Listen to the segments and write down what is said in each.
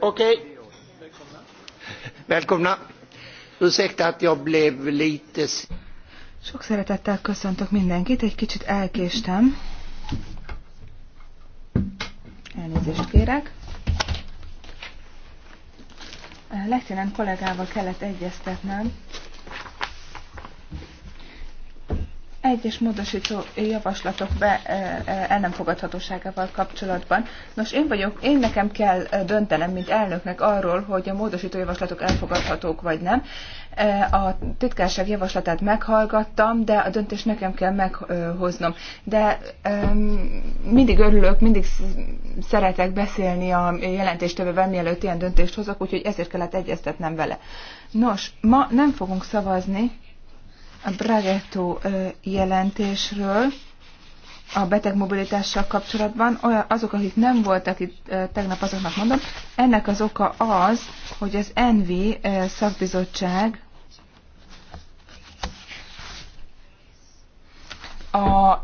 Okej. Välkomna. Ursäkta att jag blev lite... Sok szeretettel köszöntök mindenkit, egy kicsit elkéstem. Elnézést kérek. Lehtinen kollégával kellett egyeztetnem egyes módosító javaslatok be, e, e, el nem fogadhatóságával kapcsolatban. Nos, én vagyok, én nekem kell e, döntenem, mint elnöknek arról, hogy a módosító javaslatok elfogadhatók vagy nem. A titkárság javaslatát meghallgattam, de a döntést nekem kell meghoznom. De mindig örülök, mindig szeretek beszélni a jelentéstevővel, mielőtt ilyen döntést hozok, úgyhogy ezért kellett egyeztetnem vele. Nos, ma nem fogunk szavazni, a Bragetto jelentésről a beteg mobilitással kapcsolatban. Olyan, azok, akik nem voltak itt tegnap, azoknak mondom, ennek az oka az, hogy az ENVI szakbizottság a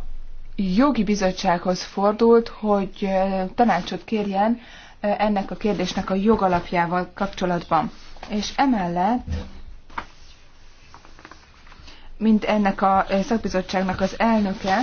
jogi bizottsághoz fordult, hogy tanácsot kérjen ennek a kérdésnek a jogalapjával kapcsolatban. És emellett mint ennek a eh, szakbizottságnak az elnöke,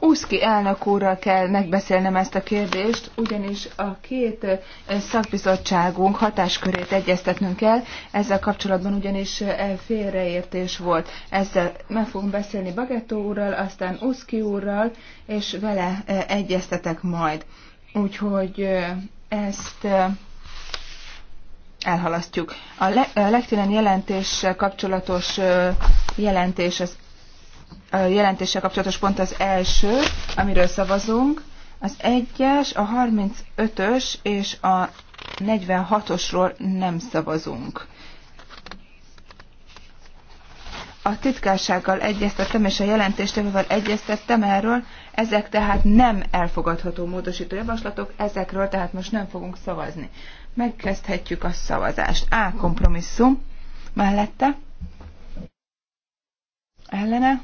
Uszki elnök úrral kell megbeszélnem ezt a kérdést, ugyanis a két eh, szakbizottságunk hatáskörét egyeztetnünk kell, ezzel kapcsolatban ugyanis eh, félreértés volt. Ezzel meg fogunk beszélni Bagetto úrral, aztán Uszki úrral, és vele egyeztetek majd. Úgyhogy ezt elhalasztjuk. A, le, a legtélen jelentéssel kapcsolatos jelentés, az, a jelentéssel kapcsolatos pont az első, amiről szavazunk. Az 1-es, a 35-ös és a 46-osról nem szavazunk. A titkársággal egyeztettem, és a jelentéstevővel egyeztettem erről, ezek tehát nem elfogadható módosító javaslatok, ezekről tehát most nem fogunk szavazni. Megkezdhetjük a szavazást. A kompromisszum mellette. Ellene.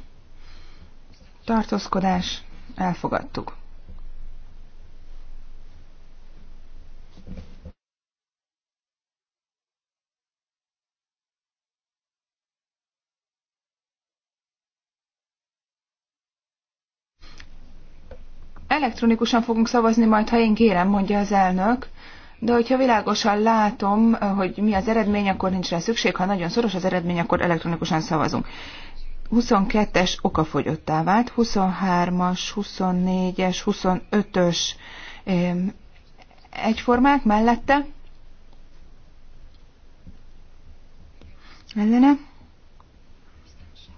Tartózkodás. Elfogadtuk. elektronikusan fogunk szavazni majd, ha én kérem, mondja az elnök de hogyha világosan látom, hogy mi az eredmény, akkor nincs rá szükség, ha nagyon szoros az eredmény, akkor elektronikusan szavazunk. 22-es okafogyottá vált, 23-as, 24-es, 25-ös egyformák mellette. Ellene.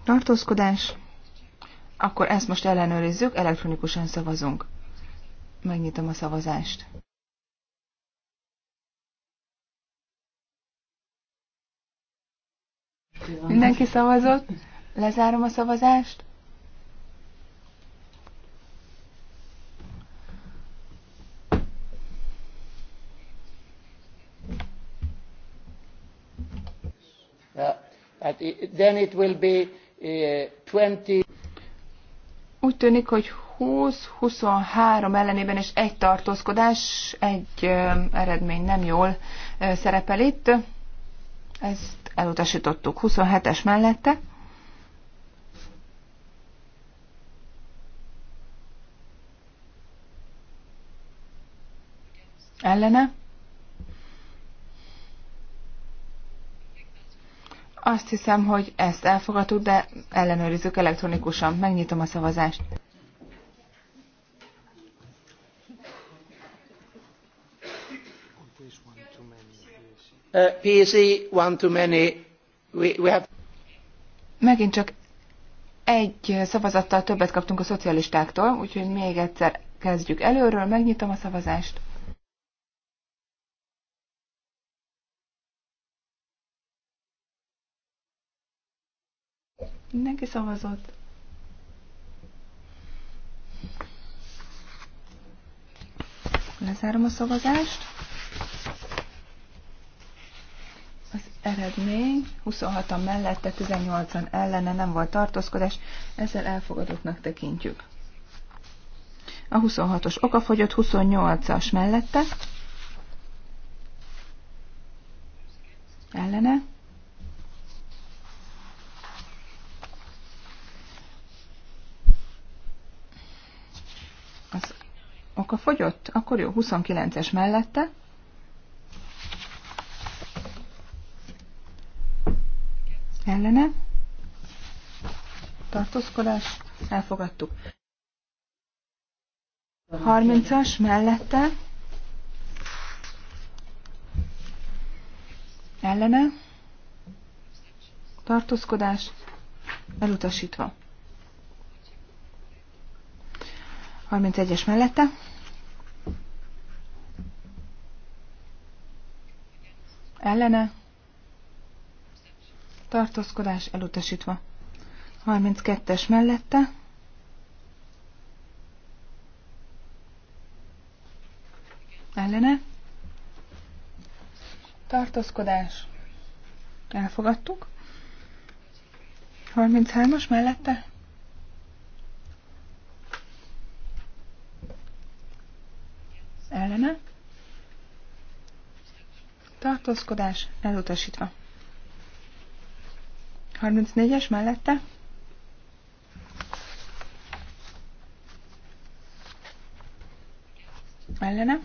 Tartózkodás. Akkor ezt most ellenőrizzük, elektronikusan szavazunk. Megnyitom a szavazást. Mindenki szavazott? Lezárom a szavazást. Hát then it will be 20. Eh, Úgy tűnik, hogy 20-23 ellenében és egy tartózkodás, egy eredmény nem jól szerepel itt. Ez elutasítottuk. 27-es mellette. Ellene. Azt hiszem, hogy ezt elfogadtuk, de ellenőrizzük elektronikusan. Megnyitom a szavazást. uh, one many, we, we have... Megint csak egy szavazattal többet kaptunk a szocialistáktól, úgyhogy még egyszer kezdjük előről, megnyitom a szavazást. Mindenki szavazott. Lezárom a szavazást. eredmény, 26-an mellette, 18-an ellene nem volt tartózkodás, ezzel elfogadottnak tekintjük. A 26-os okafogyott, 28-as mellette, ellene, az okafogyott, akkor jó, 29-es mellette, tartózkodás, elfogadtuk. 30-as mellette, ellene, tartózkodás, elutasítva. 31-es mellette, ellene, tartózkodás elutasítva. 32-es mellette. Ellene. Tartózkodás. Elfogadtuk. 33-as mellette. Ellene. Tartózkodás elutasítva. 34-es mellette. ellene.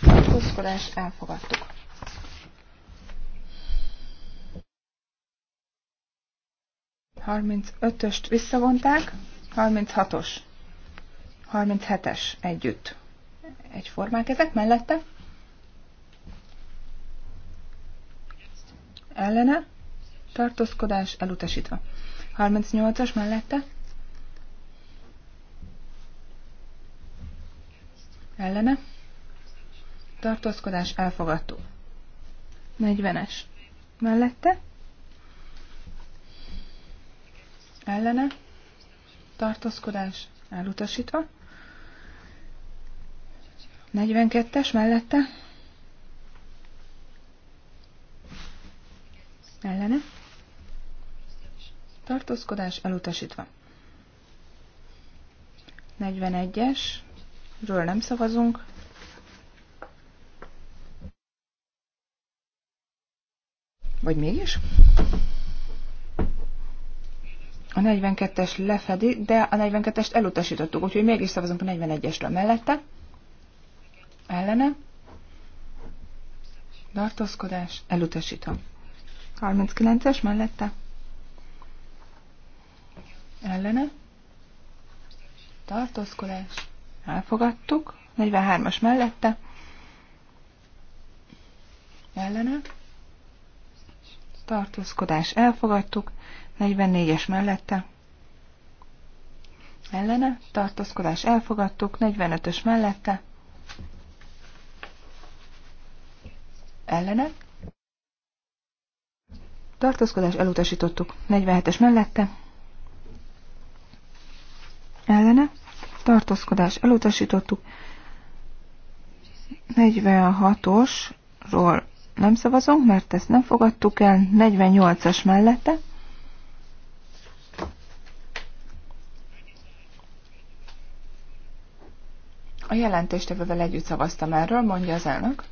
Tartózkodás elfogadtuk. Harminc ötöst visszavonták, 36-os, 37-es együtt. Egyformák ezek mellette. Ellene, tartózkodás elutasítva. 38-as mellette Ellene. Tartózkodás elfogadó. 40-es. Mellette. Ellene. Tartózkodás elutasítva. 42-es mellette. Ellene. Tartózkodás elutasítva. 41-es ről nem szavazunk. Vagy mégis? A 42-es lefedi, de a 42-est elutasítottuk, úgyhogy mégis szavazunk a 41-esről mellette. Ellene. Tartózkodás. Elutasítom. 39-es mellette. Ellene. Tartózkodás elfogadtuk, 43-as mellette, ellene, tartózkodás elfogadtuk, 44-es mellette, ellene, tartózkodás elfogadtuk, 45-ös mellette, ellene, tartózkodás elutasítottuk, 47-es mellette, ellene, tartózkodás elutasítottuk. 46-osról nem szavazunk, mert ezt nem fogadtuk el. 48-as mellette. A jelentéstevővel együtt szavaztam erről, mondja az elnök.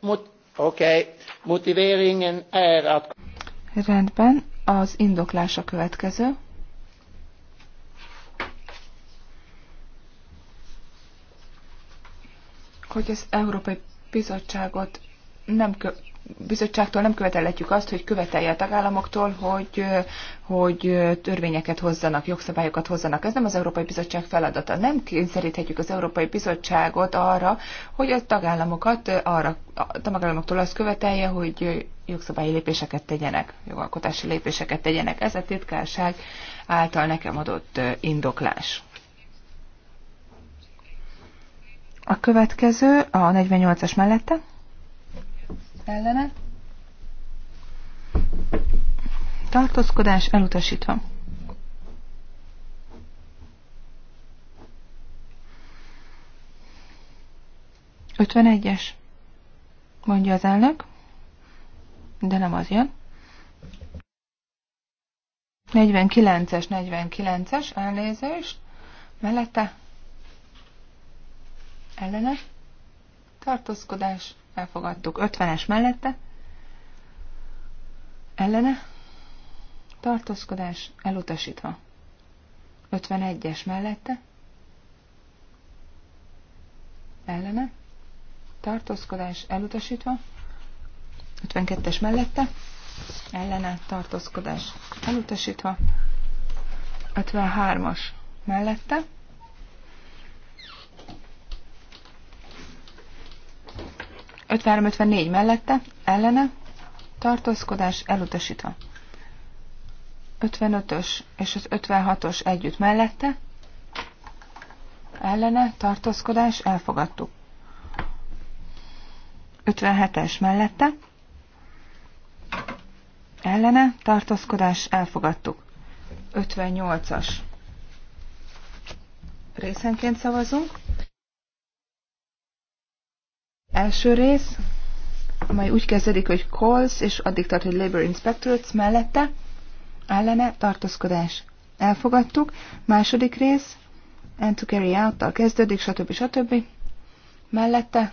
Mut, okay. Motivating and Rendben, az indoklás a következő. hogy az Európai Bizottságot nem kö- bizottságtól nem követelhetjük azt, hogy követelje a tagállamoktól, hogy, hogy törvényeket hozzanak, jogszabályokat hozzanak. Ez nem az Európai Bizottság feladata. Nem kényszeríthetjük az Európai Bizottságot arra, hogy a tagállamokat arra, a tagállamoktól azt követelje, hogy jogszabályi lépéseket tegyenek, jogalkotási lépéseket tegyenek. Ez a titkárság által nekem adott indoklás. A következő a 48-as mellette. Ellene. Tartózkodás elutasítva. Ötvenegyes, mondja az elnök, de nem az jön. 49-es, 49-es, elnézést, mellette ellene, tartózkodás, elfogadtuk. 50-es mellette, ellene, tartózkodás, elutasítva. 51-es mellette, ellene, tartózkodás, elutasítva. 52-es mellette, ellene, tartózkodás, elutasítva. 53-as mellette, 53-54 mellette, ellene, tartózkodás elutasítva. 55-ös és az 56-os együtt mellette, ellene, tartózkodás, elfogadtuk. 57-es mellette, ellene, tartózkodás, elfogadtuk. 58-as. Részenként szavazunk. Első rész, amely úgy kezdődik, hogy calls, és addig tart, hogy labor inspectorates mellette, ellene tartózkodás. Elfogadtuk. Második rész, and to carry out-tal kezdődik, stb. stb. Mellette,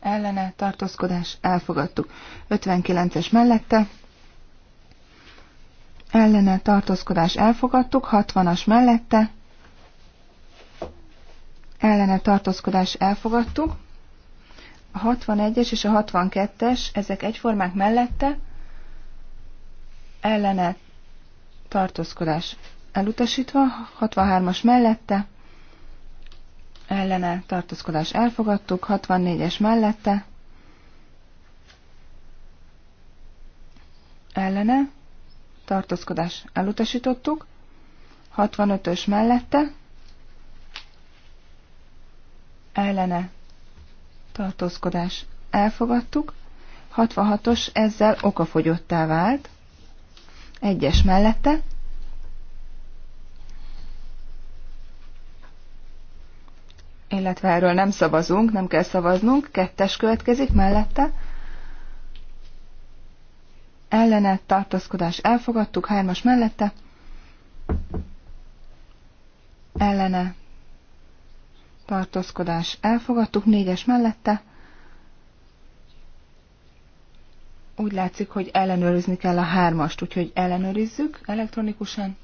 ellene tartózkodás. Elfogadtuk. 59-es mellette, ellene tartózkodás. Elfogadtuk. 60-as mellette, ellene tartózkodás. Elfogadtuk. A 61-es és a 62-es, ezek egyformák mellette ellene tartózkodás elutasítva, 63-as mellette ellene tartózkodás elfogadtuk, 64-es mellette ellene tartózkodás elutasítottuk, 65-ös mellette ellene tartózkodás elfogadtuk, 66-os ezzel okafogyottá vált, egyes mellette, illetve erről nem szavazunk, nem kell szavaznunk, kettes következik mellette, ellene tartózkodás elfogadtuk, hármas mellette, ellene tartózkodás elfogadtuk, négyes mellette. Úgy látszik, hogy ellenőrizni kell a hármast, úgyhogy ellenőrizzük elektronikusan.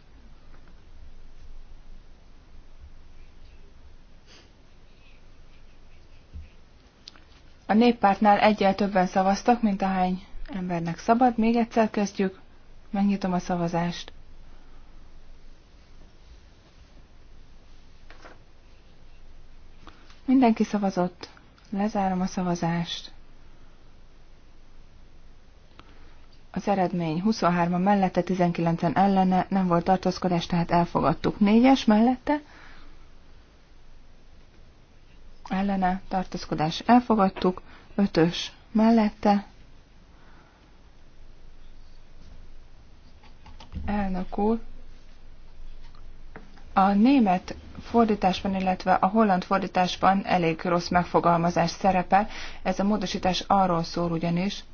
A néppártnál egyel többen szavaztak, mint ahány embernek szabad. Még egyszer kezdjük. Megnyitom a szavazást. Mindenki szavazott. Lezárom a szavazást. Az eredmény 23-a mellette, 19-en ellene, nem volt tartózkodás, tehát elfogadtuk. 4-es mellette, ellene, tartózkodás elfogadtuk, 5-ös mellette, elnök úr, a német fordításban, illetve a holland fordításban elég rossz megfogalmazás szerepel. Ez a módosítás arról szól ugyanis,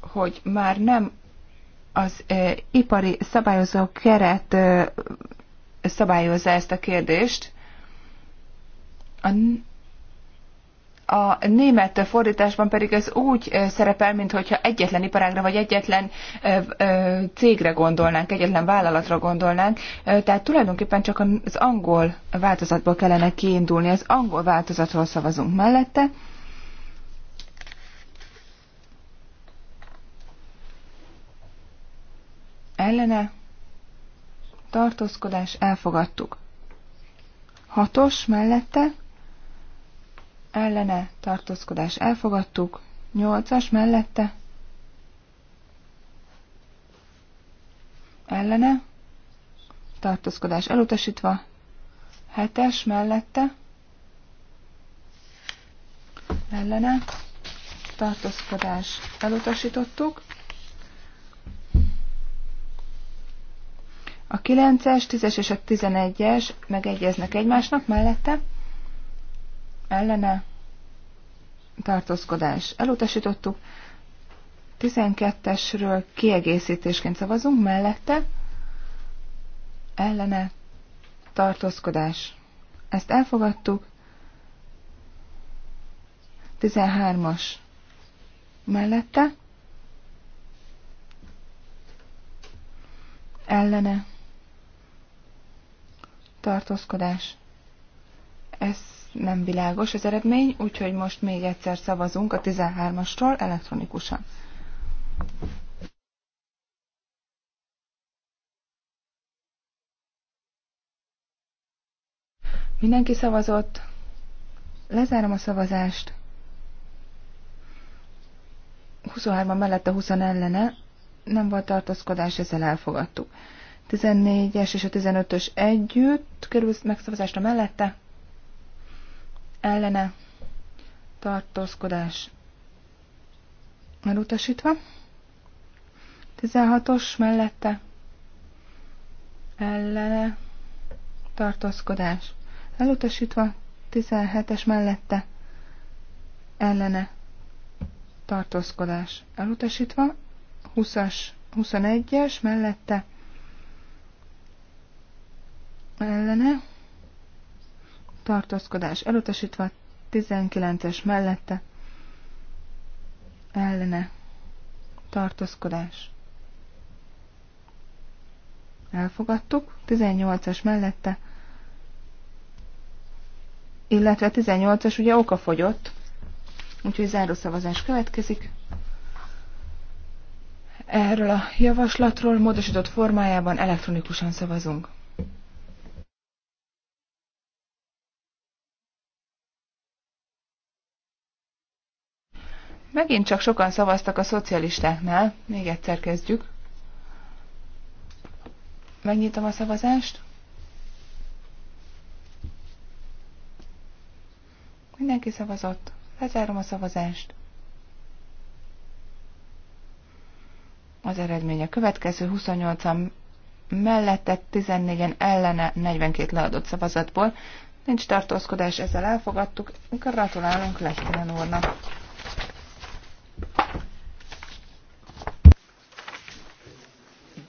hogy már nem az e, ipari szabályozó keret e, szabályozza ezt a kérdést. A a német fordításban pedig ez úgy szerepel, mintha egyetlen iparágra vagy egyetlen cégre gondolnánk, egyetlen vállalatra gondolnánk. Tehát tulajdonképpen csak az angol változatból kellene kiindulni. Az angol változatról szavazunk mellette. Ellene tartózkodás elfogadtuk. Hatos mellette ellene tartózkodás elfogadtuk, 8-as mellette ellene tartózkodás elutasítva, 7-es mellette ellene tartózkodás elutasítottuk, A 9-es, 10-es és a 11-es megegyeznek egymásnak mellette ellene tartózkodás elutasítottuk. 12-esről kiegészítésként szavazunk, mellette ellene tartózkodás. Ezt elfogadtuk. 13-as mellette ellene tartózkodás. Ezt nem világos az eredmény, úgyhogy most még egyszer szavazunk a 13-asról elektronikusan. Mindenki szavazott. Lezárom a szavazást. 23 mellett mellette 20 ellene. Nem volt tartózkodás, ezzel elfogadtuk. 14-es és a 15-ös együtt kerül megszavazásra mellette ellene tartózkodás elutasítva. 16-os mellette ellene tartózkodás elutasítva. 17-es mellette ellene tartózkodás elutasítva. 20-as, 21-es mellette ellene tartózkodás elutasítva, 19-es mellette ellene tartózkodás. Elfogadtuk, 18-as mellette, illetve 18-as ugye oka fogyott, úgyhogy zárószavazás következik. Erről a javaslatról módosított formájában elektronikusan szavazunk. Megint csak sokan szavaztak a szocialistáknál. Még egyszer kezdjük. Megnyitom a szavazást. Mindenki szavazott. Lezárom a szavazást. Az eredménye következő 28-an mellette 14-en ellene 42 leadott szavazatból. Nincs tartózkodás, ezzel elfogadtuk. Gratulálunk Lehtinen úrnak.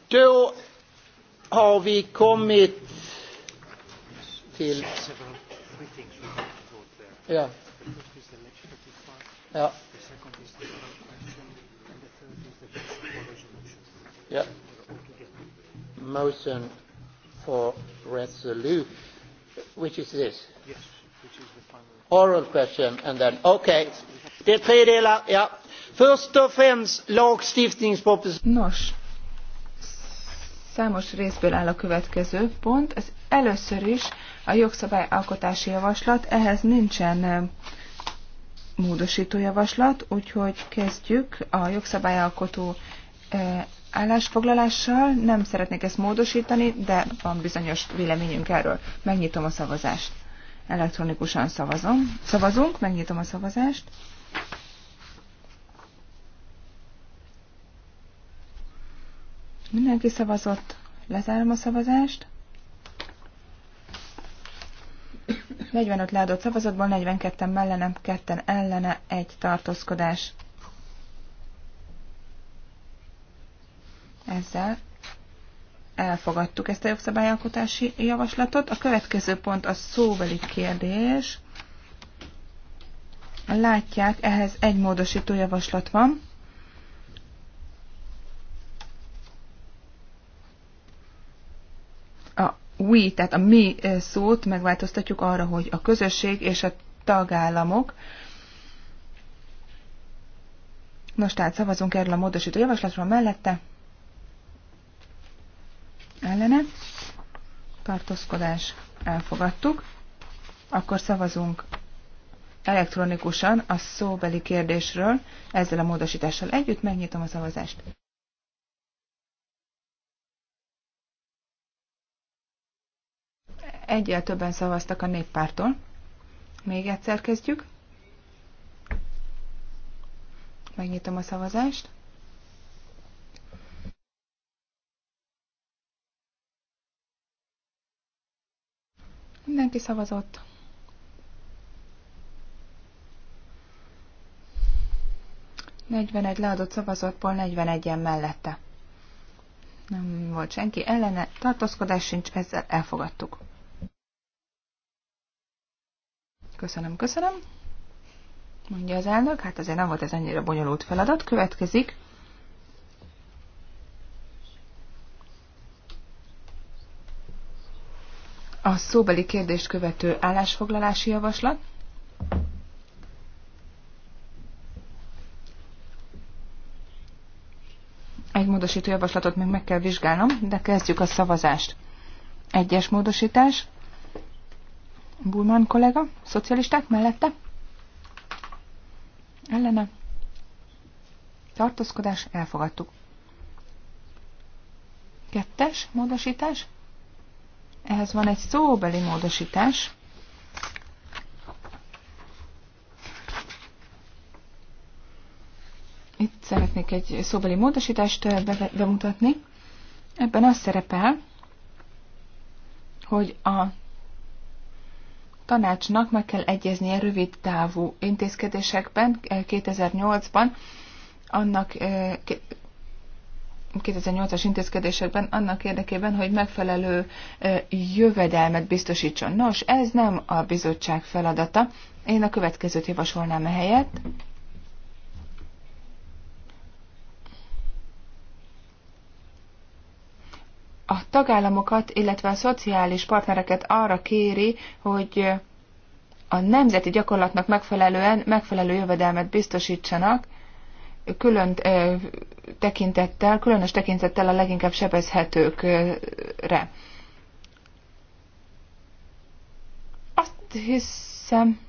Då har vi kommit till... Ja. Ja. Yeah. Motion for resolution, which is this? Yes, which is the final. Oral question and then, okay. Det är tre delar, ja. Nos, számos részből áll a következő pont. Ez először is a jogszabályalkotási javaslat, ehhez nincsen eh, módosító javaslat, úgyhogy kezdjük a jogszabályalkotó eh, állásfoglalással. Nem szeretnék ezt módosítani, de van bizonyos véleményünk erről. Megnyitom a szavazást. Elektronikusan szavazom. Szavazunk, megnyitom a szavazást. Mindenki szavazott. Lezárom a szavazást. 45 leadott szavazatból 42-en mellene, 2 ellene, egy tartózkodás. Ezzel elfogadtuk ezt a jogszabályalkotási javaslatot. A következő pont a szóbeli kérdés. Látják, ehhez egy módosító javaslat van. we, tehát a mi szót megváltoztatjuk arra, hogy a közösség és a tagállamok. Nos, tehát szavazunk erről a módosító javaslatról mellette. Ellene. Tartózkodás. Elfogadtuk. Akkor szavazunk elektronikusan a szóbeli kérdésről ezzel a módosítással együtt. Megnyitom a szavazást. Egyel többen szavaztak a néppártól. Még egyszer kezdjük. Megnyitom a szavazást. Mindenki szavazott. Negyvenegy leadott szavazatból 41-en mellette. Nem volt senki ellene, tartózkodás sincs, ezzel elfogadtuk. Köszönöm, köszönöm. Mondja az elnök, hát azért nem volt ez annyira bonyolult feladat. Következik. A szóbeli kérdést követő állásfoglalási javaslat. Egy módosító javaslatot még meg kell vizsgálnom, de kezdjük a szavazást. Egyes módosítás. Bulman kollega, szocialisták mellette. Ellene. Tartózkodás, elfogadtuk. Kettes módosítás. Ehhez van egy szóbeli módosítás. Itt szeretnék egy szóbeli módosítást eh, bemutatni. Ebben az szerepel, hogy a tanácsnak meg kell a rövid távú intézkedésekben 2008-ban, eh, annak 2008-as eh, intézkedésekben annak érdekében, hogy megfelelő eh, jövedelmet biztosítson. Nos, ez nem a bizottság feladata. Én a következőt javasolnám a helyet. a tagállamokat, illetve a szociális partnereket arra kéri, hogy a nemzeti gyakorlatnak megfelelően megfelelő jövedelmet biztosítsanak, külön tekintettel, különös tekintettel a leginkább sebezhetőkre. Azt hiszem,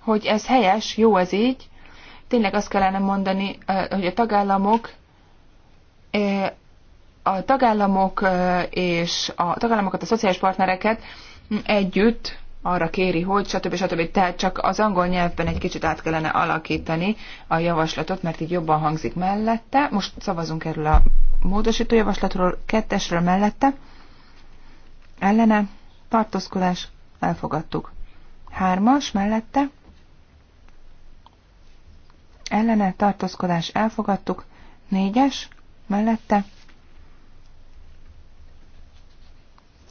hogy ez helyes, jó ez így. Tényleg azt kellene mondani, hogy a tagállamok a tagállamok és a tagállamokat, a szociális partnereket együtt arra kéri, hogy stb. stb. Tehát csak az angol nyelvben egy kicsit át kellene alakítani a javaslatot, mert így jobban hangzik mellette. Most szavazunk erről a módosító javaslatról, kettesről mellette. Ellene, tartózkodás, elfogadtuk. Hármas mellette. Ellene, tartózkodás, elfogadtuk. Négyes, mellette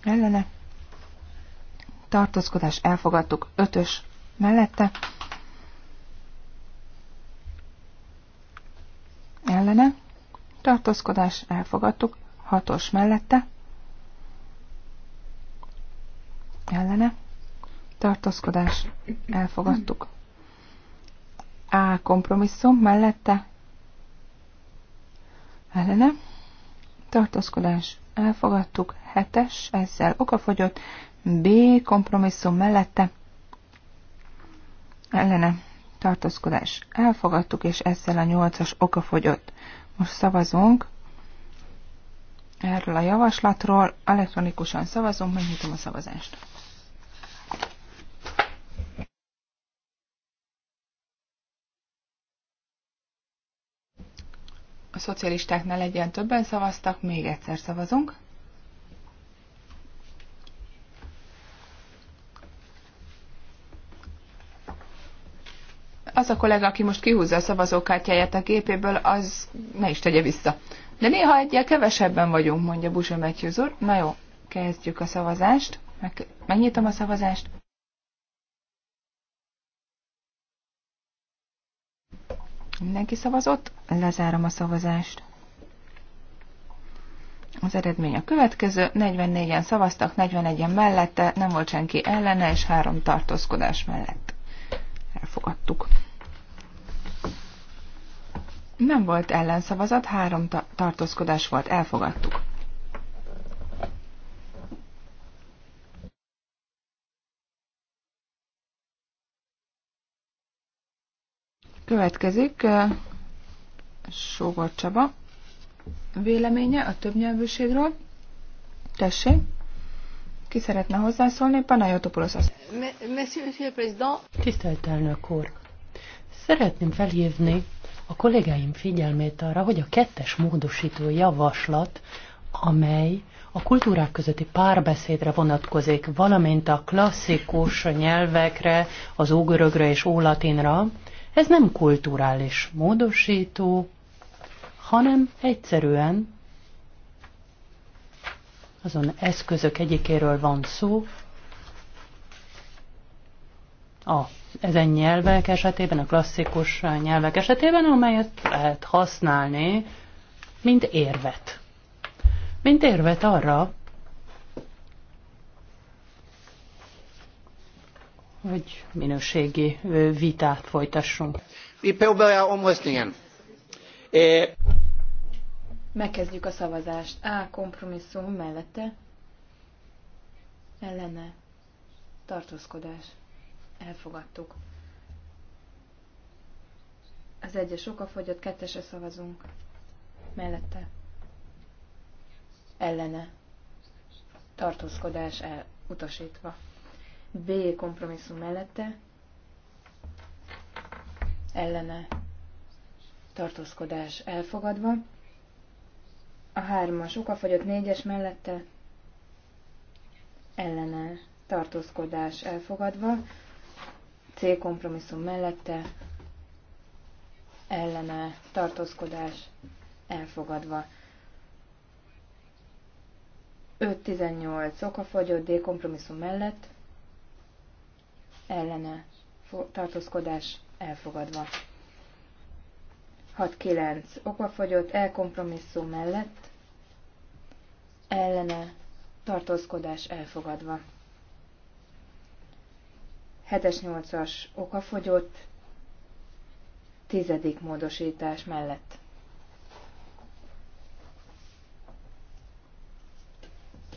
ellene, tartózkodás elfogadtuk, ötös mellette, ellene, tartózkodás elfogadtuk, hatos mellette, ellene, tartózkodás elfogadtuk. A kompromisszum mellette, ellene, tartózkodás elfogadtuk, hetes, ezzel okafogyott, B kompromisszum mellette ellene tartózkodás elfogadtuk, és ezzel a nyolcas okafogyott. Most szavazunk erről a javaslatról, elektronikusan szavazunk, megnyitom a szavazást. szocialistáknál legyen többen szavaztak, még egyszer szavazunk. Az a kollega, aki most kihúzza a szavazókártyáját a gépéből, az ne is tegye vissza. De néha egyel kevesebben vagyunk, mondja Busa Matthews úr. Na jó, kezdjük a szavazást. Meg, megnyitom a szavazást. Mindenki szavazott, lezárom a szavazást. Az eredmény a következő, 44-en szavaztak, 41-en mellette, nem volt senki ellene, és három tartózkodás mellett elfogadtuk. Nem volt ellenszavazat, három ta- tartózkodás volt, elfogadtuk. Következik Sógor Csaba véleménye a többnyelvűségről. Tessék! Ki szeretne hozzászólni? Panayotopoulos azt. Tisztelt elnök úr! Szeretném felhívni a kollégáim figyelmét arra, hogy a kettes módosító javaslat, amely a kultúrák közötti párbeszédre vonatkozik, valamint a klasszikus nyelvekre, az ógörögre és ólatinra, ez nem kulturális módosító, hanem egyszerűen azon eszközök egyikéről van szó, a, ezen nyelvek esetében, a klasszikus nyelvek esetében, amelyet lehet használni, mint érvet. Mint érvet arra, hogy minőségi vitát folytassunk. Megkezdjük a szavazást. A kompromisszum mellette ellene tartózkodás. Elfogadtuk. Az egyes fogyott, kettese szavazunk. Mellette. Ellene. Tartózkodás elutasítva. B kompromisszum mellette ellene tartózkodás elfogadva, a hármas okafagyott négyes mellette ellene tartózkodás elfogadva, C kompromisszum mellette ellene tartózkodás elfogadva. 5-18 okafogyott D kompromisszum mellett ellene tartózkodás elfogadva. 6-9 okafogyott elkompromisszum mellett ellene tartózkodás elfogadva. 7-8-as okafogyott tizedik módosítás mellett.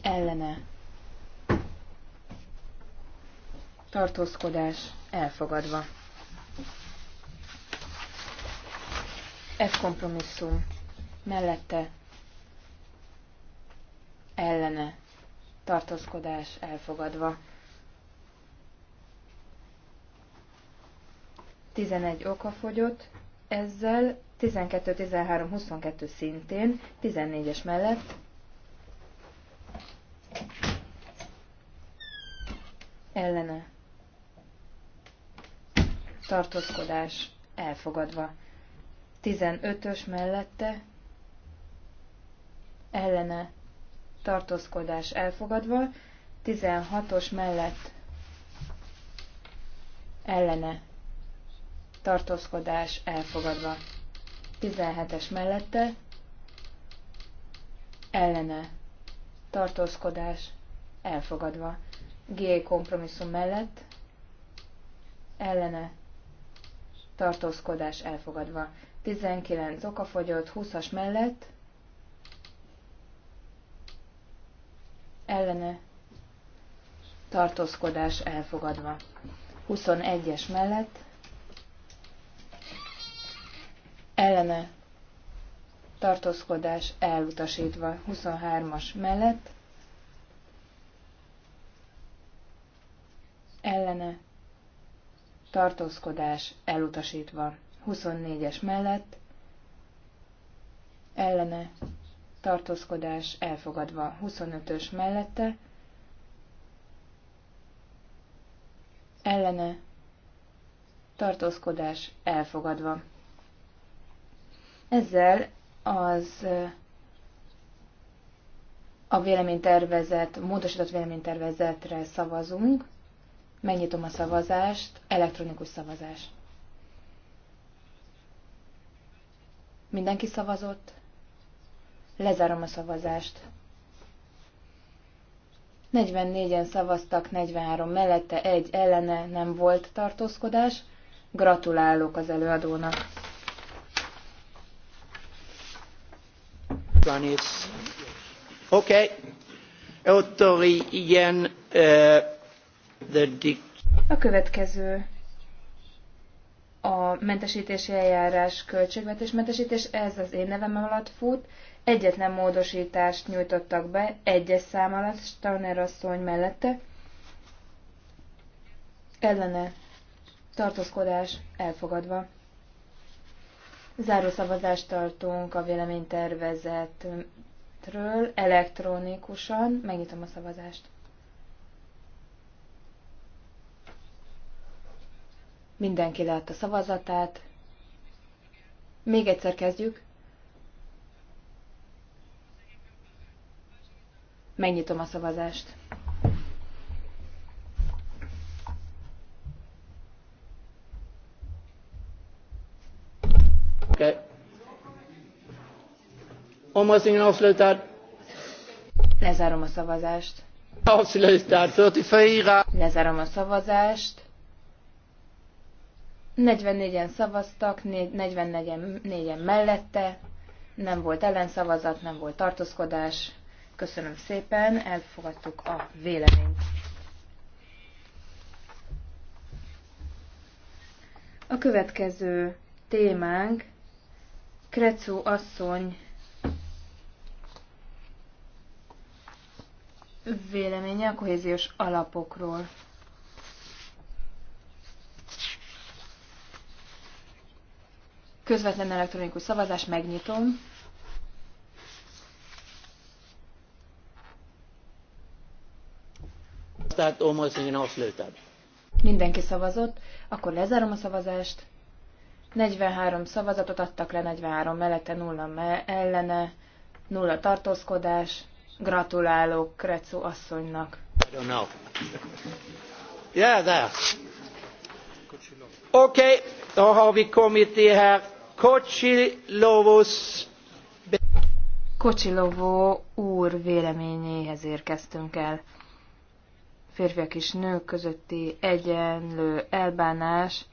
Ellene tartózkodás elfogadva. Ez kompromisszum mellette ellene tartózkodás elfogadva. 11 oka fogyott ezzel 12, 13, 22 szintén, 14-es mellett ellene tartózkodás elfogadva. 15-ös mellette ellene tartózkodás elfogadva, 16-os mellett ellene tartózkodás elfogadva, 17-es mellette ellene tartózkodás elfogadva, G kompromisszum mellett ellene tartózkodás elfogadva. 19 okafogyott, 20-as mellett, ellene tartózkodás elfogadva. 21-es mellett ellene tartózkodás elutasítva. 23-as mellett ellene tartózkodás elutasítva. 24-es mellett ellene tartózkodás elfogadva. 25-ös mellette ellene tartózkodás elfogadva. Ezzel az a véleménytervezet, módosított véleménytervezetre szavazunk. Megnyitom a szavazást, elektronikus szavazás. Mindenki szavazott? Lezárom a szavazást. 44-en szavaztak, 43 mellette, egy ellene nem volt tartózkodás. Gratulálok az előadónak. Oké. Okay. Autori igen. Uh... A következő a mentesítési eljárás költségvetésmentesítés, ez az én nevem alatt fut. Egyetlen módosítást nyújtottak be, egyes szám alatt, Stanner asszony mellette. Ellene. Tartózkodás elfogadva. Záró szavazást tartunk a véleménytervezetről elektronikusan. Megnyitom a szavazást. Mindenki leadta szavazatát. Még egyszer kezdjük. Megnyitom a szavazást. Okay. Omröstningen avslutad. Lezárom a szavazást. Avslutad. 44. Lezárom a szavazást. 44-en szavaztak, 44-en mellette, nem volt ellenszavazat, nem volt tartózkodás. Köszönöm szépen, elfogadtuk a véleményt. A következő témánk Krecu asszony véleménye a kohéziós alapokról. Közvetlen elektronikus szavazás, megnyitom. Mindenki szavazott, akkor lezárom a szavazást. 43 szavazatot adtak le, 43 mellette, 0 me ellene, 0 tartózkodás. Gratulálok Krecu asszonynak. I know. Yeah, there. Okay, the har Committee have Kocsilovó úr véleményéhez érkeztünk el. Férfiak és nők közötti egyenlő elbánás,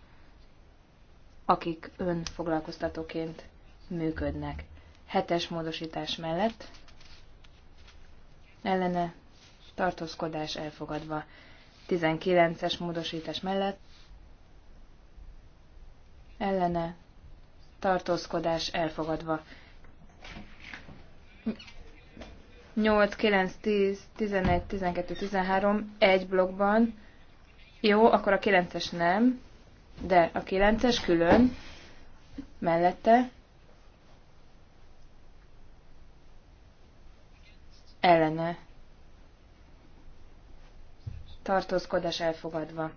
akik önfoglalkoztatóként működnek. Hetes módosítás mellett ellene tartózkodás elfogadva. 19-es módosítás mellett ellene tartózkodás elfogadva. 8, 9, 10, 11, 12, 13 egy blokkban. Jó, akkor a 9-es nem, de a 9-es külön mellette ellene tartózkodás elfogadva.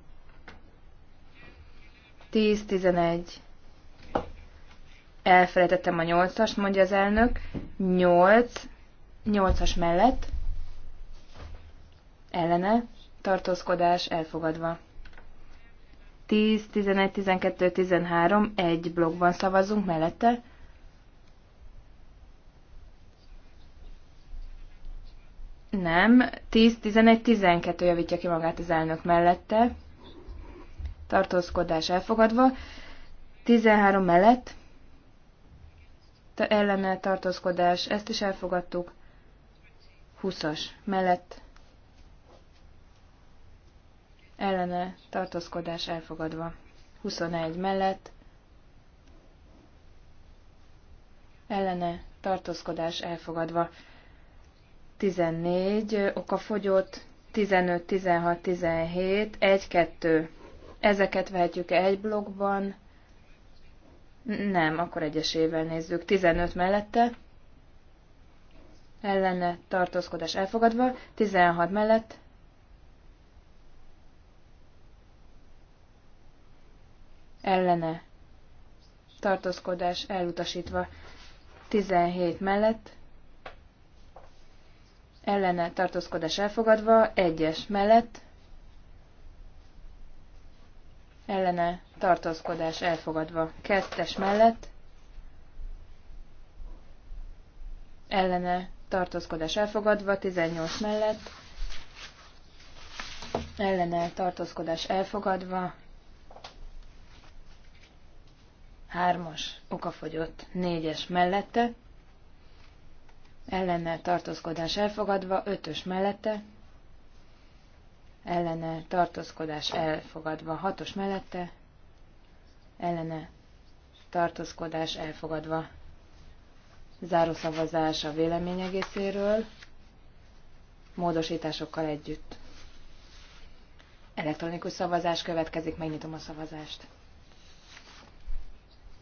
10, 11, Elfelejtettem a nyolcast, mondja az elnök. Nyolc. Nyolcas mellett. Ellene. Tartózkodás elfogadva. 10, 11, 12, 13, egy blogban szavazunk mellette. Nem, 10, 11, 12 javítja ki magát az elnök mellette. Tartózkodás elfogadva. 13 mellett ellene tartózkodás, ezt is elfogadtuk. 20-as mellett ellene tartózkodás elfogadva. 21 mellett ellene tartózkodás elfogadva. 14 oka fogyott, 15, 16, 17, 1, 2. Ezeket vehetjük egy blokkban, nem, akkor egyesével nézzük. 15 mellette. Ellene tartózkodás elfogadva. 16 mellett. Ellene tartózkodás elutasítva. 17 mellett. Ellene tartózkodás elfogadva. 1-es mellett ellene tartózkodás elfogadva. Kettes mellett ellene tartózkodás elfogadva, 18 mellett ellene tartózkodás elfogadva, hármas okafogyott, négyes mellette, ellene tartózkodás elfogadva, ötös mellette, ellene tartózkodás elfogadva. Hatos mellette ellene tartózkodás elfogadva. Zárószavazás a vélemény egészéről, módosításokkal együtt. Elektronikus szavazás következik, megnyitom a szavazást.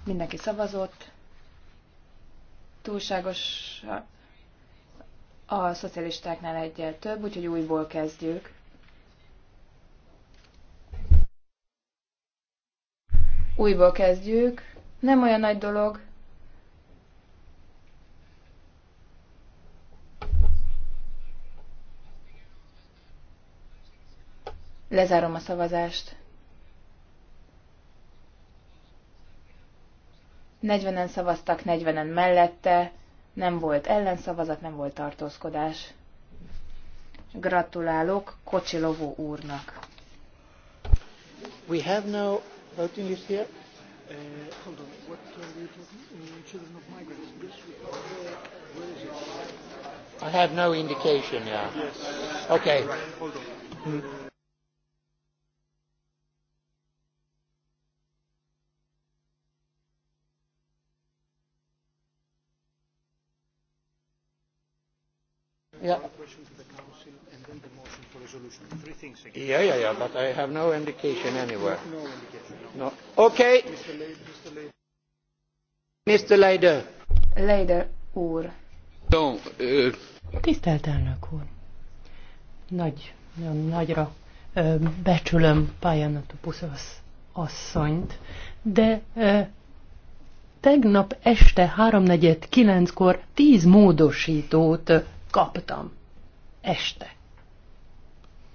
Mindenki szavazott. Túlságos a szocialistáknál egyel több, úgyhogy újból kezdjük. Újból kezdjük. Nem olyan nagy dolog. Lezárom a szavazást. 40-en szavaztak, 40-en mellette, nem volt ellenszavazat, nem volt tartózkodás. Gratulálok Kocsilovó úrnak. We have now here. Uh, hold on, what are uh, talking? Uh, children of migrants. Yes, where is it? I have no indication, yeah. Yes. Okay. Right, hold on. Hmm. Yeah resolution. Three things again. Yeah, yeah, yeah, but I have no indication anywhere. No, no indication. No. no. Okay. Mr. Leider. Leider úr. No, uh... Tisztelt elnök úr. Nagy, nagyon nagyra ö, becsülöm az asszonyt, de ö, tegnap este 3.49-kor 10 módosítót kaptam. Este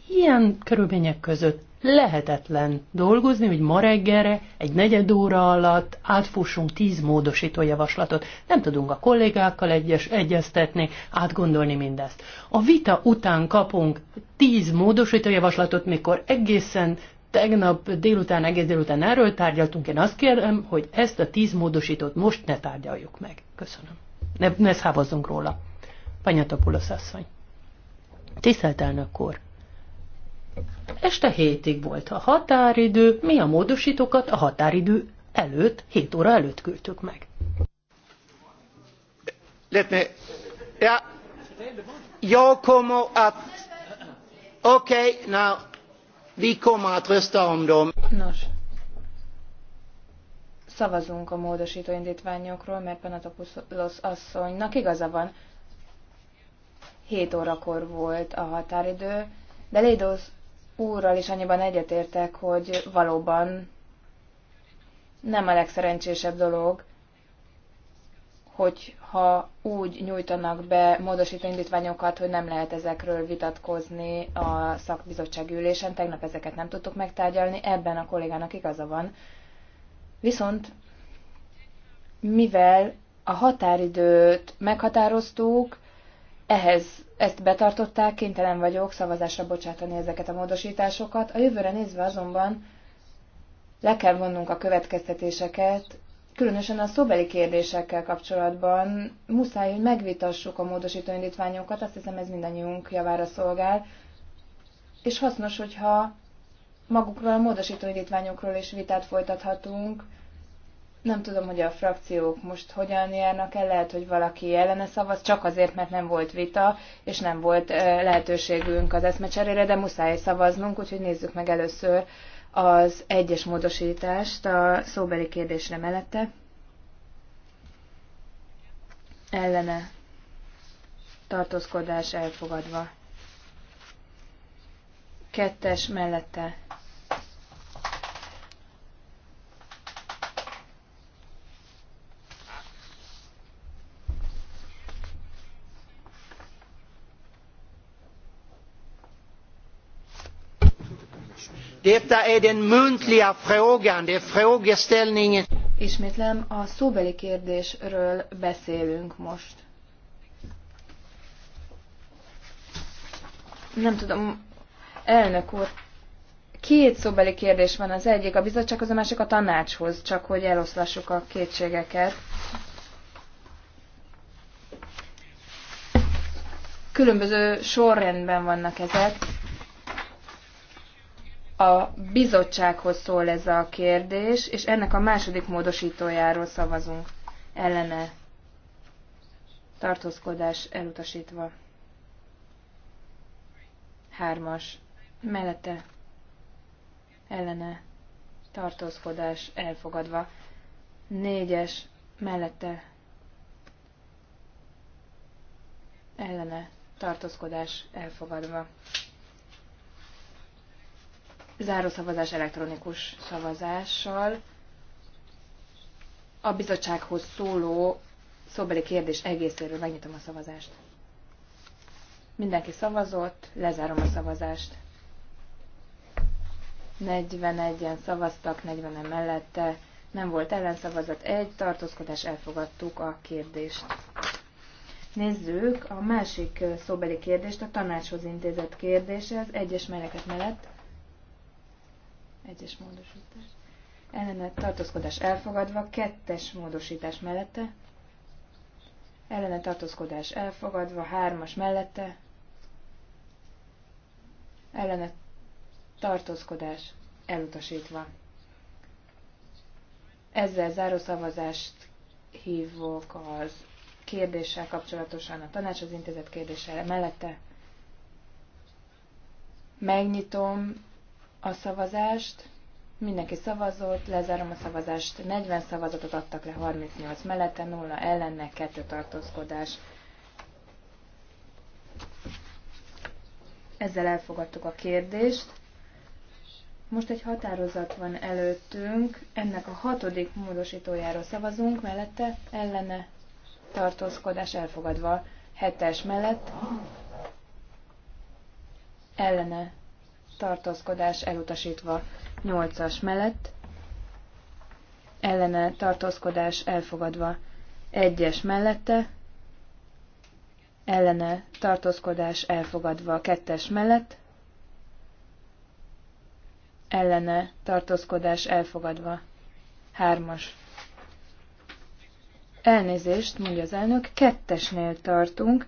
ilyen körülmények között lehetetlen dolgozni, hogy ma reggelre egy negyed óra alatt átfussunk tíz módosító javaslatot. Nem tudunk a kollégákkal egyes, egyeztetni, átgondolni mindezt. A vita után kapunk tíz módosító javaslatot, mikor egészen tegnap délután, egész délután erről tárgyaltunk. Én azt kérem, hogy ezt a tíz módosítót most ne tárgyaljuk meg. Köszönöm. Ne, ne szávozzunk róla. Panyatopulosz asszony. Tisztelt elnök úr! Este hétig volt a határidő, mi a módosítókat a határidő előtt, 7 óra előtt küldtük meg. Let me... Ja. Jag kommer att... Okej, okay, now. Vi kommer att rösta om dem. Nos. Szavazunk a módosító indítványokról, mert Panatopoulos asszonynak igaza van. 7 órakor volt a határidő, de Lédosz úrral is annyiban egyetértek, hogy valóban nem a legszerencsésebb dolog, hogyha úgy nyújtanak be módosító indítványokat, hogy nem lehet ezekről vitatkozni a szakbizottság ülésen. Tegnap ezeket nem tudtuk megtárgyalni, ebben a kollégának igaza van. Viszont mivel a határidőt meghatároztuk, ehhez ezt betartották, kénytelen vagyok szavazásra bocsátani ezeket a módosításokat. A jövőre nézve azonban le kell vonnunk a következtetéseket, különösen a szóbeli kérdésekkel kapcsolatban. Muszáj, hogy megvitassuk a módosító indítványokat, azt hiszem ez mindannyiunk javára szolgál, és hasznos, hogyha magukról a módosító indítványokról is vitát folytathatunk, nem tudom, hogy a frakciók most hogyan járnak el, lehet, hogy valaki ellene szavaz, csak azért, mert nem volt vita, és nem volt lehetőségünk az eszmecserére, de muszáj szavaznunk, úgyhogy nézzük meg először az egyes módosítást a szóbeli kérdésre mellette. Ellene tartózkodás elfogadva. Kettes mellette Detta är den muntliga frågan, det är frågeställningen. Ismétlem, a szóbeli kérdésről beszélünk most. Nem tudom, elnök úr, két szóbeli kérdés van, az egyik a bizottsághoz, a másik a tanácshoz, csak hogy eloszlassuk a kétségeket. Különböző sorrendben vannak ezek. A bizottsághoz szól ez a kérdés, és ennek a második módosítójáról szavazunk. Ellene tartózkodás elutasítva. Hármas. Mellette ellene tartózkodás elfogadva. Négyes. Mellette ellene tartózkodás elfogadva. Záró szavazás elektronikus szavazással. A bizottsághoz szóló szóbeli kérdés egészéről megnyitom a szavazást. Mindenki szavazott, lezárom a szavazást. 41-en szavaztak, 40-en mellette, nem volt ellenszavazat, egy tartózkodás, elfogadtuk a kérdést. Nézzük a másik szóbeli kérdést, a tanácshoz intézett kérdés, ez egyes melleket mellett egyes módosítás. Ellene tartózkodás elfogadva, kettes módosítás mellette. Ellene tartózkodás elfogadva, hármas mellette. Ellene tartózkodás elutasítva. Ezzel záró szavazást hívok az kérdéssel kapcsolatosan a tanács az intézet kérdése mellette. Megnyitom a szavazást. Mindenki szavazott, lezárom a szavazást. 40 szavazatot adtak le, 38 mellette, 0 ellenne, 2 tartózkodás. Ezzel elfogadtuk a kérdést. Most egy határozat van előttünk, ennek a hatodik módosítójáról szavazunk, mellette ellene tartózkodás elfogadva, hetes mellett ellene tartózkodás elutasítva 8-as mellett, ellene tartózkodás elfogadva 1-es mellette, ellene tartózkodás elfogadva 2-es mellett, ellene tartózkodás elfogadva 3-as. Elnézést, mondja az elnök, kettesnél tartunk,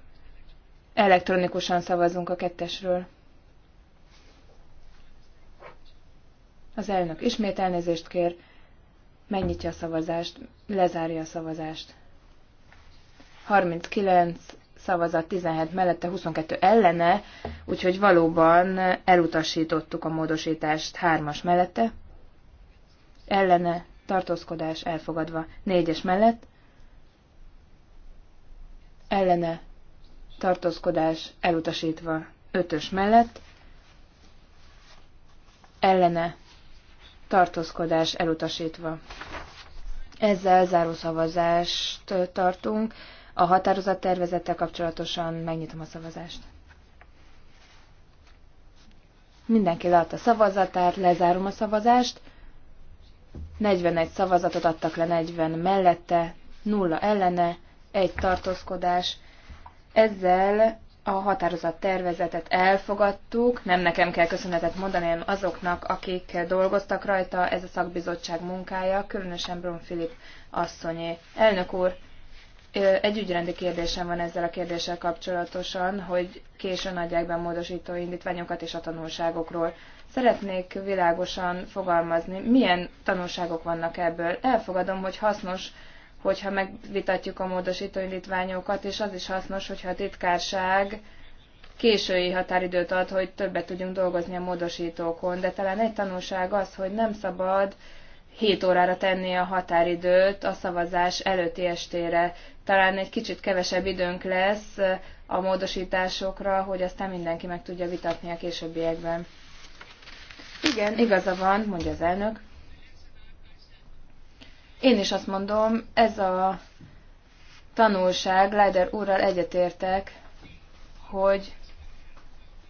elektronikusan szavazunk a kettesről. Az elnök ismét elnézést kér, megnyitja a szavazást, lezárja a szavazást. 39 szavazat 17 mellette, 22 ellene, úgyhogy valóban elutasítottuk a módosítást hármas mellette, ellene, tartózkodás elfogadva négyes mellett, ellene, tartózkodás elutasítva ötös mellett, ellene, tartózkodás elutasítva. Ezzel záró szavazást tartunk. A határozat tervezettel kapcsolatosan megnyitom a szavazást. Mindenki leadta szavazatát, lezárom a szavazást. 41 szavazatot adtak le 40 mellette, 0 ellene, egy tartózkodás. Ezzel a határozat tervezetet elfogadtuk, nem nekem kell köszönetet mondani, hanem azoknak, akik dolgoztak rajta, ez a szakbizottság munkája, különösen Brun Filip asszonyé. Elnök úr, egy ügyrendi kérdésem van ezzel a kérdéssel kapcsolatosan, hogy későn adják be módosító indítványokat és a tanulságokról. Szeretnék világosan fogalmazni, milyen tanulságok vannak ebből. Elfogadom, hogy hasznos hogyha megvitatjuk a módosító indítványokat, és az is hasznos, hogyha a titkárság késői határidőt ad, hogy többet tudjunk dolgozni a módosítókon, de talán egy tanulság az, hogy nem szabad 7 órára tenni a határidőt a szavazás előtti estére. Talán egy kicsit kevesebb időnk lesz a módosításokra, hogy aztán mindenki meg tudja vitatni a későbbiekben. Igen, igaza van, mondja az elnök. Én is azt mondom, ez a tanulság, Leider úrral egyetértek, hogy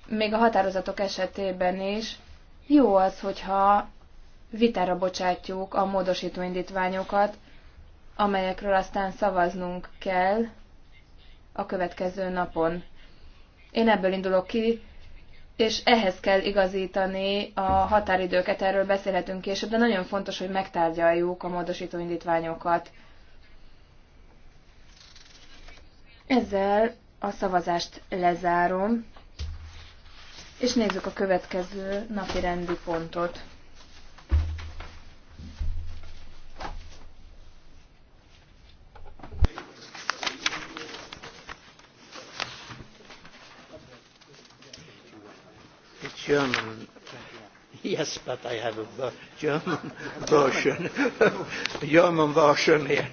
még a határozatok esetében is jó az, hogyha vitára bocsátjuk a módosító indítványokat, amelyekről aztán szavaznunk kell a következő napon. Én ebből indulok ki, és ehhez kell igazítani a határidőket, erről beszélhetünk később, de nagyon fontos, hogy megtárgyaljuk a módosító indítványokat. Ezzel a szavazást lezárom, és nézzük a következő napi rendi pontot. German. Yes, but I have a German version. German version here.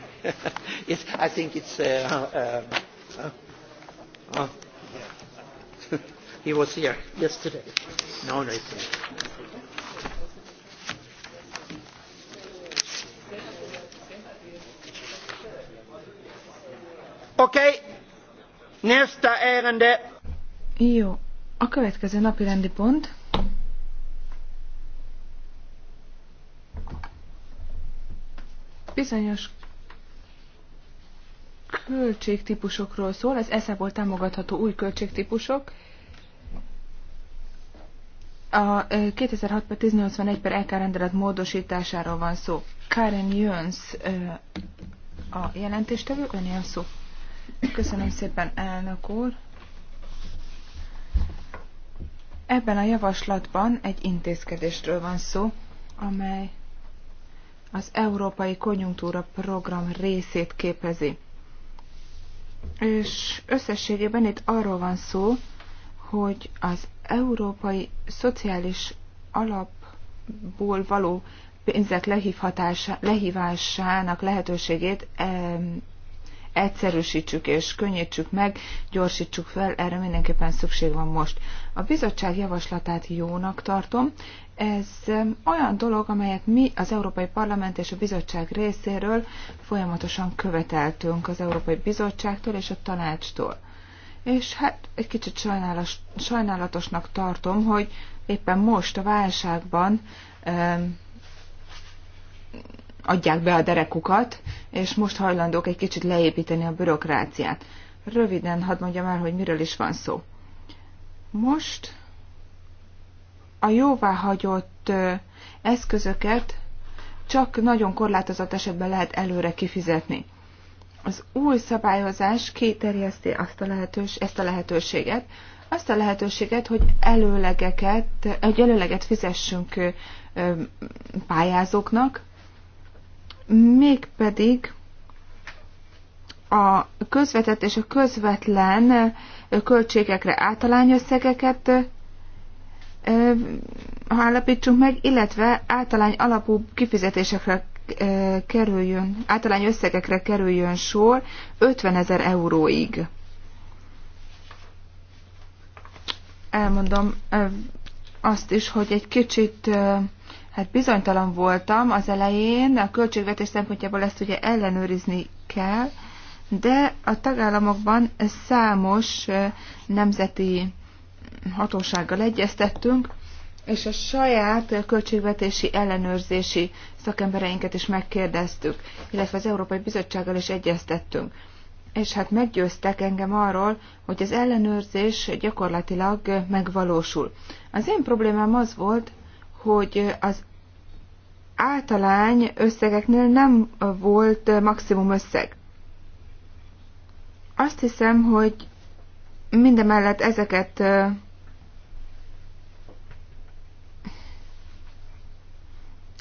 it, I think it's. Uh, uh, uh, uh. he was here yesterday. No, no, it's here. Okay. Nästa ärende. Jo, a következő napi rendi pont bizonyos költségtípusokról szól, ez eszából támogatható új költségtípusok. A 2006 1081 per LK rendelet módosításáról van szó. Karen Jöns a jelentéstevő, ön jön szó. Köszönöm szépen, elnök úr. Ebben a javaslatban egy intézkedésről van szó, amely az Európai Konjunktúra Program részét képezi. És összességében itt arról van szó, hogy az Európai Szociális Alapból való pénzek lehívhatása, lehívásának lehetőségét egyszerűsítsük és könnyítsük meg, gyorsítsuk fel, erre mindenképpen szükség van most. A bizottság javaslatát jónak tartom. Ez olyan dolog, amelyet mi az Európai Parlament és a bizottság részéről folyamatosan követeltünk az Európai Bizottságtól és a tanácstól. És hát egy kicsit sajnálatosnak tartom, hogy éppen most a válságban adják be a derekukat, és most hajlandók egy kicsit leépíteni a bürokráciát. Röviden hadd mondjam el, hogy miről is van szó. Most a jóváhagyott eszközöket csak nagyon korlátozott esetben lehet előre kifizetni. Az új szabályozás kiterjeszti azt a lehetős, ezt a lehetőséget, azt a lehetőséget, hogy előlegeket, hogy előleget fizessünk pályázóknak, mégpedig a közvetett és a közvetlen költségekre összegeket állapítsunk meg, illetve általány alapú kifizetésekre kerüljön, általány összegekre kerüljön sor 50 ezer euróig. Elmondom azt is, hogy egy kicsit Hát bizonytalan voltam az elején, a költségvetés szempontjából ezt ugye ellenőrizni kell, de a tagállamokban számos nemzeti hatósággal egyeztettünk, és a saját költségvetési ellenőrzési szakembereinket is megkérdeztük, illetve az Európai Bizottsággal is egyeztettünk. És hát meggyőztek engem arról, hogy az ellenőrzés gyakorlatilag megvalósul. Az én problémám az volt, hogy az általány összegeknél nem volt maximum összeg. Azt hiszem, hogy mindemellett ezeket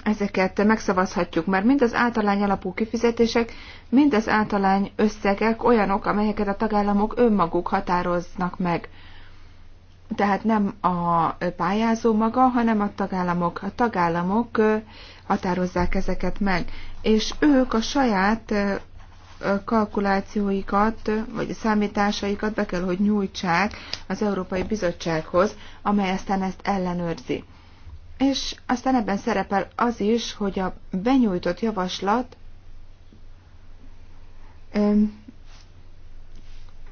ezeket megszavazhatjuk, mert mind az általány alapú kifizetések, mind az általány összegek olyanok, amelyeket a tagállamok önmaguk határoznak meg tehát nem a pályázó maga, hanem a tagállamok. A tagállamok határozzák ezeket meg, és ők a saját kalkulációikat, vagy a számításaikat be kell, hogy nyújtsák az Európai Bizottsághoz, amely aztán ezt ellenőrzi. És aztán ebben szerepel az is, hogy a benyújtott javaslat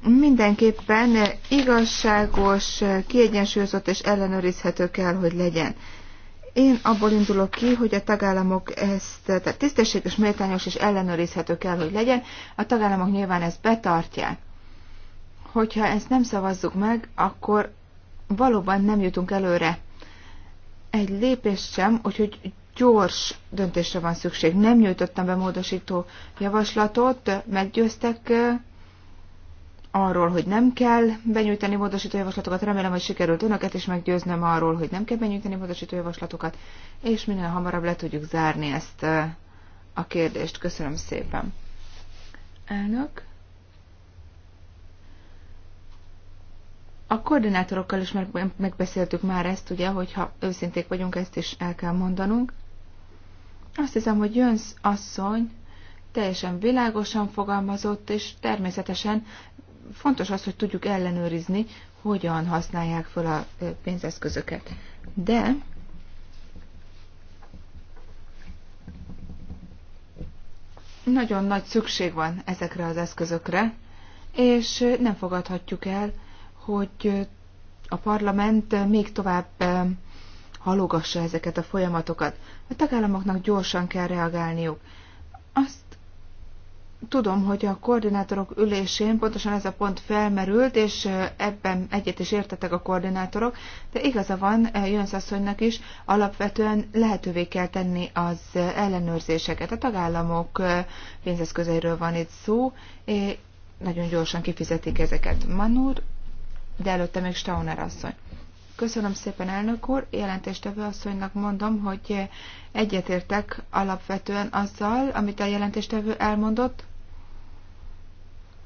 mindenképpen igazságos, kiegyensúlyozott és ellenőrizhető kell, hogy legyen. Én abból indulok ki, hogy a tagállamok ezt, tehát tisztességes, méltányos és ellenőrizhető kell, hogy legyen. A tagállamok nyilván ezt betartják. Hogyha ezt nem szavazzuk meg, akkor valóban nem jutunk előre. Egy lépés sem, úgyhogy gyors döntésre van szükség. Nem nyújtottam be módosító javaslatot, meggyőztek arról, hogy nem kell benyújtani javaslatokat. Remélem, hogy sikerült önöket is meggyőznöm arról, hogy nem kell benyújtani javaslatokat, és minél hamarabb le tudjuk zárni ezt a kérdést. Köszönöm szépen. Elnök. A koordinátorokkal is megbeszéltük már ezt, ugye, hogyha őszinték vagyunk, ezt is el kell mondanunk. Azt hiszem, hogy Jönsz asszony teljesen világosan fogalmazott, és természetesen fontos az, hogy tudjuk ellenőrizni, hogyan használják fel a pénzeszközöket. De nagyon nagy szükség van ezekre az eszközökre, és nem fogadhatjuk el, hogy a parlament még tovább halogassa ezeket a folyamatokat. A tagállamoknak gyorsan kell reagálniuk. Azt Tudom, hogy a koordinátorok ülésén pontosan ez a pont felmerült, és ebben egyet is értettek a koordinátorok, de igaza van Jönsz asszonynak is, alapvetően lehetővé kell tenni az ellenőrzéseket. A tagállamok pénzeszközeiről van itt szó, nagyon gyorsan kifizetik ezeket. Manur, de előtte még Stauner asszony. Köszönöm szépen, elnök úr. Jelentéstevő asszonynak mondom, hogy egyetértek alapvetően azzal, amit a jelentéstevő elmondott,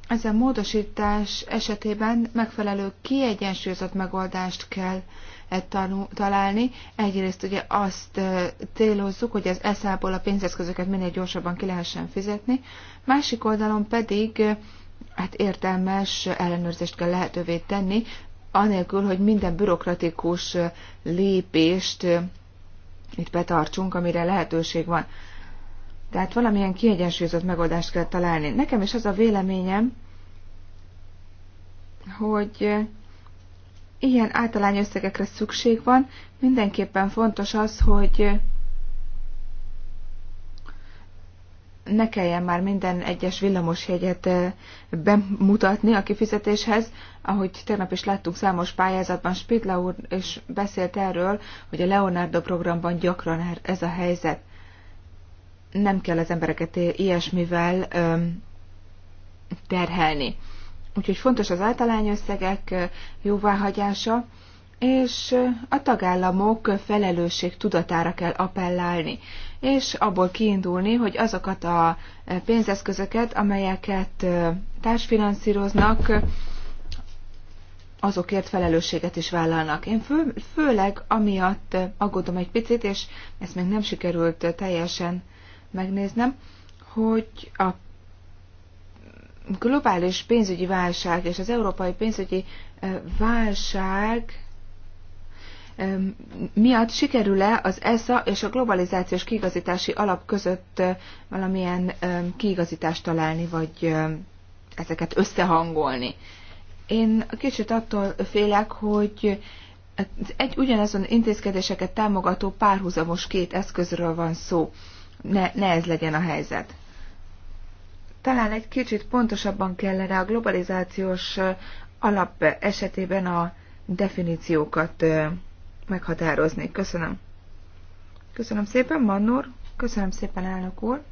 ezen módosítás esetében megfelelő kiegyensúlyozott megoldást kell eh, találni. Egyrészt ugye azt eh, célozzuk, hogy az eszából a pénzeszközöket minél gyorsabban ki lehessen fizetni, másik oldalon pedig eh, hát értelmes ellenőrzést kell lehetővé tenni, anélkül, hogy minden bürokratikus lépést itt betartsunk, amire lehetőség van. Tehát valamilyen kiegyensúlyozott megoldást kell találni. Nekem is az a véleményem, hogy eh, ilyen általány összegekre szükség van, mindenképpen fontos az, hogy eh, ne kelljen már minden egyes villamosjegyet eh, bemutatni a kifizetéshez. Ahogy tegnap is láttunk számos pályázatban, Spidla úr is beszélt erről, hogy a Leonardo programban gyakran er- ez a helyzet nem kell az embereket ilyesmivel terhelni. Úgyhogy fontos az összegek jóváhagyása, és a tagállamok felelősség tudatára kell appellálni, és abból kiindulni, hogy azokat a pénzeszközöket, amelyeket társfinanszíroznak, azokért felelősséget is vállalnak. Én fő, főleg amiatt aggódom egy picit, és ezt még nem sikerült teljesen megnéznem, hogy a globális pénzügyi válság és az európai pénzügyi válság miatt sikerül-e az ESA és a globalizációs kiigazítási alap között valamilyen kiigazítást találni, vagy ezeket összehangolni. Én kicsit attól félek, hogy egy ugyanazon intézkedéseket támogató párhuzamos két eszközről van szó ne, ne ez legyen a helyzet. Talán egy kicsit pontosabban kellene a globalizációs alap esetében a definíciókat meghatározni. Köszönöm. Köszönöm szépen, Mannur. Köszönöm szépen, elnök úr.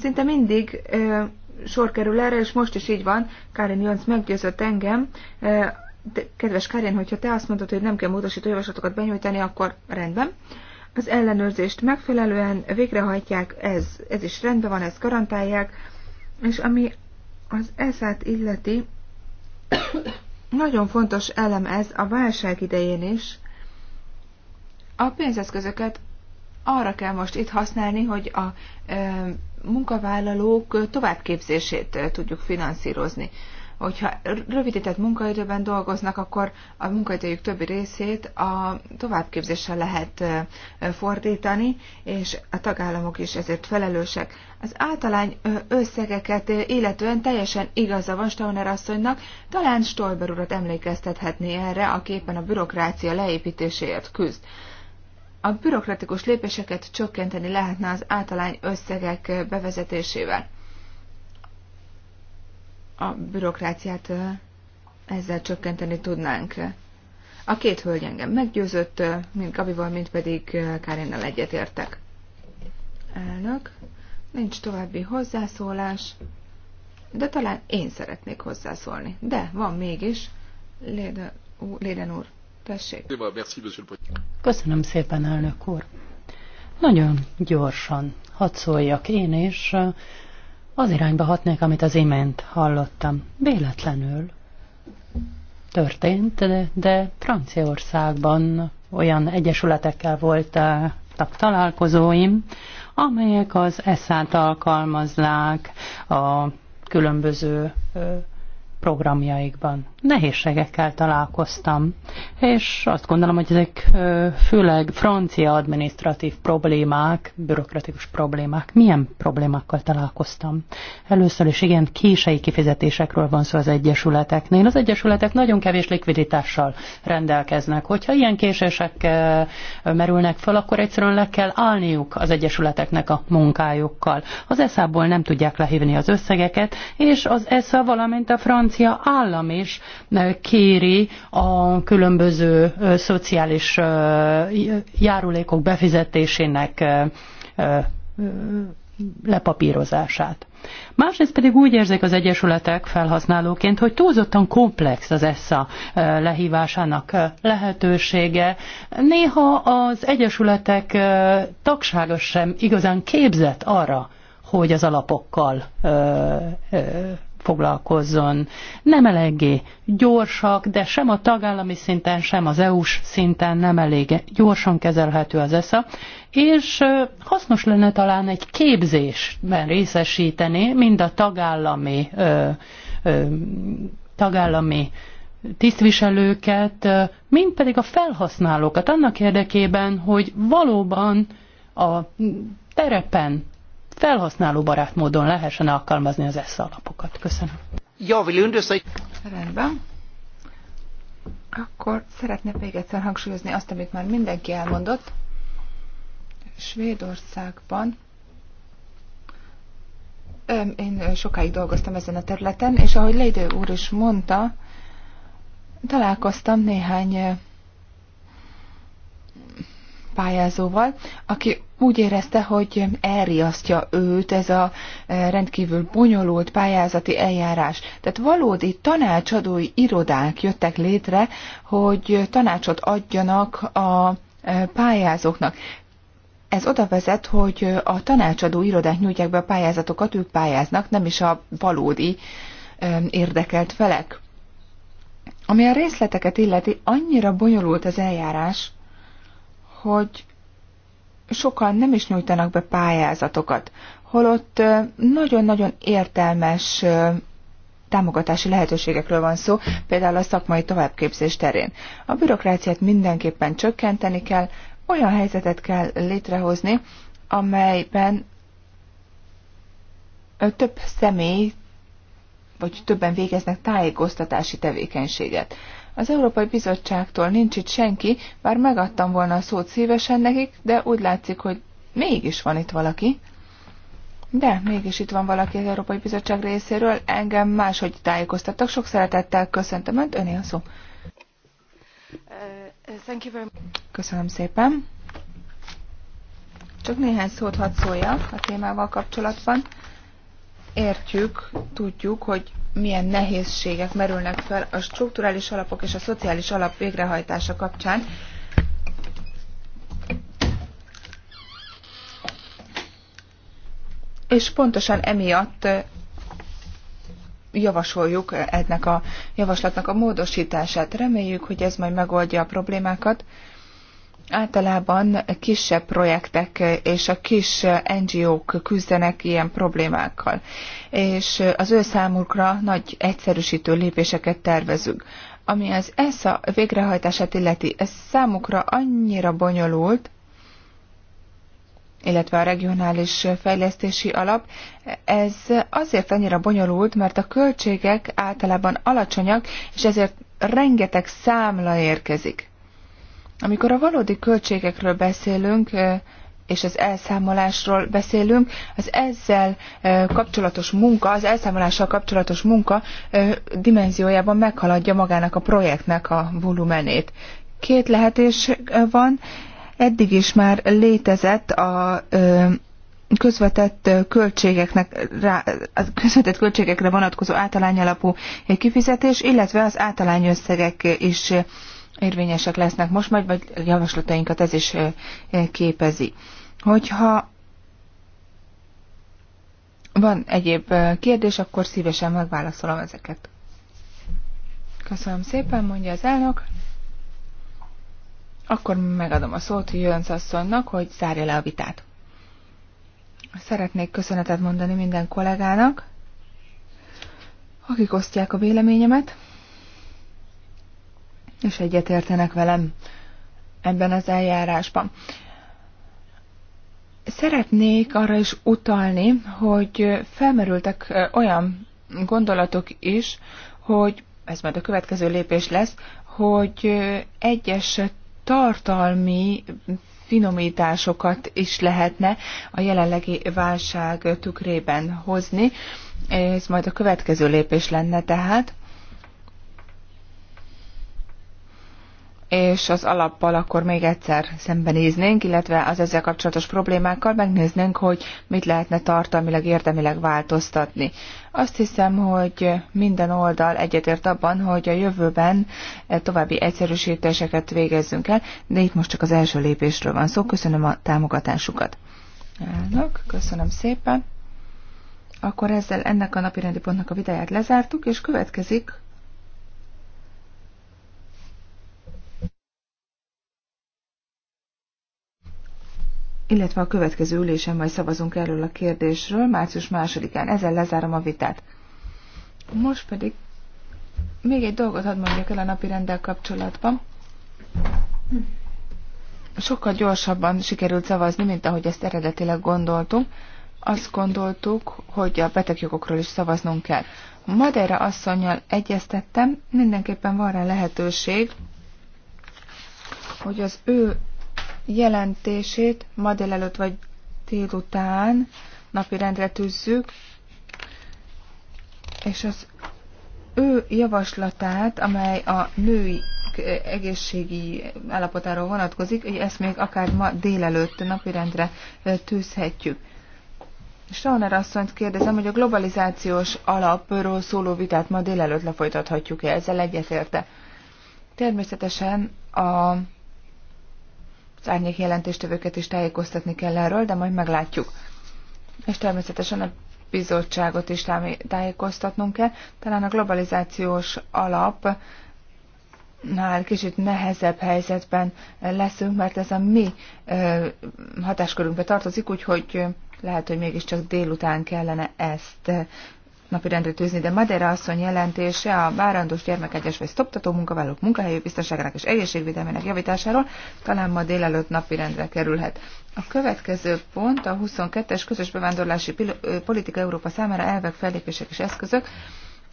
Szinte mindig sor kerül erre, és most is így van. Karin Jons meggyőzött engem de, kedves Karin, hogyha te azt mondod, hogy nem kell módosító javaslatokat benyújtani, akkor rendben. Az ellenőrzést megfelelően végrehajtják, ez, ez is rendben van, ezt garantálják, és ami az eszát illeti, nagyon fontos elem ez a válság idején is. A pénzeszközöket arra kell most itt használni, hogy a e, munkavállalók továbbképzését tudjuk finanszírozni hogyha rövidített munkaidőben dolgoznak, akkor a munkaidőjük többi részét a továbbképzéssel lehet fordítani, és a tagállamok is ezért felelősek. Az általány összegeket illetően teljesen igaza van Stauner asszonynak, talán Stolber urat emlékeztethetné erre, aki éppen a bürokrácia leépítéséért küzd. A bürokratikus lépéseket csökkenteni lehetne az általány összegek bevezetésével a bürokráciát ezzel csökkenteni tudnánk. A két hölgy engem meggyőzött, mint Gabival, mint pedig Kárinnal egyetértek. Elnök, nincs további hozzászólás, de talán én szeretnék hozzászólni. De van mégis, Léden, Léden úr, tessék. Köszönöm szépen, elnök úr. Nagyon gyorsan hadd szóljak én is az irányba hatnék, amit az imént hallottam. Véletlenül történt, de, de Franciaországban olyan egyesületekkel voltak eh, találkozóim, amelyek az eszát alkalmazzák a különböző eh, programjaikban nehézségekkel találkoztam, és azt gondolom, hogy ezek főleg francia administratív problémák, bürokratikus problémák. Milyen problémákkal találkoztam? Először is igen, kései kifizetésekről van szó az egyesületeknél. Az egyesületek nagyon kevés likviditással rendelkeznek. Hogyha ilyen késések merülnek fel, akkor egyszerűen le kell állniuk az egyesületeknek a munkájukkal. Az eszából nem tudják lehívni az összegeket, és az esza, valamint a francia állam is kéri a különböző szociális járulékok befizetésének lepapírozását. Másrészt pedig úgy érzik az egyesületek felhasználóként, hogy túlzottan komplex az ESSA lehívásának lehetősége. Néha az egyesületek tagsága sem igazán képzett arra, hogy az alapokkal ö, ö, foglalkozzon. Nem eléggé gyorsak, de sem a tagállami szinten, sem az EU-s szinten nem elég gyorsan kezelhető az ESZA, és hasznos lenne talán egy képzésben részesíteni mind a tagállami, ö, ö, tagállami tisztviselőket, mind pedig a felhasználókat annak érdekében, hogy valóban a terepen felhasználóbarát módon lehessen alkalmazni az ESZA alapokat. Köszönöm. Rendben. Akkor szeretne még egyszer hangsúlyozni azt, amit már mindenki elmondott. Svédországban én sokáig dolgoztam ezen a területen, és ahogy Leidő úr is mondta, találkoztam néhány pályázóval, aki úgy érezte, hogy elriasztja őt ez a e, rendkívül bonyolult pályázati eljárás. Tehát valódi tanácsadói irodák jöttek létre, hogy tanácsot adjanak a e, pályázóknak. Ez oda vezet, hogy a tanácsadó irodák nyújtják be a pályázatokat, ők pályáznak, nem is a valódi e, érdekelt felek. Ami a részleteket illeti, annyira bonyolult az eljárás, hogy sokan nem is nyújtanak be pályázatokat, holott nagyon-nagyon értelmes támogatási lehetőségekről van szó, például a szakmai továbbképzés terén. A bürokráciát mindenképpen csökkenteni kell, olyan helyzetet kell létrehozni, amelyben több személyt vagy többen végeznek tájékoztatási tevékenységet. Az Európai Bizottságtól nincs itt senki, bár megadtam volna a szót szívesen nekik, de úgy látszik, hogy mégis van itt valaki. De, mégis itt van valaki az Európai Bizottság részéről, engem máshogy tájékoztattak, sok szeretettel köszöntöm Önt, Öné a szó. Uh, Köszönöm szépen. Csak néhány szót hadd szóljak a témával kapcsolatban értjük, tudjuk, hogy milyen nehézségek merülnek fel a strukturális alapok és a szociális alap végrehajtása kapcsán. És pontosan emiatt eh, javasoljuk ennek a javaslatnak a módosítását. Reméljük, hogy ez majd megoldja a problémákat. Általában kisebb projektek és a kis NGO-k küzdenek ilyen problémákkal, és az ő számukra nagy egyszerűsítő lépéseket tervezünk. Ami az ESA végrehajtását illeti, ez számukra annyira bonyolult, illetve a regionális fejlesztési alap. Ez azért annyira bonyolult, mert a költségek általában alacsonyak, és ezért rengeteg számla érkezik. Amikor a valódi költségekről beszélünk, és az elszámolásról beszélünk, az ezzel kapcsolatos munka, az elszámolással kapcsolatos munka dimenziójában meghaladja magának a projektnek a volumenét. Két lehetés van, eddig is már létezett a közvetett költségeknek, rá, a közvetett költségekre vonatkozó általányalapú kifizetés, illetve az általányösszegek is érvényesek lesznek most majd, vagy javaslatainkat ez is képezi. Hogyha van egyéb kérdés, akkor szívesen megválaszolom ezeket. Köszönöm szépen, mondja az elnök. Akkor megadom a szót jön asszonynak, hogy zárja le a vitát. Szeretnék köszönetet mondani minden kollégának, akik osztják a véleményemet és egyetértenek velem ebben az eljárásban. Szeretnék arra is utalni, hogy felmerültek olyan gondolatok is, hogy ez majd a következő lépés lesz, hogy egyes tartalmi finomításokat is lehetne a jelenlegi válság tükrében hozni. Ez majd a következő lépés lenne tehát. és az alappal akkor még egyszer szembenéznénk, illetve az ezzel kapcsolatos problémákkal megnéznénk, hogy mit lehetne tartalmilag, érdemileg változtatni. Azt hiszem, hogy minden oldal egyetért abban, hogy a jövőben további egyszerűsítéseket végezzünk el, de itt most csak az első lépésről van szó. Köszönöm a támogatásukat. Elnök, köszönöm szépen. Akkor ezzel ennek a napirendi pontnak a vitáját lezártuk, és következik illetve a következő ülésen majd szavazunk erről a kérdésről, március másodikán. Ezzel lezárom a vitát. Most pedig még egy dolgot hadd mondjak el a napi rendel kapcsolatban. Sokkal gyorsabban sikerült szavazni, mint ahogy ezt eredetileg gondoltunk. Azt gondoltuk, hogy a betegjogokról is szavaznunk kell. Madeira asszonynal egyeztettem, mindenképpen van rá lehetőség, hogy az ő jelentését ma délelőtt vagy délután napirendre tűzzük, és az ő javaslatát, amely a női egészségi állapotáról vonatkozik, hogy ezt még akár ma délelőtt napirendre tűzhetjük. Sauner asszonyt kérdezem, hogy a globalizációs alapról szóló vitát ma délelőtt lefolytathatjuk-e, ezzel egyetérte. Természetesen a árnyék jelentéstevőket is tájékoztatni kell erről, de majd meglátjuk. És természetesen a bizottságot is tájékoztatnunk kell. Talán a globalizációs alap nál kicsit nehezebb helyzetben leszünk, mert ez a mi hatáskörünkbe tartozik, úgyhogy lehet, hogy mégiscsak délután kellene ezt napirendre tűzni, de Madeira asszony jelentése a várandós gyermekegyes vagy szoptató munkavállalók munkahelyi biztonságának és egészségvédelmének javításáról talán ma délelőtt napirendre kerülhet. A következő pont a 22-es közös bevándorlási politika Európa számára elvek, fellépések és eszközök.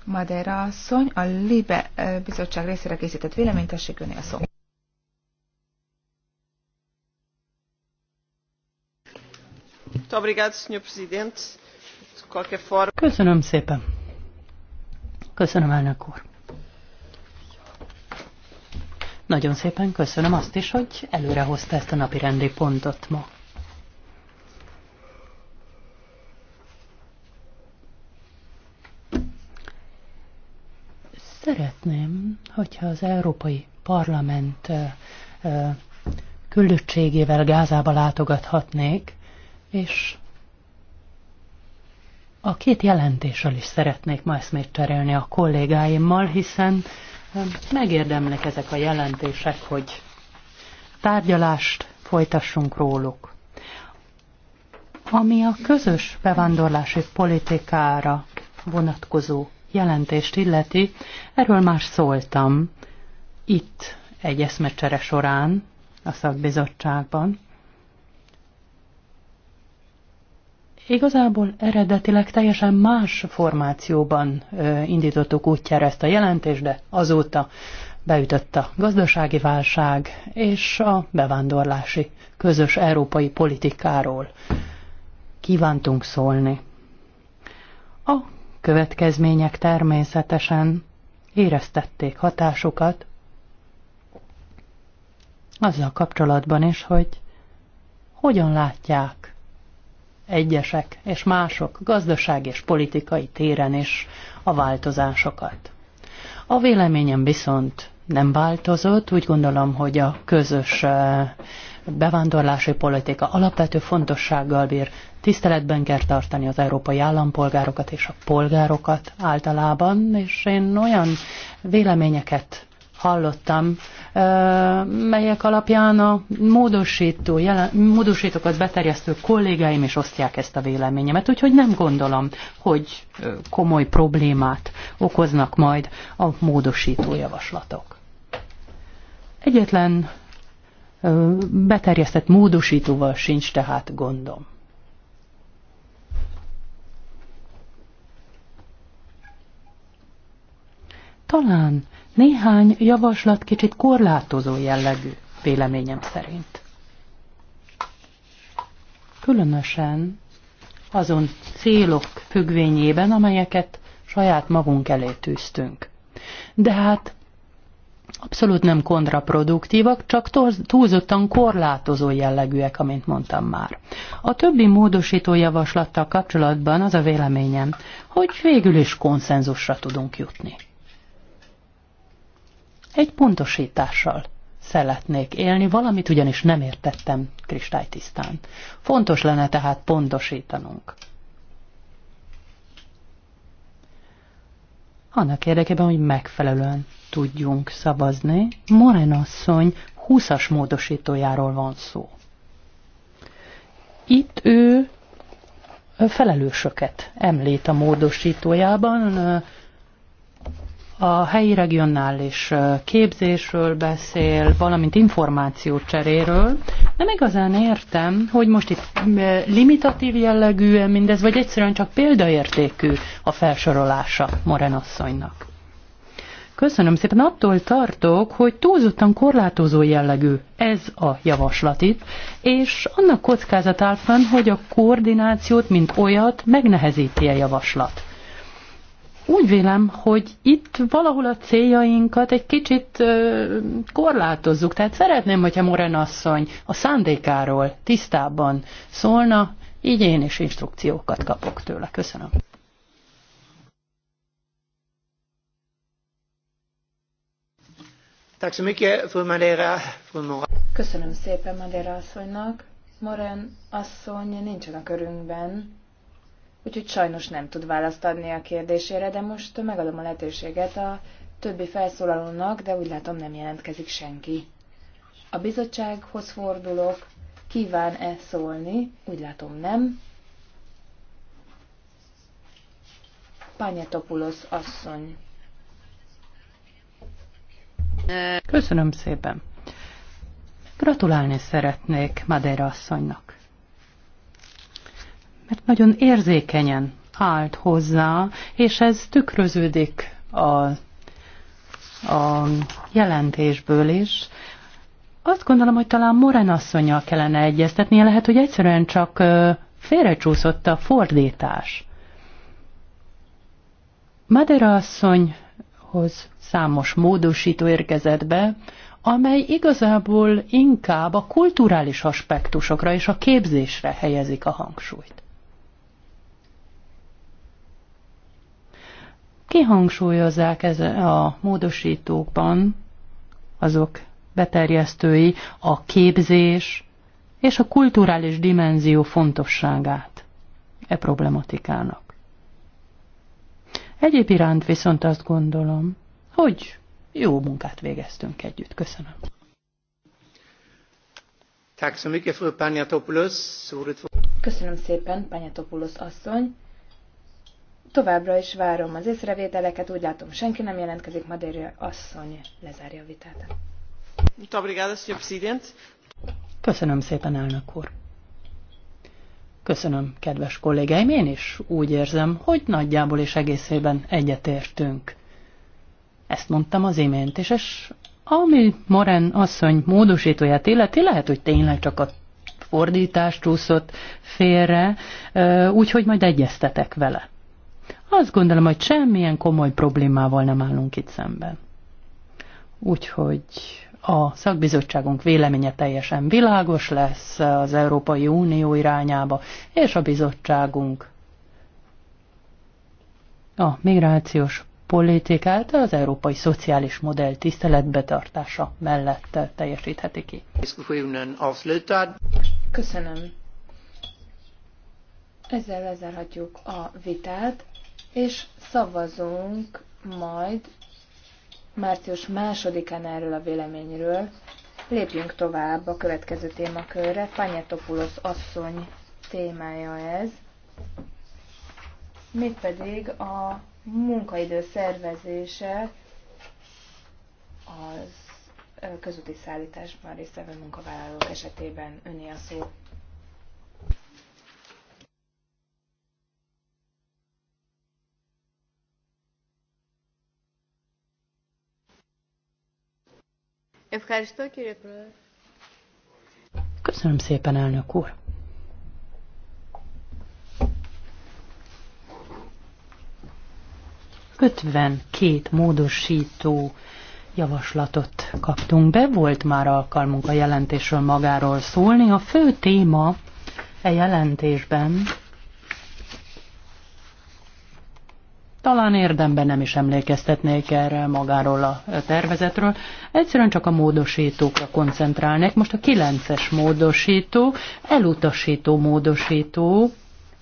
Madeira asszony a LIBE bizottság részére készített véleményt, tessék önél szó. Muito obrigado, Sr. Presidente. Köszönöm szépen. Köszönöm, elnök úr. Nagyon szépen köszönöm azt is, hogy előre hozta ezt a napi rendi pontot ma. Szeretném, hogyha az Európai Parlament küldöttségével Gázába látogathatnék, és a két jelentéssel is szeretnék ma eszmét cserélni a kollégáimmal, hiszen megérdemlik ezek a jelentések, hogy tárgyalást folytassunk róluk. Ami a közös bevándorlási politikára vonatkozó jelentést illeti, erről már szóltam itt egy eszmecsere során a szakbizottságban, Igazából eredetileg teljesen más formációban indítottuk útjára ezt a jelentést, de azóta beütött a gazdasági válság és a bevándorlási közös európai politikáról kívántunk szólni. A következmények természetesen éreztették hatásukat azzal kapcsolatban is, hogy hogyan látják egyesek és mások gazdaság és politikai téren is a változásokat. A véleményem viszont nem változott, úgy gondolom, hogy a közös bevándorlási politika alapvető fontossággal bír, tiszteletben kell tartani az európai állampolgárokat és a polgárokat általában, és én olyan véleményeket hallottam, melyek alapján a módosító, jelen, módosítókat beterjesztő kollégáim is osztják ezt a véleményemet, úgyhogy nem gondolom, hogy komoly problémát okoznak majd a módosító javaslatok. Egyetlen beterjesztett módosítóval sincs tehát gondom. Talán néhány javaslat kicsit korlátozó jellegű, véleményem szerint. Különösen azon célok függvényében, amelyeket saját magunk elé tűztünk. De hát abszolút nem kontraproduktívak, csak túlzottan korlátozó jellegűek, amint mondtam már. A többi módosító javaslattal kapcsolatban az a véleményem, hogy végül is konszenzusra tudunk jutni. Egy pontosítással szeretnék élni, valamit ugyanis nem értettem kristálytisztán. Fontos lenne tehát pontosítanunk. Annak érdekében, hogy megfelelően tudjunk szavazni, Moren asszony 20-as módosítójáról van szó. Itt ő felelősöket említ a módosítójában, a helyi regionális képzésről beszél, valamint De Nem igazán értem, hogy most itt limitatív jellegű -e mindez, vagy egyszerűen csak példaértékű a felsorolása Moren asszonynak. Köszönöm szépen. Attól tartok, hogy túlzottan korlátozó jellegű ez a javaslat itt, és annak kockázat áll fenn, hogy a koordinációt, mint olyat, megnehezíti a javaslat. Úgy vélem, hogy itt valahol a céljainkat egy kicsit ö, korlátozzuk. Tehát szeretném, hogyha Moren asszony a szándékáról tisztában szólna, így én is instrukciókat kapok tőle. Köszönöm. Köszönöm szépen Madeira asszonynak. Moren asszony nincsen a körünkben, úgyhogy sajnos nem tud választ adni a kérdésére, de most megadom a lehetőséget a többi felszólalónak, de úgy látom nem jelentkezik senki. A bizottsághoz fordulok, kíván-e szólni? Úgy látom nem. Pányetopulosz asszony. Köszönöm szépen. Gratulálni szeretnék Madeira asszonynak mert nagyon érzékenyen állt hozzá, és ez tükröződik a, a jelentésből is. Azt gondolom, hogy talán Moren asszonyjal kellene egyeztetnie, lehet, hogy egyszerűen csak félrecsúszott a fordítás. Madeira asszonyhoz számos módosító érkezett be, amely igazából inkább a kulturális aspektusokra és a képzésre helyezik a hangsúlyt. kihangsúlyozzák ez a módosítókban azok beterjesztői a képzés és a kulturális dimenzió fontosságát e problematikának. Egyéb iránt viszont azt gondolom, hogy jó munkát végeztünk együtt. Köszönöm. Köszönöm szépen, Panyatopoulos asszony. Továbbra is várom az észrevételeket, úgy látom senki nem jelentkezik, Madeira asszony lezárja a vitát. Köszönöm szépen, elnök úr. Köszönöm, kedves kollégáim, én is úgy érzem, hogy nagyjából és egészében egyetértünk. Ezt mondtam az imént, és ami Moren asszony módosítóját illeti, lehet, hogy tényleg csak a fordítást csúszott félre, úgyhogy majd egyeztetek vele. Azt gondolom, hogy semmilyen komoly problémával nem állunk itt szemben. Úgyhogy a szakbizottságunk véleménye teljesen világos lesz az Európai Unió irányába, és a bizottságunk a migrációs politikát az európai szociális modell tartása mellett teljesítheti ki. Köszönöm. Ezzel lezárhatjuk a vitát és szavazunk majd március másodikán erről a véleményről. Lépjünk tovább a következő témakörre. Panyatopulosz asszony témája ez, pedig a munkaidő szervezése az közúti szállításban résztvevő munkavállalók esetében öné a szó. Köszönöm szépen, elnök úr. Ötvenkét módosító javaslatot kaptunk be, volt már alkalmunk a jelentésről magáról szólni. A fő téma e jelentésben talán érdemben nem is emlékeztetnék erre magáról a tervezetről. Egyszerűen csak a módosítókra koncentrálnék. Most a kilences módosító, elutasító módosító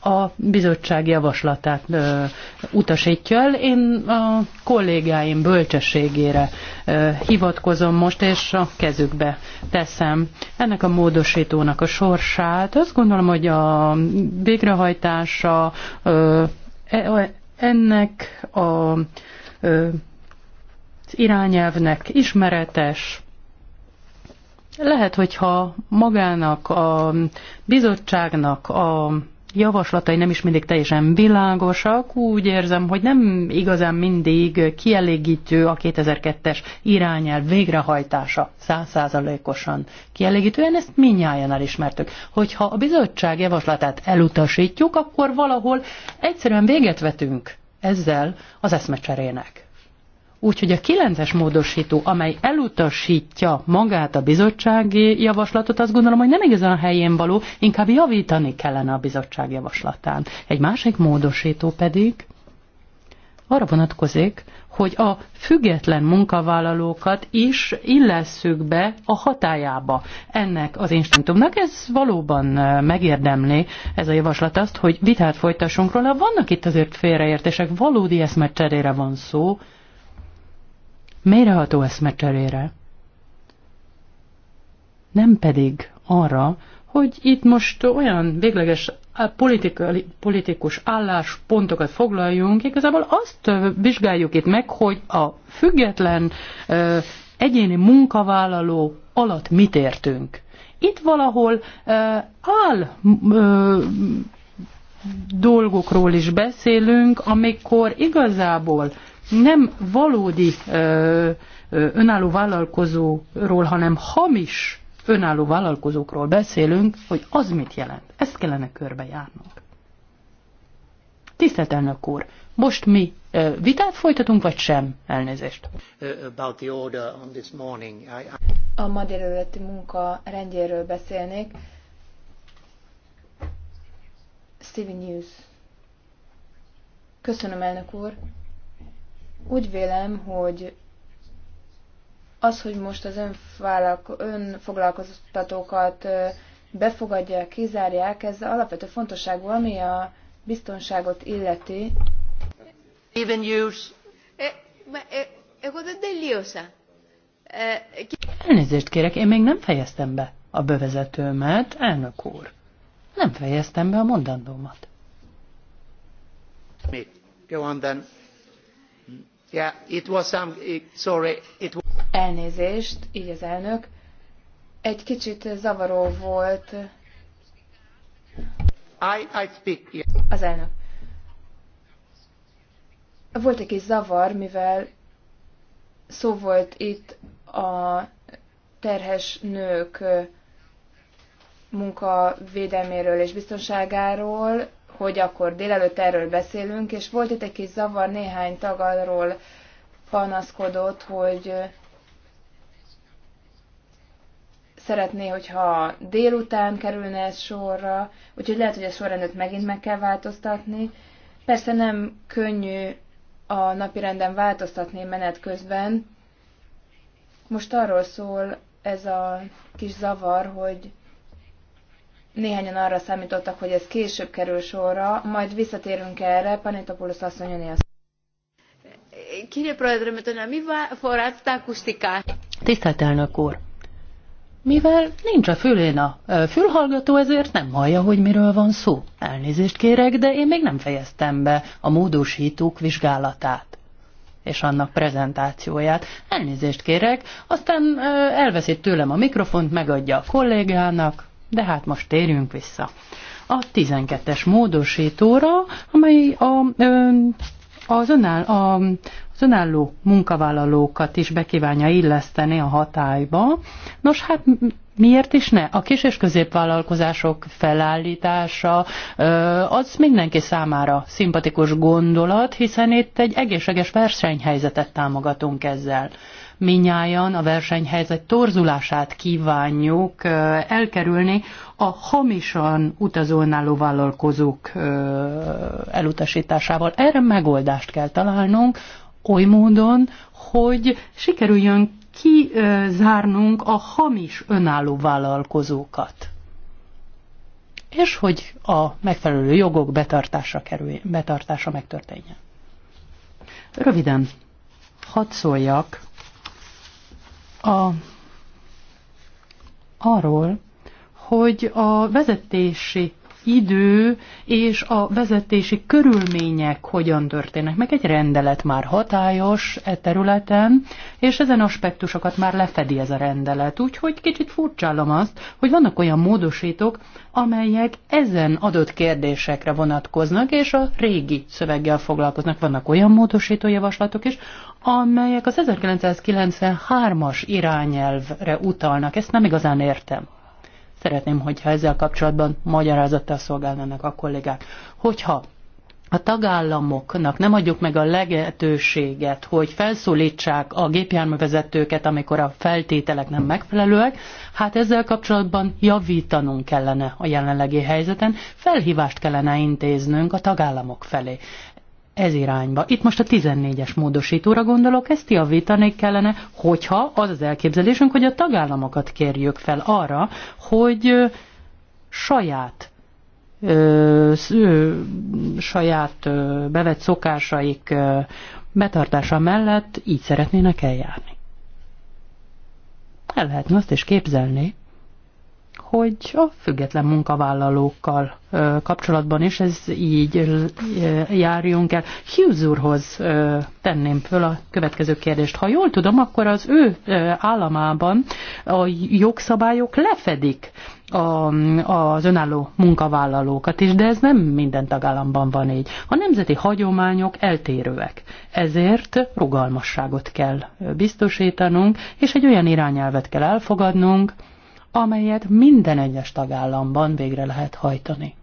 a bizottság javaslatát ö, utasítja el. Én a kollégáim bölcsességére ö, hivatkozom most, és a kezükbe teszem ennek a módosítónak a sorsát. Azt gondolom, hogy a végrehajtása ö, e, ennek a az irányelvnek ismeretes. Lehet, hogyha magának, a bizottságnak, a javaslatai nem is mindig teljesen világosak. Úgy érzem, hogy nem igazán mindig kielégítő a 2002-es irányelv végrehajtása százszázalékosan kielégítően, ezt minnyáján elismertük. Hogyha a bizottság javaslatát elutasítjuk, akkor valahol egyszerűen véget vetünk ezzel az eszmecserének. Úgyhogy a 9-es módosító, amely elutasítja magát a bizottsági javaslatot, azt gondolom, hogy nem igazán helyén való, inkább javítani kellene a bizottság javaslatán. Egy másik módosító pedig arra vonatkozik, hogy a független munkavállalókat is illesszük be a hatájába ennek az instrumentumnak. Ez valóban megérdemli ez a javaslat azt, hogy vitát folytassunk róla. Vannak itt azért félreértések, valódi cserére van szó, mélyreható cserére. Nem pedig arra, hogy itt most olyan végleges politikus álláspontokat foglaljunk, igazából azt vizsgáljuk itt meg, hogy a független egyéni munkavállaló alatt mit értünk. Itt valahol áll dolgokról is beszélünk, amikor igazából nem valódi ö, ö, önálló vállalkozóról, hanem hamis önálló vállalkozókról beszélünk, hogy az mit jelent. Ezt kellene körbejárnunk. Tisztelt elnök úr, most mi vitát folytatunk, vagy sem? Elnézést. Uh, A ma délelőtti munka rendjéről beszélnék. Steven News. Köszönöm, elnök úr. Úgy vélem, hogy az, hogy most az önfoglalkoztatókat befogadják, kizárják, ez alapvető fontosságú, ami a biztonságot illeti. Even use. Eh, eh, eh, Elnézést kérek, én még nem fejeztem be a bevezetőmet, elnök úr. Nem fejeztem be a mondandómat. Mi? Go on then. Elnézést, így az elnök. Egy kicsit zavaró volt. I, I speak Az elnök. Volt egy kis zavar, mivel szó volt itt a terhes nők munkavédelméről és biztonságáról, hogy akkor délelőtt erről beszélünk, és volt itt egy kis zavar, néhány tag arról panaszkodott, hogy szeretné, hogyha délután kerülne ez sorra, úgyhogy lehet, hogy a sorrendet megint meg kell változtatni. Persze nem könnyű a renden változtatni menet közben. Most arról szól ez a kis zavar, hogy Néhányan arra számítottak, hogy ez később kerül sorra, majd visszatérünk erre. Panitopoulos asszonyon él. Kérje Prodre, mert a mi Tisztelt elnök úr! Mivel nincs a fülén a fülhallgató, ezért nem hallja, hogy miről van szó. Elnézést kérek, de én még nem fejeztem be a módosítók vizsgálatát és annak prezentációját. Elnézést kérek, aztán elveszít tőlem a mikrofont, megadja a kollégának, de hát most térjünk vissza a 12-es módosítóra, amely a, az, önáll, a, az önálló munkavállalókat is bekívánja illeszteni a hatályba. Nos, hát miért is ne? A kis- és középvállalkozások felállítása az mindenki számára szimpatikus gondolat, hiszen itt egy egészséges versenyhelyzetet támogatunk ezzel minnyáján a versenyhelyzet torzulását kívánjuk elkerülni a hamisan utazónáló vállalkozók elutasításával. Erre megoldást kell találnunk, oly módon, hogy sikerüljön kizárnunk a hamis önálló vállalkozókat és hogy a megfelelő jogok betartása, kerül, betartása megtörténjen. Röviden, hadd szóljak a, arról, hogy a vezetési idő és a vezetési körülmények hogyan történnek meg. Egy rendelet már hatályos e területen, és ezen aspektusokat már lefedi ez a rendelet. Úgyhogy kicsit furcsálom azt, hogy vannak olyan módosítók, amelyek ezen adott kérdésekre vonatkoznak, és a régi szöveggel foglalkoznak. Vannak olyan módosító javaslatok is, amelyek az 1993-as irányelvre utalnak. Ezt nem igazán értem. Szeretném, hogyha ezzel kapcsolatban magyarázattal szolgálnának a kollégák. Hogyha a tagállamoknak nem adjuk meg a lehetőséget, hogy felszólítsák a gépjárművezetőket, amikor a feltételek nem megfelelőek, hát ezzel kapcsolatban javítanunk kellene a jelenlegi helyzeten, felhívást kellene intéznünk a tagállamok felé ez irányba. Itt most a 14-es módosítóra gondolok, ezt javítani kellene, hogyha az az elképzelésünk, hogy a tagállamokat kérjük fel arra, hogy saját ö, ö, saját ö, bevett szokásaik ö, betartása mellett így szeretnének eljárni. El lehetne azt is képzelni, hogy a független munkavállalókkal kapcsolatban is ez így járjunk el. Hughes úrhoz tenném föl a következő kérdést. Ha jól tudom, akkor az ő államában a jogszabályok lefedik a, az önálló munkavállalókat is, de ez nem minden tagállamban van így. A nemzeti hagyományok eltérőek, ezért rugalmasságot kell biztosítanunk, és egy olyan irányelvet kell elfogadnunk, amelyet minden egyes tagállamban végre lehet hajtani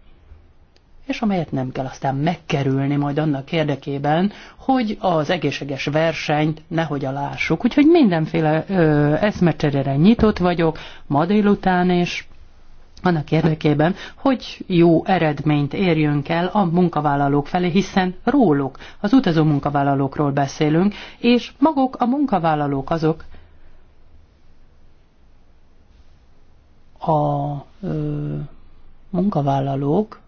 és amelyet nem kell aztán megkerülni majd annak érdekében, hogy az egészséges versenyt nehogy alássuk. Úgyhogy mindenféle ö, eszmecserére nyitott vagyok, ma délután is, annak érdekében, hogy jó eredményt érjünk el a munkavállalók felé, hiszen róluk, az utazó munkavállalókról beszélünk, és maguk a munkavállalók azok, a ö, munkavállalók,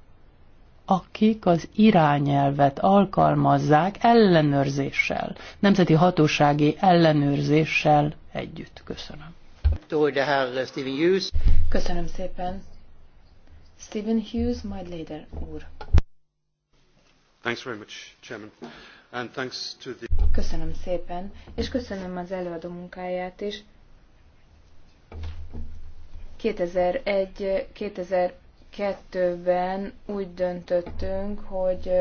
akik az irányelvet alkalmazzák ellenőrzéssel, nemzeti hatósági ellenőrzéssel együtt. Köszönöm. Köszönöm szépen. Stephen Hughes, majd later úr. Thanks very much, Chairman. And thanks to the... Köszönöm szépen, és köszönöm az előadó munkáját is. 2001-2002-ben úgy döntöttünk, hogy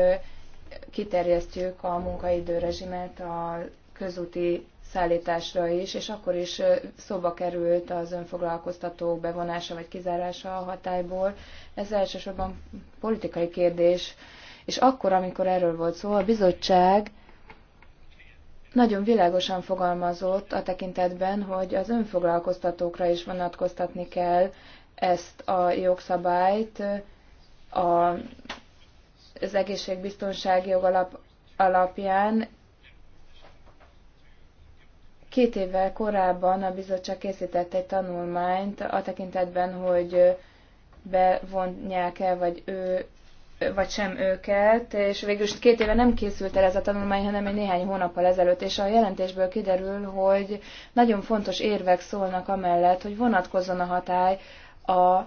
kiterjesztjük a munkaidőrezsimet a közúti szállításra is, és akkor is szóba került az önfoglalkoztató bevonása vagy kizárása a hatályból. Ez elsősorban politikai kérdés, és akkor, amikor erről volt szó, a bizottság nagyon világosan fogalmazott a tekintetben, hogy az önfoglalkoztatókra is vonatkoztatni kell ezt a jogszabályt, a, az egészségbiztonsági jog alap, alapján. Két évvel korábban a bizottság készített egy tanulmányt a tekintetben, hogy bevonják-e, vagy ő vagy sem őket, és végül is két éve nem készült el ez a tanulmány, hanem egy néhány hónappal ezelőtt, és a jelentésből kiderül, hogy nagyon fontos érvek szólnak amellett, hogy vonatkozzon a hatály a,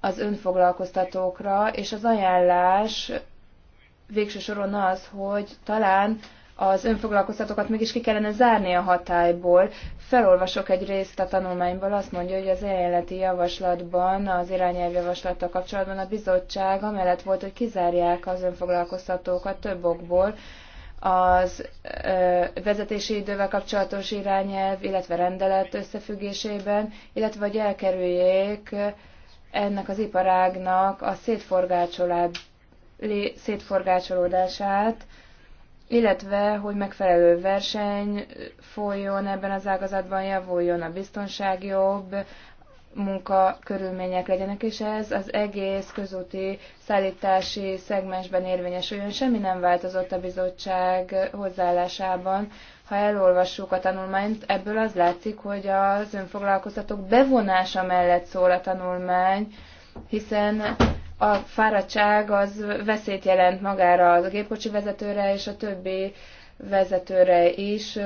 az önfoglalkoztatókra, és az ajánlás végső soron az, hogy talán az önfoglalkoztatókat mégis ki kellene zárni a hatályból. Felolvasok egy részt a tanulmányból, azt mondja, hogy az jelenleti javaslatban, az irányelvjavaslattal kapcsolatban a bizottság amellett volt, hogy kizárják az önfoglalkoztatókat több okból, az ö, vezetési idővel kapcsolatos irányelv, illetve rendelet összefüggésében, illetve hogy elkerüljék ennek az iparágnak a szétforgácsolódását, illetve hogy megfelelő verseny folyjon ebben az ágazatban, javuljon a biztonság jobb, munkakörülmények legyenek, és ez az egész közúti szállítási szegmensben érvényesüljön. Semmi nem változott a bizottság hozzáállásában. Ha elolvassuk a tanulmányt, ebből az látszik, hogy az önfoglalkoztatók bevonása mellett szól a tanulmány, hiszen a fáradtság az veszélyt jelent magára a gépkocsi vezetőre és a többi vezetőre is.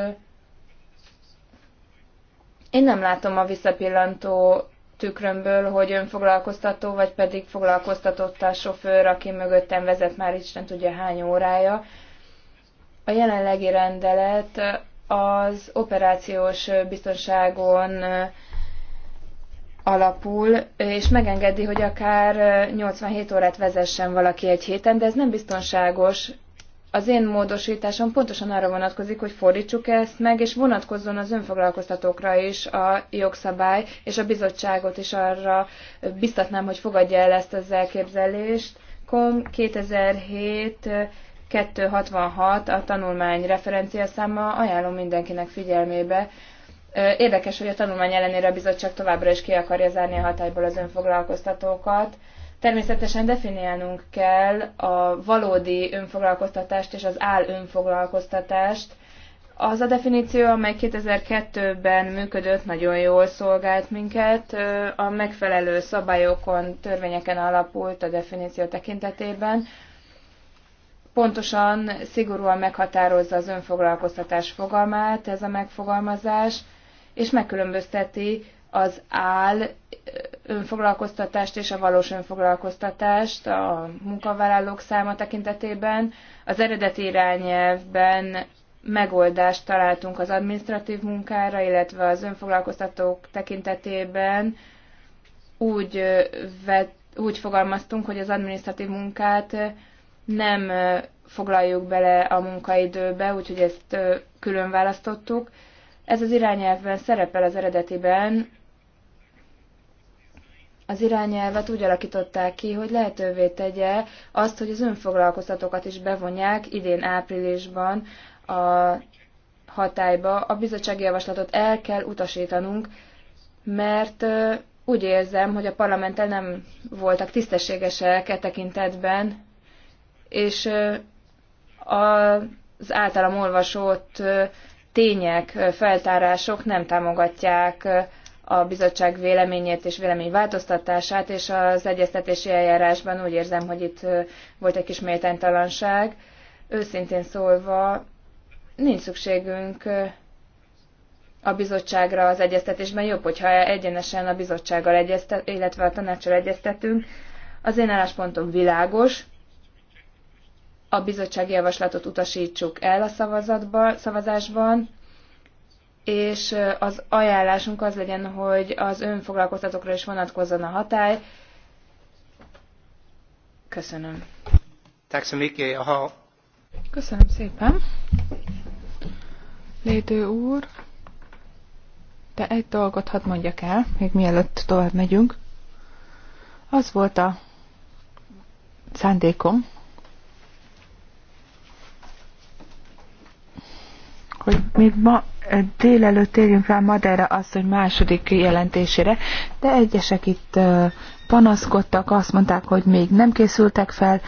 Én nem látom a visszapillantó tükrömből, hogy önfoglalkoztató, vagy pedig foglalkoztatott a sofőr, aki mögöttem vezet már Isten tudja hány órája. A jelenlegi rendelet az operációs biztonságon alapul, és megengedi, hogy akár 87 órát vezessen valaki egy héten, de ez nem biztonságos. Az én módosításom pontosan arra vonatkozik, hogy fordítsuk ezt meg, és vonatkozzon az önfoglalkoztatókra is a jogszabály, és a bizottságot is arra biztatnám, hogy fogadja el ezt az elképzelést. Kom 2007 266 a tanulmány száma. ajánlom mindenkinek figyelmébe, Érdekes, hogy a tanulmány ellenére a bizottság továbbra is ki akarja zárni a hatályból az önfoglalkoztatókat. Természetesen definiálnunk kell a valódi önfoglalkoztatást és az áll önfoglalkoztatást. Az a definíció, amely 2002-ben működött, nagyon jól szolgált minket, a megfelelő szabályokon, törvényeken alapult a definíció tekintetében. Pontosan, szigorúan meghatározza az önfoglalkoztatás fogalmát ez a megfogalmazás és megkülönbözteti az áll önfoglalkoztatást és a valós önfoglalkoztatást a munkavállalók száma tekintetében. Az eredeti irányelvben megoldást találtunk az administratív munkára, illetve az önfoglalkoztatók tekintetében úgy, vet, úgy fogalmaztunk, hogy az administratív munkát nem foglaljuk bele a munkaidőbe, úgyhogy ezt külön választottuk, ez az irányelvben szerepel az eredetiben. Az irányelvet úgy alakították ki, hogy lehetővé tegye azt, hogy az önfoglalkoztatókat is bevonják idén áprilisban a hatályba. A bizottsági javaslatot el kell utasítanunk, mert úgy érzem, hogy a parlamenttel nem voltak tisztességesek e tekintetben, és az általam olvasott tények, feltárások nem támogatják a bizottság véleményét és vélemény változtatását, és az egyeztetési eljárásban úgy érzem, hogy itt volt egy kis méltánytalanság. Őszintén szólva, nincs szükségünk a bizottságra az egyeztetésben jobb, hogyha egyenesen a bizottsággal egyeztet, illetve a tanácsra egyeztetünk. Az én álláspontom világos, a bizottsági javaslatot utasítsuk el a szavazatban, szavazásban, és az ajánlásunk az legyen, hogy az önfoglalkoztatókra is vonatkozzon a hatály. Köszönöm. Köszönöm szépen. Lédő úr, de egy dolgot hadd mondjak el, még mielőtt tovább megyünk. Az volt a szándékom, Még ma eh, délelőtt térjünk rá Madeira asszony második jelentésére, de egyesek itt eh, panaszkodtak, azt mondták, hogy még nem készültek fel,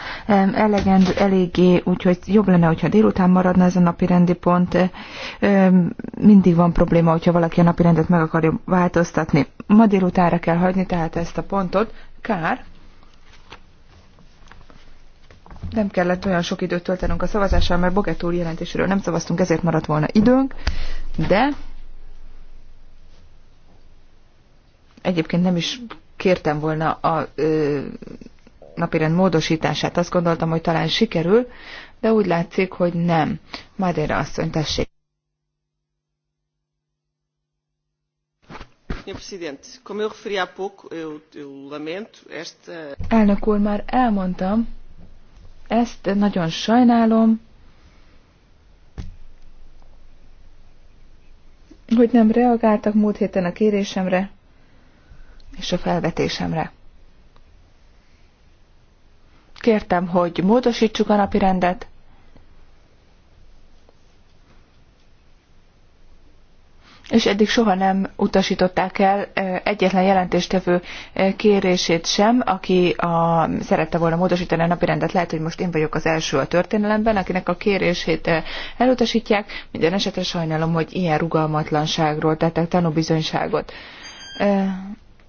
elegendő, eléggé, úgyhogy jobb lenne, hogyha délután maradna ez a napi rendi pont. Mindig van probléma, hogyha valaki a napi rendet meg akarja változtatni. Ma délutánra kell hagyni tehát ezt a pontot. Kár, nem kellett olyan sok időt töltenünk a szavazással, mert Bogetúr úr jelentéséről nem szavaztunk, ezért maradt volna időnk, de egyébként nem is kértem volna a ö, napirend módosítását. Azt gondoltam, hogy talán sikerül, de úgy látszik, hogy nem. Madeira asszony, tessék. Elnök úr, már elmondtam, ezt nagyon sajnálom, hogy nem reagáltak múlt héten a kérésemre és a felvetésemre. Kértem, hogy módosítsuk a napi rendet, és eddig soha nem utasították el egyetlen jelentéstevő kérését sem, aki a, szerette volna módosítani a napirendet. Lehet, hogy most én vagyok az első a történelemben, akinek a kérését elutasítják. Minden esetre sajnálom, hogy ilyen rugalmatlanságról tettek tanúbizonyságot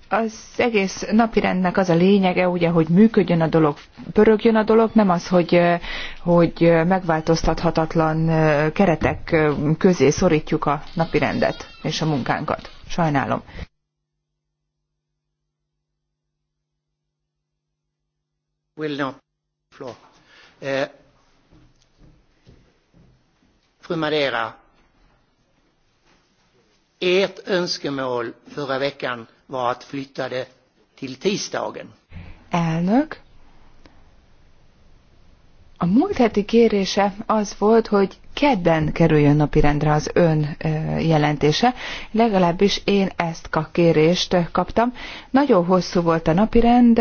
az egész napirendnek az a lényege, ugye, hogy működjön a dolog, pörögjön a dolog, nem az, hogy, hogy megváltoztathatatlan keretek közé szorítjuk a napirendet és a munkánkat. Sajnálom. Will not floor. Eh, uh, Madeira, Ert önskemål förra veckan var att flytta det till tisdagen. Elnök, a múlt heti kérése az volt, hogy kedden kerüljön napirendre az ön jelentése, legalábbis én ezt a kérést kaptam. Nagyon hosszú volt a napirend,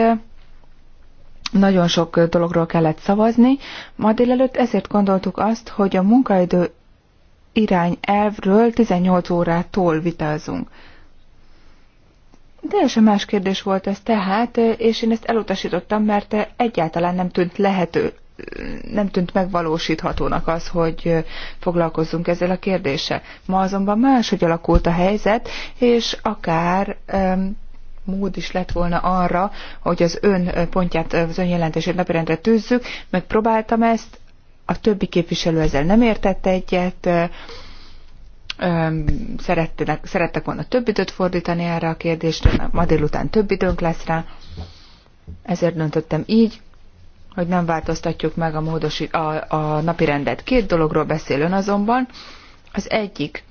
nagyon sok dologról kellett szavazni. Ma délelőtt ezért gondoltuk azt, hogy a munkaidő irányelvről 18 órától vitázunk. Teljesen más kérdés volt ez tehát, és én ezt elutasítottam, mert egyáltalán nem tűnt lehető, nem tűnt megvalósíthatónak az, hogy foglalkozzunk ezzel a kérdéssel. Ma azonban máshogy alakult a helyzet, és akár um, mód is lett volna arra, hogy az ön pontját, az ön jelentését napirendre tűzzük, megpróbáltam ezt, a többi képviselő ezzel nem értett egyet, szerettek, szerettek volna több időt fordítani erre a kérdésre, ma délután több időnk lesz rá, ezért döntöttem így, hogy nem változtatjuk meg a, módosi, a, a napi rendet. Két dologról beszél ön azonban. Az egyik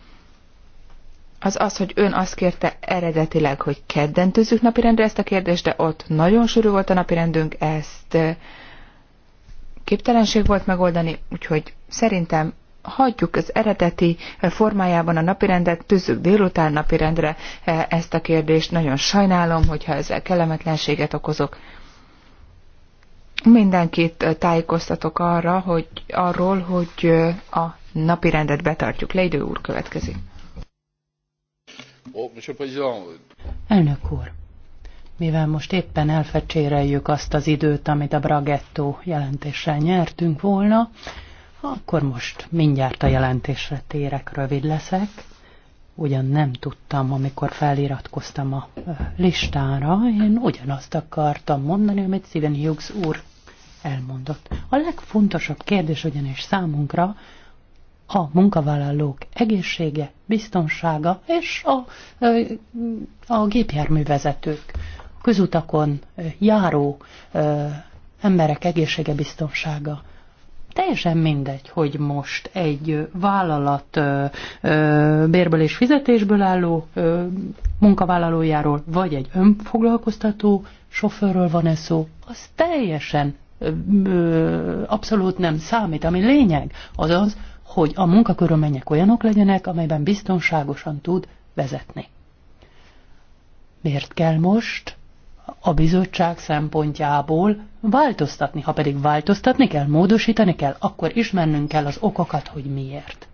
az az, hogy ön azt kérte eredetileg, hogy kedden tűzzük napirendre ezt a kérdést, de ott nagyon sűrű volt a napirendünk, ezt képtelenség volt megoldani, úgyhogy szerintem hagyjuk az eredeti eh, formájában a napirendet, tűzzük délután napirendre eh, ezt a kérdést. Nagyon sajnálom, hogyha ezzel kellemetlenséget okozok. Mindenkit eh, tájékoztatok arra, hogy arról, hogy a napirendet betartjuk. Leidő úr következik. Oh, Elnök úr, mivel most éppen elfecséreljük azt az időt, amit a Bragetto jelentéssel nyertünk volna, akkor most mindjárt a jelentésre térek, rövid leszek. Ugyan nem tudtam, amikor feliratkoztam a listára, én ugyanazt akartam mondani, amit Steven Hughes úr elmondott. A legfontosabb kérdés ugyanis számunkra a munkavállalók egészsége, biztonsága és a, a gépjárművezetők közutakon járó emberek egészsége biztonsága. Teljesen mindegy, hogy most egy vállalat bérből és fizetésből álló munkavállalójáról, vagy egy önfoglalkoztató sofőrről van ez szó, az teljesen abszolút nem számít. Ami lényeg, az az, hogy a munkakörülmények olyanok legyenek, amelyben biztonságosan tud vezetni. Miért kell most a bizottság szempontjából változtatni. Ha pedig változtatni kell, módosítani kell, akkor ismernünk kell az okokat, hogy miért.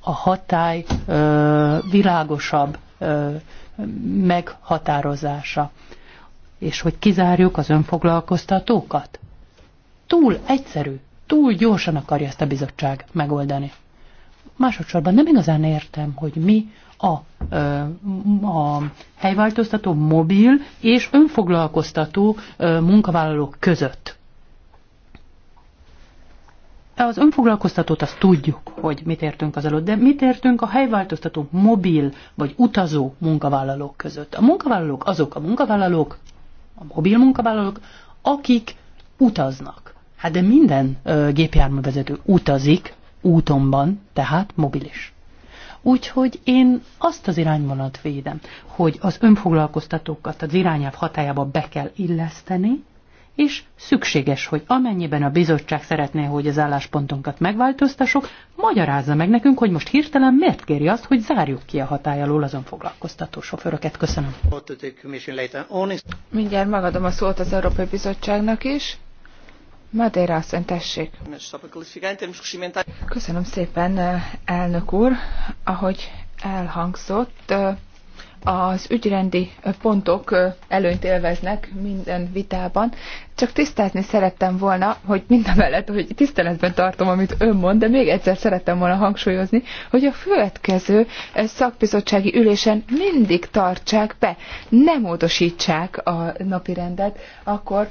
A hatály ö, világosabb ö, meghatározása. És hogy kizárjuk az önfoglalkoztatókat? Túl egyszerű, túl gyorsan akarja ezt a bizottság megoldani. Másodszorban nem igazán értem, hogy mi a, a helyváltoztató mobil és önfoglalkoztató munkavállalók között. Az önfoglalkoztatót azt tudjuk, hogy mit értünk az előtt, de mit értünk a helyváltoztató mobil vagy utazó munkavállalók között. A munkavállalók azok a munkavállalók, a mobil munkavállalók, akik utaznak. Hát de minden gépjárművezető utazik, útomban, tehát mobilis. Úgyhogy én azt az irányvonalat védem, hogy az önfoglalkoztatókat az irányelv hatájába be kell illeszteni, és szükséges, hogy amennyiben a bizottság szeretné, hogy az álláspontunkat megváltoztassuk, magyarázza meg nekünk, hogy most hirtelen miért kéri azt, hogy zárjuk ki a hatály alól azon foglalkoztató sofőröket. Köszönöm. Mindjárt megadom a szót az Európai Bizottságnak is. Madeira asszony, tessék. Köszönöm szépen, elnök úr. Ahogy elhangzott, az ügyrendi pontok előnyt élveznek minden vitában. Csak tisztázni szerettem volna, hogy mindamellett, hogy tiszteletben tartom, amit ön mond, de még egyszer szerettem volna hangsúlyozni, hogy a következő szakbizottsági ülésen mindig tartsák be, ne módosítsák a napirendet, akkor,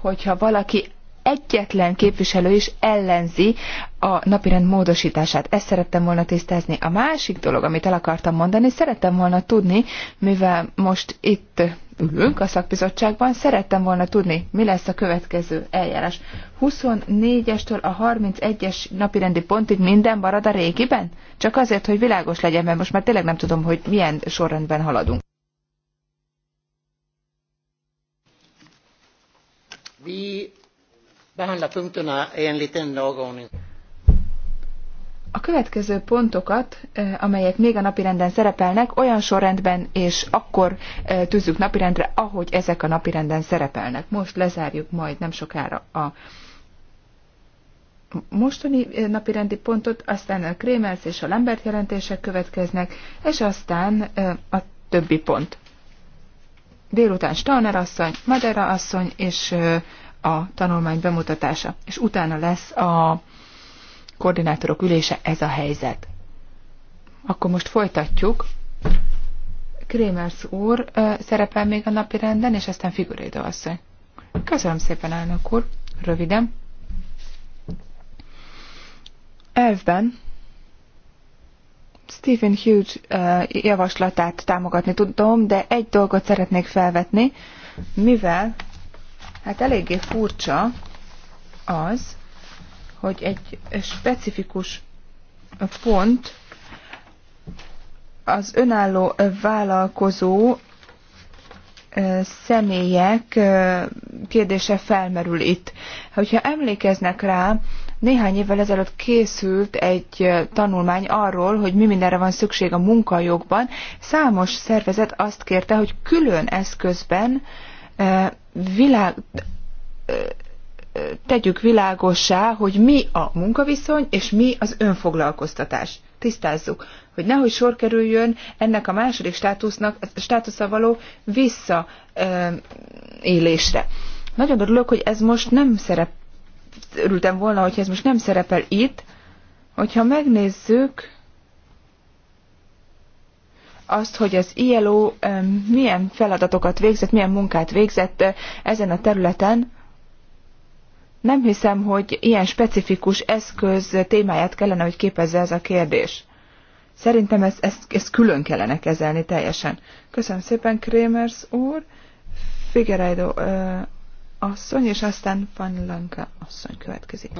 hogyha valaki egyetlen képviselő is ellenzi a napirend módosítását. Ezt szerettem volna tisztázni. A másik dolog, amit el akartam mondani, szerettem volna tudni, mivel most itt ülünk a szakbizottságban, szerettem volna tudni, mi lesz a következő eljárás. 24-estől a 31-es napirendi pontig minden marad a régiben? Csak azért, hogy világos legyen, mert most már tényleg nem tudom, hogy milyen sorrendben haladunk. We a következő pontokat, amelyek még a napirenden szerepelnek, olyan sorrendben és akkor tűzzük napirendre, ahogy ezek a napirenden szerepelnek. Most lezárjuk majd nem sokára a mostani napirendi pontot, aztán a Krémelsz és a Lambert jelentések következnek, és aztán a többi pont. Délután Stauner asszony, Madera asszony és a tanulmány bemutatása, és utána lesz a koordinátorok ülése, ez a helyzet. Akkor most folytatjuk. Krémers úr szerepel még a napi renden, és aztán Figurédo asszony. Köszönöm szépen, elnök úr. Röviden. Elvben Stephen Hughes javaslatát támogatni tudom, de egy dolgot szeretnék felvetni, mivel Hát eléggé furcsa az, hogy egy specifikus pont az önálló vállalkozó személyek kérdése felmerül itt. Hogyha emlékeznek rá, néhány évvel ezelőtt készült egy tanulmány arról, hogy mi mindenre van szükség a munkajogban. Számos szervezet azt kérte, hogy külön eszközben világ, tegyük világossá, hogy mi a munkaviszony és mi az önfoglalkoztatás. Tisztázzuk, hogy nehogy sor kerüljön ennek a második státusznak, státusza való visszaélésre. Nagyon örülök, hogy ez most nem szerep, örültem volna, hogy ez most nem szerepel itt, hogyha megnézzük, azt, hogy az ILO milyen feladatokat végzett, milyen munkát végzett ezen a területen, nem hiszem, hogy ilyen specifikus eszköz témáját kellene, hogy képezze ez a kérdés. Szerintem ezt, ezt, ezt külön kellene kezelni teljesen. Köszönöm szépen, Krémers úr, Figueiredo asszony, és aztán Van Lanka asszony következik.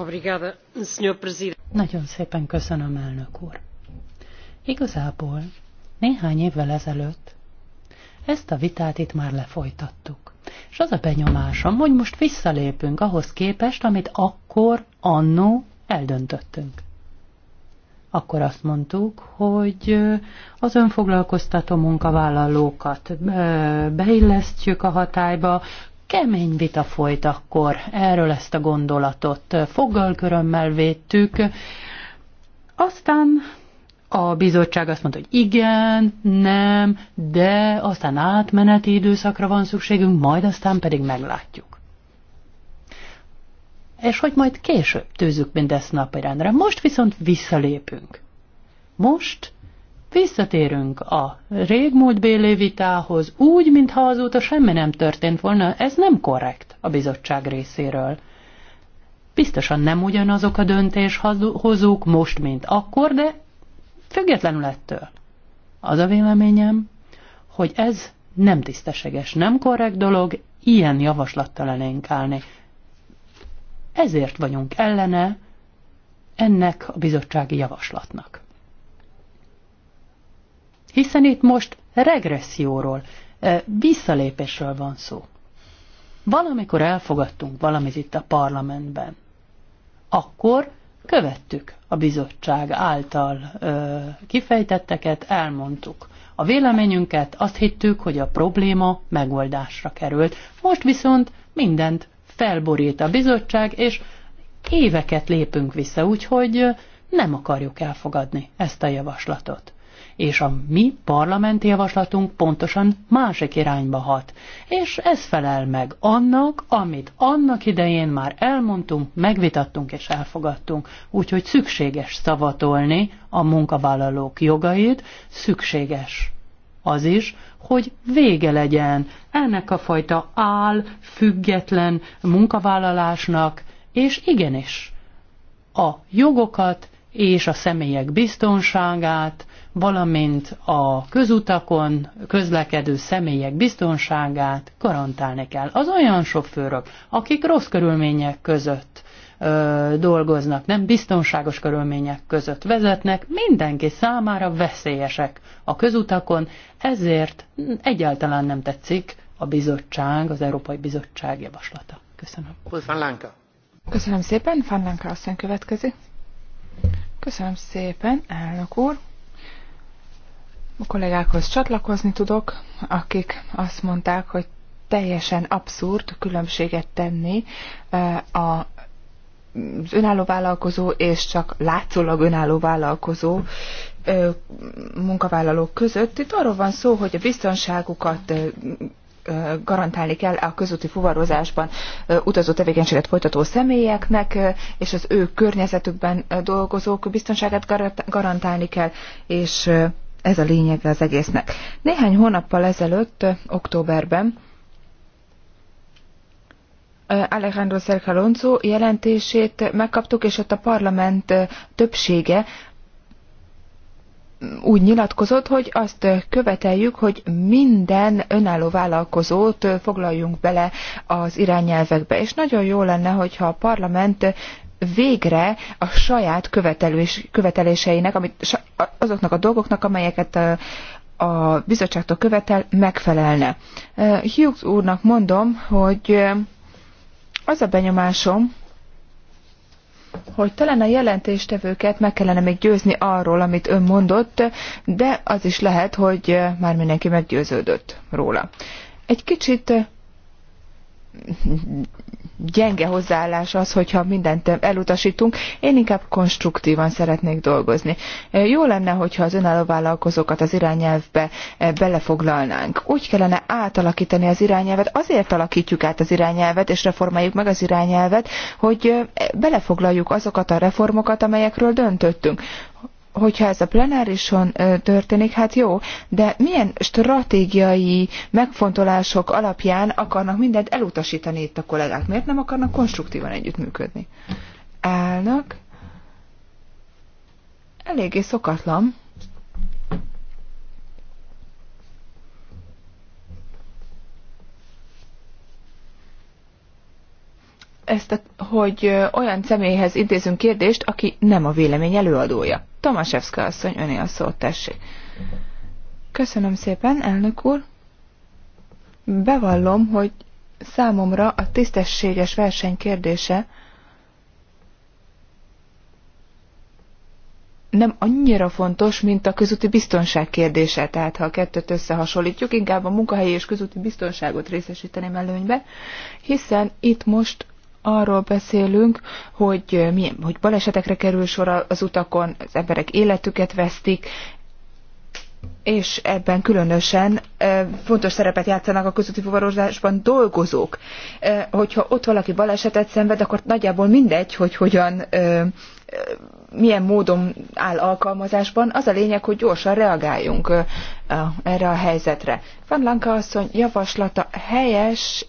Nagyon szépen köszönöm, elnök úr. Igazából néhány évvel ezelőtt ezt a vitát itt már lefolytattuk. És az a benyomásom, hogy most visszalépünk ahhoz képest, amit akkor, annó eldöntöttünk. Akkor azt mondtuk, hogy az önfoglalkoztató munkavállalókat beillesztjük a hatályba, kemény vita folyt akkor, erről ezt a gondolatot foggalkörömmel védtük, aztán a bizottság azt mondta, hogy igen, nem, de aztán átmeneti időszakra van szükségünk, majd aztán pedig meglátjuk. És hogy majd később tűzzük mindezt napirendre. Most viszont visszalépünk. Most visszatérünk a régmúlt béli vitához úgy, mintha azóta semmi nem történt volna. Ez nem korrekt a bizottság részéről. Biztosan nem ugyanazok a döntéshozók most, mint akkor, de Függetlenül ettől az a véleményem, hogy ez nem tisztességes, nem korrekt dolog, ilyen javaslattal elénk állni. Ezért vagyunk ellene ennek a bizottsági javaslatnak. Hiszen itt most regresszióról, eh, visszalépésről van szó. Valamikor elfogadtunk valamit itt a parlamentben. Akkor követtük a bizottság által ö, kifejtetteket, elmondtuk a véleményünket, azt hittük, hogy a probléma megoldásra került. Most viszont mindent felborít a bizottság, és éveket lépünk vissza, úgyhogy nem akarjuk elfogadni ezt a javaslatot és a mi parlamenti javaslatunk pontosan másik irányba hat. És ez felel meg annak, amit annak idején már elmondtunk, megvitattunk és elfogadtunk. Úgyhogy szükséges szavatolni a munkavállalók jogait, szükséges az is, hogy vége legyen ennek a fajta áll, független munkavállalásnak, és igenis, a jogokat és a személyek biztonságát, valamint a közutakon közlekedő személyek biztonságát garantálni kell. Az olyan sofőrök, akik rossz körülmények között ö, dolgoznak, nem biztonságos körülmények között vezetnek, mindenki számára veszélyesek a közutakon, ezért egyáltalán nem tetszik a bizottság, az Európai Bizottság javaslata. Köszönöm. Köszönöm szépen, Fanlanka aztán következik. Köszönöm szépen, elnök úr. A kollégákhoz csatlakozni tudok, akik azt mondták, hogy teljesen abszurd különbséget tenni e, a az önálló vállalkozó és csak látszólag önálló vállalkozó e, munkavállalók között. Itt arról van szó, hogy a biztonságukat e, garantálni kell a közúti fuvarozásban utazó tevékenységet folytató személyeknek, és az ő környezetükben dolgozók biztonságát garantálni kell, és ez a lényeg az egésznek. Néhány hónappal ezelőtt, októberben, Alejandro Szerkalonzó jelentését megkaptuk, és ott a parlament többsége úgy nyilatkozott, hogy azt követeljük, hogy minden önálló vállalkozót foglaljunk bele az irányelvekbe. És nagyon jó lenne, hogyha a parlament végre a saját követelés, követeléseinek, amit, azoknak a dolgoknak, amelyeket a, a bizottságtól követel, megfelelne. Hughes úrnak mondom, hogy az a benyomásom, hogy talán a jelentéstevőket meg kellene még győzni arról, amit ön mondott, de az is lehet, hogy eh, már mindenki meggyőződött róla. Egy kicsit eh, gyenge hozzáállás az, hogyha mindent elutasítunk. Én inkább konstruktívan szeretnék dolgozni. Jó lenne, hogyha az önálló vállalkozókat az irányelvbe eh, belefoglalnánk. Úgy kellene átalakítani az irányelvet, azért alakítjuk át az irányelvet, és reformáljuk meg az irányelvet, hogy eh, belefoglaljuk azokat a reformokat, amelyekről döntöttünk hogyha ez a plenárison történik, hát jó, de milyen stratégiai megfontolások alapján akarnak mindent elutasítani itt a kollégák? Miért nem akarnak konstruktívan együttműködni? Állnak. Eléggé szokatlan. ezt, a, hogy olyan személyhez intézünk kérdést, aki nem a vélemény előadója. Tomaszewska asszony, öné a szót, tessék. Köszönöm szépen, elnök úr. Bevallom, hogy számomra a tisztességes verseny kérdése nem annyira fontos, mint a közúti biztonság kérdése. Tehát ha a kettőt összehasonlítjuk, inkább a munkahelyi és közúti biztonságot részesíteném előnybe, hiszen itt most arról beszélünk, hogy, milyen, hogy balesetekre kerül sor az utakon, az emberek életüket vesztik, és ebben különösen fontos szerepet játszanak a közúti fuvarozásban dolgozók. Hogyha ott valaki balesetet szenved, akkor nagyjából mindegy, hogy hogyan, milyen módon áll alkalmazásban. Az a lényeg, hogy gyorsan reagáljunk erre a helyzetre. Van Lanka asszony javaslata helyes,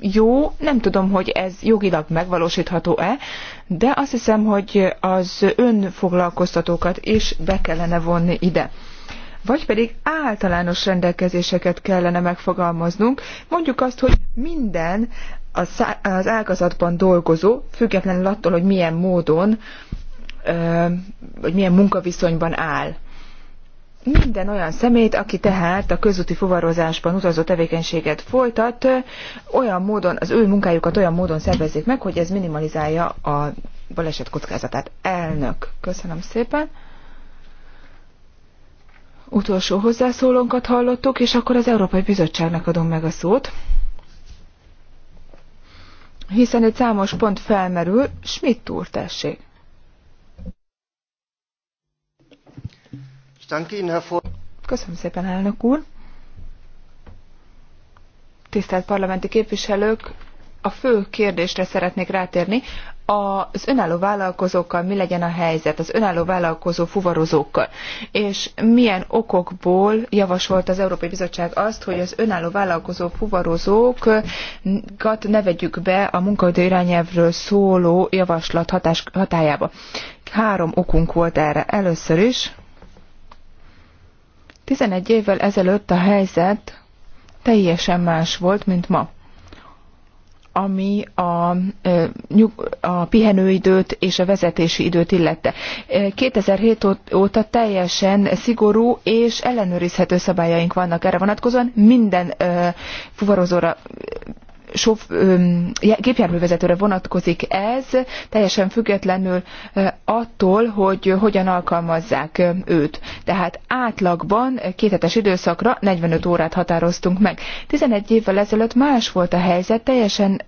jó, nem tudom, hogy ez jogilag megvalósítható-e, de azt hiszem, hogy az önfoglalkoztatókat is be kellene vonni ide. Vagy pedig általános rendelkezéseket kellene megfogalmaznunk, mondjuk azt, hogy minden az ágazatban dolgozó, függetlenül attól, hogy milyen módon, vagy milyen munkaviszonyban áll minden olyan szemét, aki tehát a közúti fuvarozásban utazó tevékenységet folytat, olyan módon, az ő munkájukat olyan módon szervezzék meg, hogy ez minimalizálja a baleset kockázatát. Elnök, köszönöm szépen. Utolsó hozzászólónkat hallottuk, és akkor az Európai Bizottságnak adom meg a szót. Hiszen itt számos pont felmerül, Schmidt úr tessék. Köszönöm szépen, elnök úr. Tisztelt parlamenti képviselők, a fő kérdésre szeretnék rátérni. Az önálló vállalkozókkal mi legyen a helyzet, az önálló vállalkozó fuvarozókkal, és milyen okokból javasolt az Európai Bizottság azt, hogy az önálló vállalkozó fuvarozókat ne vegyük be a munkaidő irányelvről szóló javaslat hatás, hatájába. Három okunk volt erre. Először is 11 évvel ezelőtt a helyzet teljesen más volt, mint ma ami a, a pihenőidőt és a vezetési időt illette. 2007 óta teljesen szigorú és ellenőrizhető szabályaink vannak erre vonatkozóan. Minden fuvarozóra sof, gépjárművezetőre vonatkozik ez, teljesen függetlenül attól, hogy hogyan alkalmazzák őt. Tehát átlagban kéthetes időszakra 45 órát határoztunk meg. 11 évvel ezelőtt más volt a helyzet, teljesen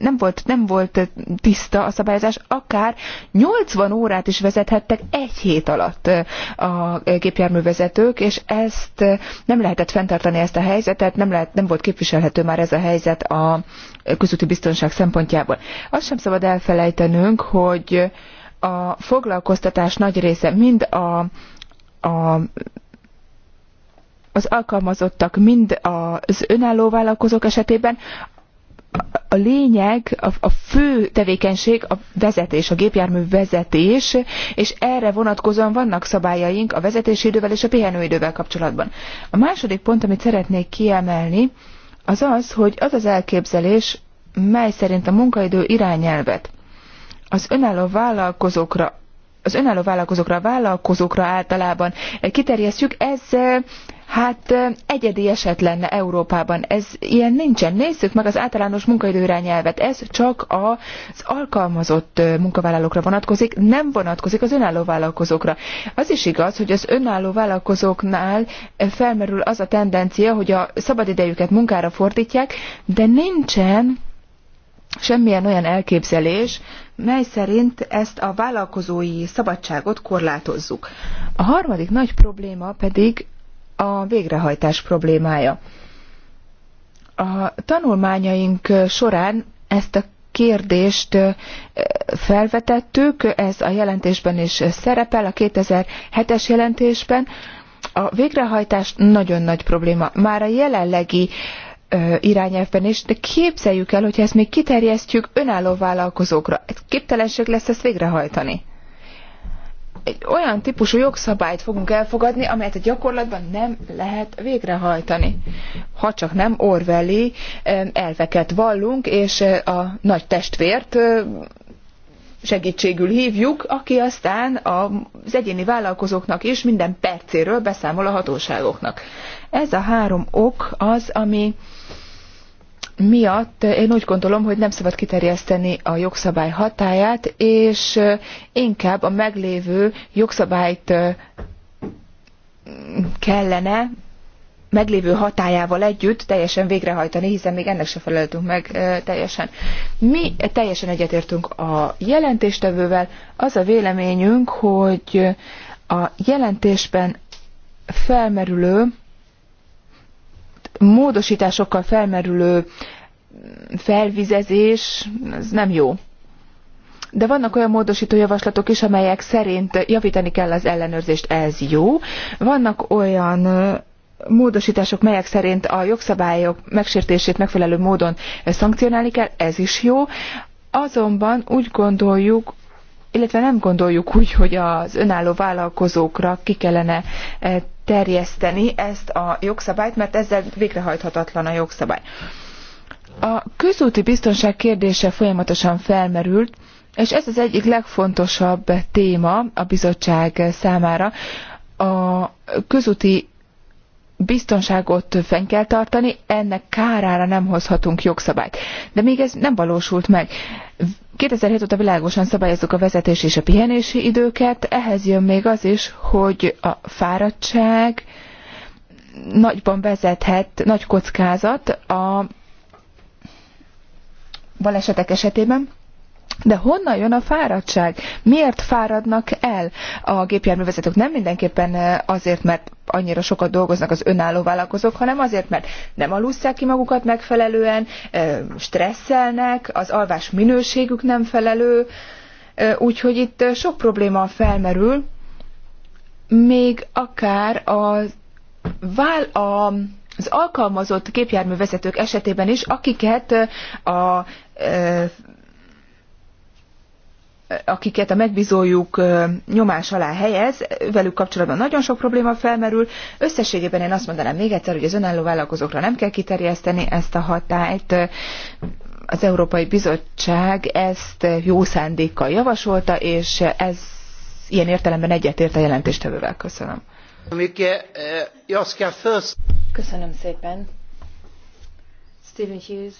nem volt, nem volt tiszta a szabályozás, akár 80 órát is vezethettek egy hét alatt a gépjárművezetők, és ezt nem lehetett fenntartani ezt a helyzetet, nem, lehet, nem volt képviselhető már ez a helyzet a közúti biztonság szempontjából. Azt sem szabad elfelejtenünk, hogy a foglalkoztatás nagy része mind a, a az alkalmazottak mind az önálló vállalkozók esetében a lényeg, a, a fő tevékenység a vezetés, a gépjármű vezetés, és erre vonatkozóan vannak szabályaink a vezetési idővel és a pihenőidővel kapcsolatban. A második pont, amit szeretnék kiemelni, az az, hogy az az elképzelés, mely szerint a munkaidő irányelvet az önálló vállalkozókra az önálló vállalkozókra, a vállalkozókra általában eh, kiterjesztjük, ez eh, Hát egyedi eset lenne Európában. Ez ilyen nincsen. Nézzük meg az általános munkaidőrányelvet. Ez csak az alkalmazott munkavállalókra vonatkozik, nem vonatkozik az önálló vállalkozókra. Az is igaz, hogy az önálló vállalkozóknál felmerül az a tendencia, hogy a szabadidejüket munkára fordítják, de nincsen semmilyen olyan elképzelés, mely szerint ezt a vállalkozói szabadságot korlátozzuk. A harmadik nagy probléma pedig a végrehajtás problémája. A tanulmányaink során ezt a kérdést felvetettük, ez a jelentésben is szerepel, a 2007-es jelentésben. A végrehajtás nagyon nagy probléma. Már a jelenlegi irányelvben is, de képzeljük el, hogyha ezt még kiterjesztjük önálló vállalkozókra. Képtelenség lesz ezt végrehajtani egy olyan típusú jogszabályt fogunk elfogadni, amelyet a gyakorlatban nem lehet végrehajtani. Ha csak nem orveli elveket vallunk, és a nagy testvért segítségül hívjuk, aki aztán az egyéni vállalkozóknak is minden percéről beszámol a hatóságoknak. Ez a három ok az, ami miatt én úgy gondolom, hogy nem szabad kiterjeszteni a jogszabály hatáját, és inkább a meglévő jogszabályt kellene meglévő hatájával együtt teljesen végrehajtani, hiszen még ennek se feleltünk meg teljesen. Mi teljesen egyetértünk a jelentéstevővel. Az a véleményünk, hogy a jelentésben felmerülő módosításokkal felmerülő felvizezés, ez nem jó. De vannak olyan módosító javaslatok is, amelyek szerint javítani kell az ellenőrzést, ez jó. Vannak olyan módosítások, melyek szerint a jogszabályok megsértését megfelelő módon szankcionálni kell, ez is jó. Azonban úgy gondoljuk, illetve nem gondoljuk úgy, hogy az önálló vállalkozókra ki kellene terjeszteni ezt a jogszabályt, mert ezzel végrehajthatatlan a jogszabály. A közúti biztonság kérdése folyamatosan felmerült, és ez az egyik legfontosabb téma a bizottság számára. A közúti biztonságot fenn kell tartani, ennek kárára nem hozhatunk jogszabályt. De még ez nem valósult meg. 2007 óta világosan szabályozzuk a vezetés és a pihenési időket, ehhez jön még az is, hogy a fáradtság nagyban vezethet, nagy kockázat a balesetek esetében. De honnan jön a fáradtság? Miért fáradnak el a gépjárművezetők? Nem mindenképpen eh, azért, mert annyira sokat dolgoznak az önálló vállalkozók, hanem azért, mert nem alusszák ki magukat megfelelően, eh, stresszelnek, az alvás minőségük nem felelő, eh, úgyhogy itt sok probléma felmerül, még akár a, vál, a az alkalmazott gépjárművezetők esetében is, akiket a akiket a megbízójuk nyomás alá helyez, velük kapcsolatban nagyon sok probléma felmerül. Összességében én azt mondanám még egyszer, hogy az önálló vállalkozókra nem kell kiterjeszteni ezt a hatályt. Az Európai Bizottság ezt jó szándékkal javasolta, és ez ilyen értelemben egyetért a jelentéstevővel. Köszönöm. Köszönöm szépen. Stephen Hughes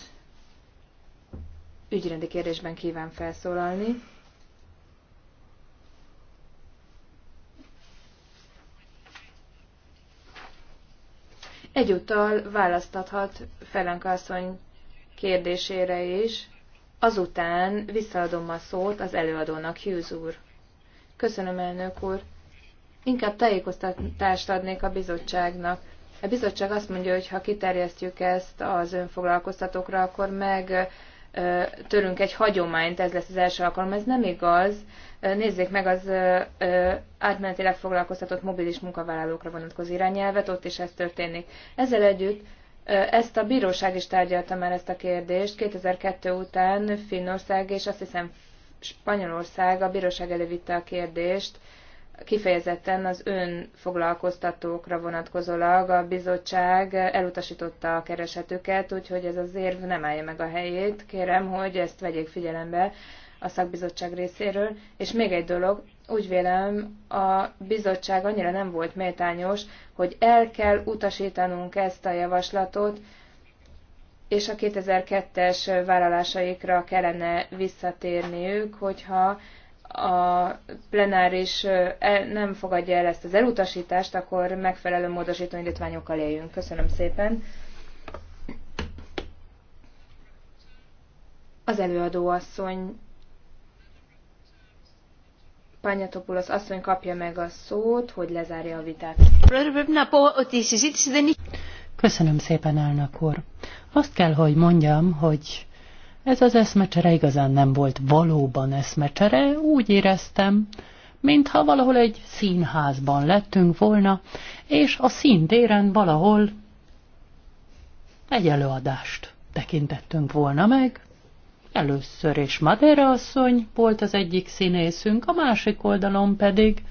ügyrendi kérdésben kíván felszólalni. Egyúttal választathat Felenka asszony kérdésére is. Azután visszaadom a szót az előadónak, Hughes úr. Köszönöm, elnök úr. Inkább tájékoztatást adnék a bizottságnak. A bizottság azt mondja, hogy ha kiterjesztjük ezt az önfoglalkoztatókra, akkor meg törünk egy hagyományt, ez lesz az első alkalom, ez nem igaz. Nézzék meg az átmenetileg foglalkoztatott mobilis munkavállalókra vonatkozó irányelvet, ott is ez történik. Ezzel együtt ezt a bíróság is tárgyalta már ezt a kérdést. 2002 után Finnország és azt hiszem Spanyolország a bíróság elővitte a kérdést kifejezetten az önfoglalkoztatókra vonatkozólag a bizottság elutasította a keresetüket, úgyhogy ez az érv nem állja meg a helyét. Kérem, hogy ezt vegyék figyelembe a szakbizottság részéről. És még egy dolog, úgy vélem, a bizottság annyira nem volt méltányos, hogy el kell utasítanunk ezt a javaslatot, és a 2002-es vállalásaikra kellene visszatérniük, hogyha a plenáris e, nem fogadja el ezt az elutasítást, akkor megfelelő módosító indítványokkal éljünk. Köszönöm szépen. Az előadó asszony Pányatopulosz asszony kapja meg a szót, hogy lezárja a vitát. Köszönöm szépen, elnök úr. Azt kell, hogy mondjam, hogy ez az eszmecsere igazán nem volt valóban eszmecsere, úgy éreztem, mintha valahol egy színházban lettünk volna, és a színtéren valahol egy előadást tekintettünk volna meg. Először is Madeira asszony volt az egyik színészünk, a másik oldalon pedig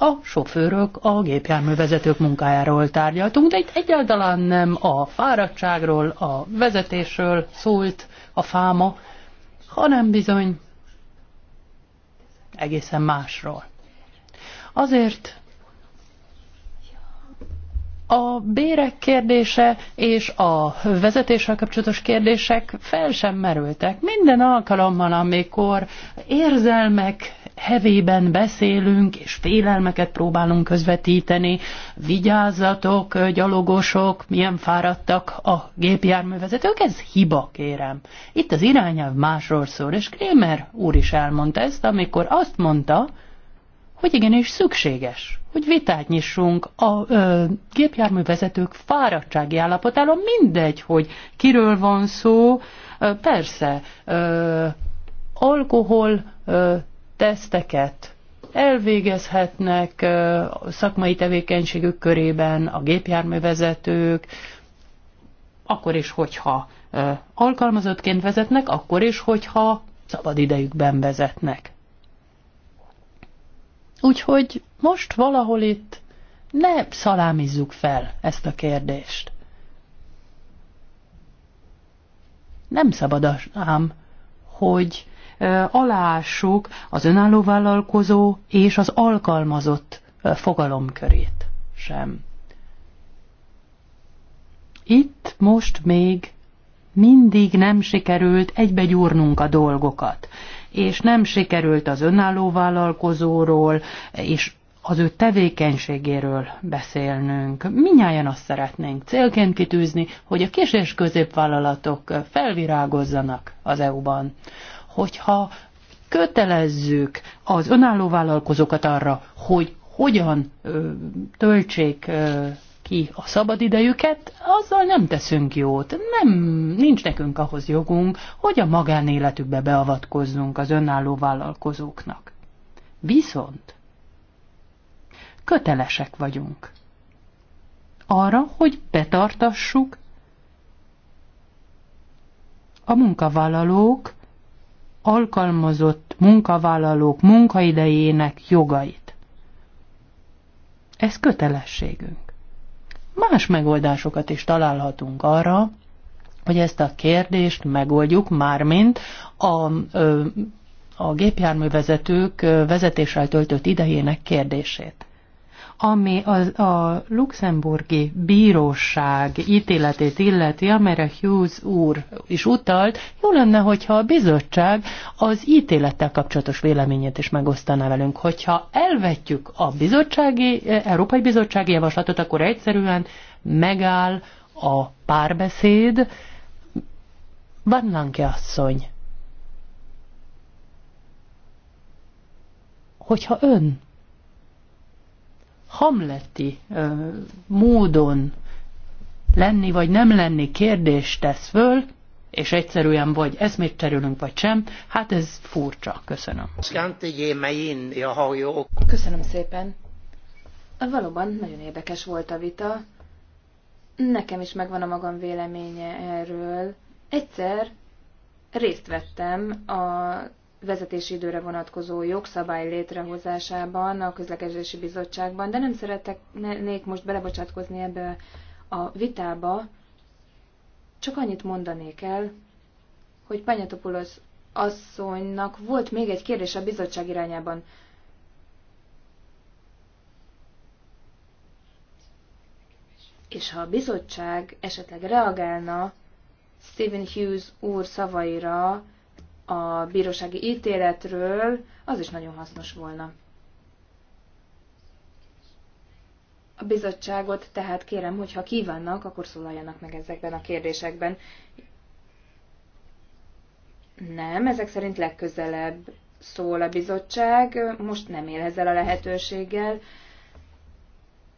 a sofőrök, a gépjárművezetők munkájáról tárgyaltunk, de itt egyáltalán nem a fáradtságról, a vezetésről szólt a fáma, hanem bizony egészen másról. Azért a bérek kérdése és a vezetéssel kapcsolatos kérdések fel sem merültek. Minden alkalommal, amikor érzelmek hevében beszélünk, és félelmeket próbálunk közvetíteni. Vigyázzatok, gyalogosok, milyen fáradtak a gépjárművezetők, ez hiba, kérem. Itt az irányelv másról szól, és Krémer úr is elmondta ezt, amikor azt mondta, hogy igenis szükséges, hogy vitát nyissunk a ö, gépjárművezetők fáradtsági állapotáról, mindegy, hogy kiről van szó, ö, persze, ö, alkohol ö, teszteket elvégezhetnek szakmai tevékenységük körében a gépjárművezetők, akkor is, hogyha alkalmazottként vezetnek, akkor is, hogyha idejükben vezetnek. Úgyhogy most valahol itt ne szalámizzuk fel ezt a kérdést. Nem szabad ám, hogy aláássuk az önálló vállalkozó és az alkalmazott fogalomkörét sem. Itt most még mindig nem sikerült egybegyúrnunk a dolgokat, és nem sikerült az önálló vállalkozóról és az ő tevékenységéről beszélnünk. Minnyáján azt szeretnénk célként kitűzni, hogy a kis és középvállalatok felvirágozzanak az EU-ban hogyha kötelezzük az önálló vállalkozókat arra, hogy hogyan ö, töltsék ö, ki a szabadidejüket, azzal nem teszünk jót. Nem, nincs nekünk ahhoz jogunk, hogy a magánéletükbe beavatkozzunk az önálló vállalkozóknak. Viszont kötelesek vagyunk arra, hogy betartassuk a munkavállalók alkalmazott munkavállalók munkaidejének jogait. Ez kötelességünk. Más megoldásokat is találhatunk arra, hogy ezt a kérdést megoldjuk, mármint a, a gépjárművezetők vezetéssel töltött idejének kérdését ami az, a luxemburgi bíróság ítéletét illeti, amelyre Hughes úr is utalt, jó lenne, hogyha a bizottság az ítélettel kapcsolatos véleményét is megosztaná velünk. Hogyha elvetjük a bizottsági, e, Európai Bizottsági Javaslatot, akkor egyszerűen megáll a párbeszéd. Van Lanke asszony. Hogyha ön hamleti módon lenni vagy nem lenni kérdést tesz föl, és egyszerűen vagy még cserélünk, vagy sem, hát ez furcsa. Köszönöm. Köszönöm szépen. Valóban nagyon érdekes volt a vita. Nekem is megvan a magam véleménye erről. Egyszer részt vettem a vezetési időre vonatkozó jogszabály létrehozásában a közlekedési bizottságban, de nem szeretnék most belebocsátkozni ebbe a vitába, csak annyit mondanék el, hogy Panyatopulosz asszonynak volt még egy kérdés a bizottság irányában. És ha a bizottság esetleg reagálna Stephen Hughes úr szavaira, a bírósági ítéletről, az is nagyon hasznos volna. A bizottságot tehát kérem, hogy ha kívánnak, akkor szólaljanak meg ezekben a kérdésekben. Nem, ezek szerint legközelebb szól a bizottság, most nem él ezzel a lehetőséggel.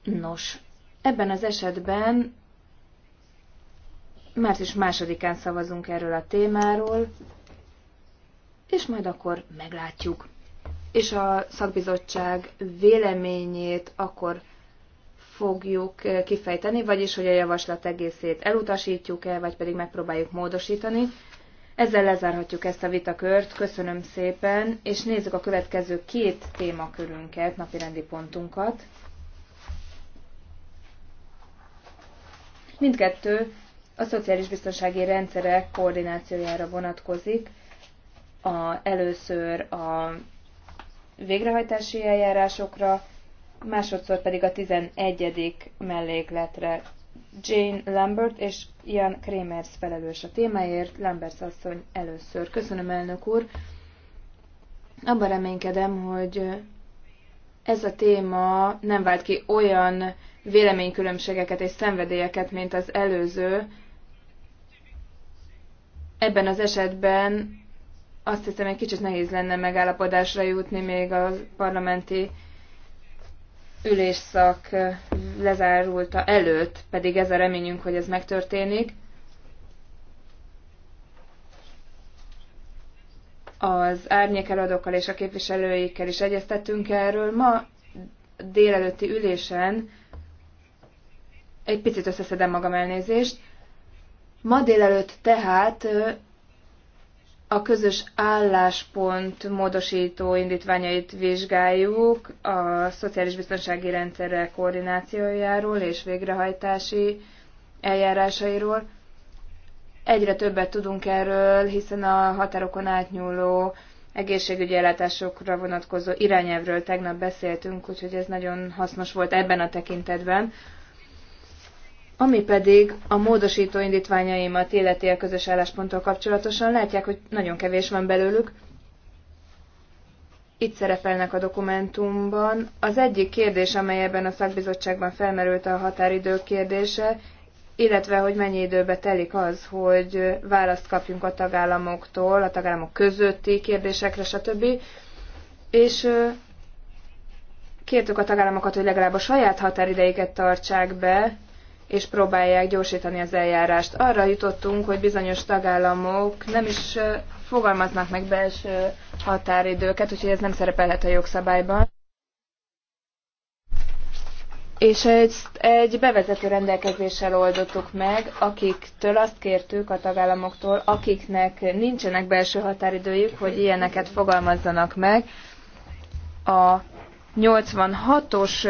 Nos, ebben az esetben március másodikán szavazunk erről a témáról, és majd akkor meglátjuk. És a szakbizottság véleményét akkor fogjuk eh, kifejteni, vagyis hogy a javaslat egészét elutasítjuk-e, vagy pedig megpróbáljuk módosítani. Ezzel lezárhatjuk ezt a vitakört, köszönöm szépen, és nézzük a következő két témakörünket, napirendi pontunkat. Mindkettő a szociális biztonsági rendszerek koordinációjára vonatkozik a, először a végrehajtási eljárásokra, másodszor pedig a 11. mellékletre. Jane Lambert és Ian Kremers felelős a témáért, Lambert asszony először. Köszönöm, elnök úr! Abban reménykedem, hogy ez a téma nem vált ki olyan véleménykülönbségeket és szenvedélyeket, mint az előző. Ebben az esetben azt hiszem egy kicsit nehéz lenne megállapodásra jutni még a parlamenti ülésszak lezárulta előtt, pedig ez a reményünk, hogy ez megtörténik. Az árnyék eladókkal és a képviselőikkel is egyeztettünk erről. Ma délelőtti ülésen egy picit összeszedem magam elnézést. Ma délelőtt tehát a közös álláspont módosító indítványait vizsgáljuk a szociális biztonsági rendszerre koordinációjáról és végrehajtási eljárásairól. Egyre többet tudunk erről, hiszen a határokon átnyúló egészségügyi ellátásokra vonatkozó irányelvről tegnap beszéltünk, úgyhogy ez nagyon hasznos volt ebben a tekintetben. Ami pedig a módosító indítványaimat illeti a közös állásponttal kapcsolatosan, látják, hogy nagyon kevés van belőlük. Itt szerepelnek a dokumentumban. Az egyik kérdés, amely ebben a szakbizottságban felmerült a határidő kérdése, illetve hogy mennyi időbe telik az, hogy választ kapjunk a tagállamoktól, a tagállamok közötti kérdésekre, stb. És kértük a tagállamokat, hogy legalább a saját határideiket tartsák be, és próbálják gyorsítani az eljárást. Arra jutottunk, hogy bizonyos tagállamok nem is fogalmaznak meg belső határidőket, úgyhogy ez nem szerepelhet a jogszabályban. És ezt egy bevezető rendelkezéssel oldottuk meg, akiktől azt kértük a tagállamoktól, akiknek nincsenek belső határidőjük, hogy ilyeneket fogalmazzanak meg. A 86-os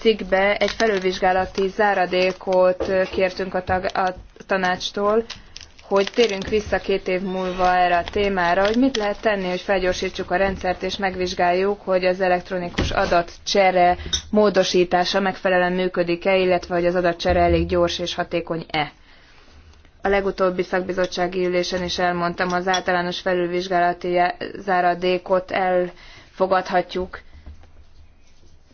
cikkbe egy felülvizsgálati záradékot kértünk a, tag, a tanácstól, hogy térjünk vissza két év múlva erre a témára, hogy mit lehet tenni, hogy felgyorsítsuk a rendszert, és megvizsgáljuk, hogy az elektronikus adatcsere módosítása megfelelően működik-e, illetve hogy az adatcsere elég gyors és hatékony-e. A legutóbbi szakbizottsági ülésen is elmondtam, az általános felülvizsgálati záradékot elfogadhatjuk,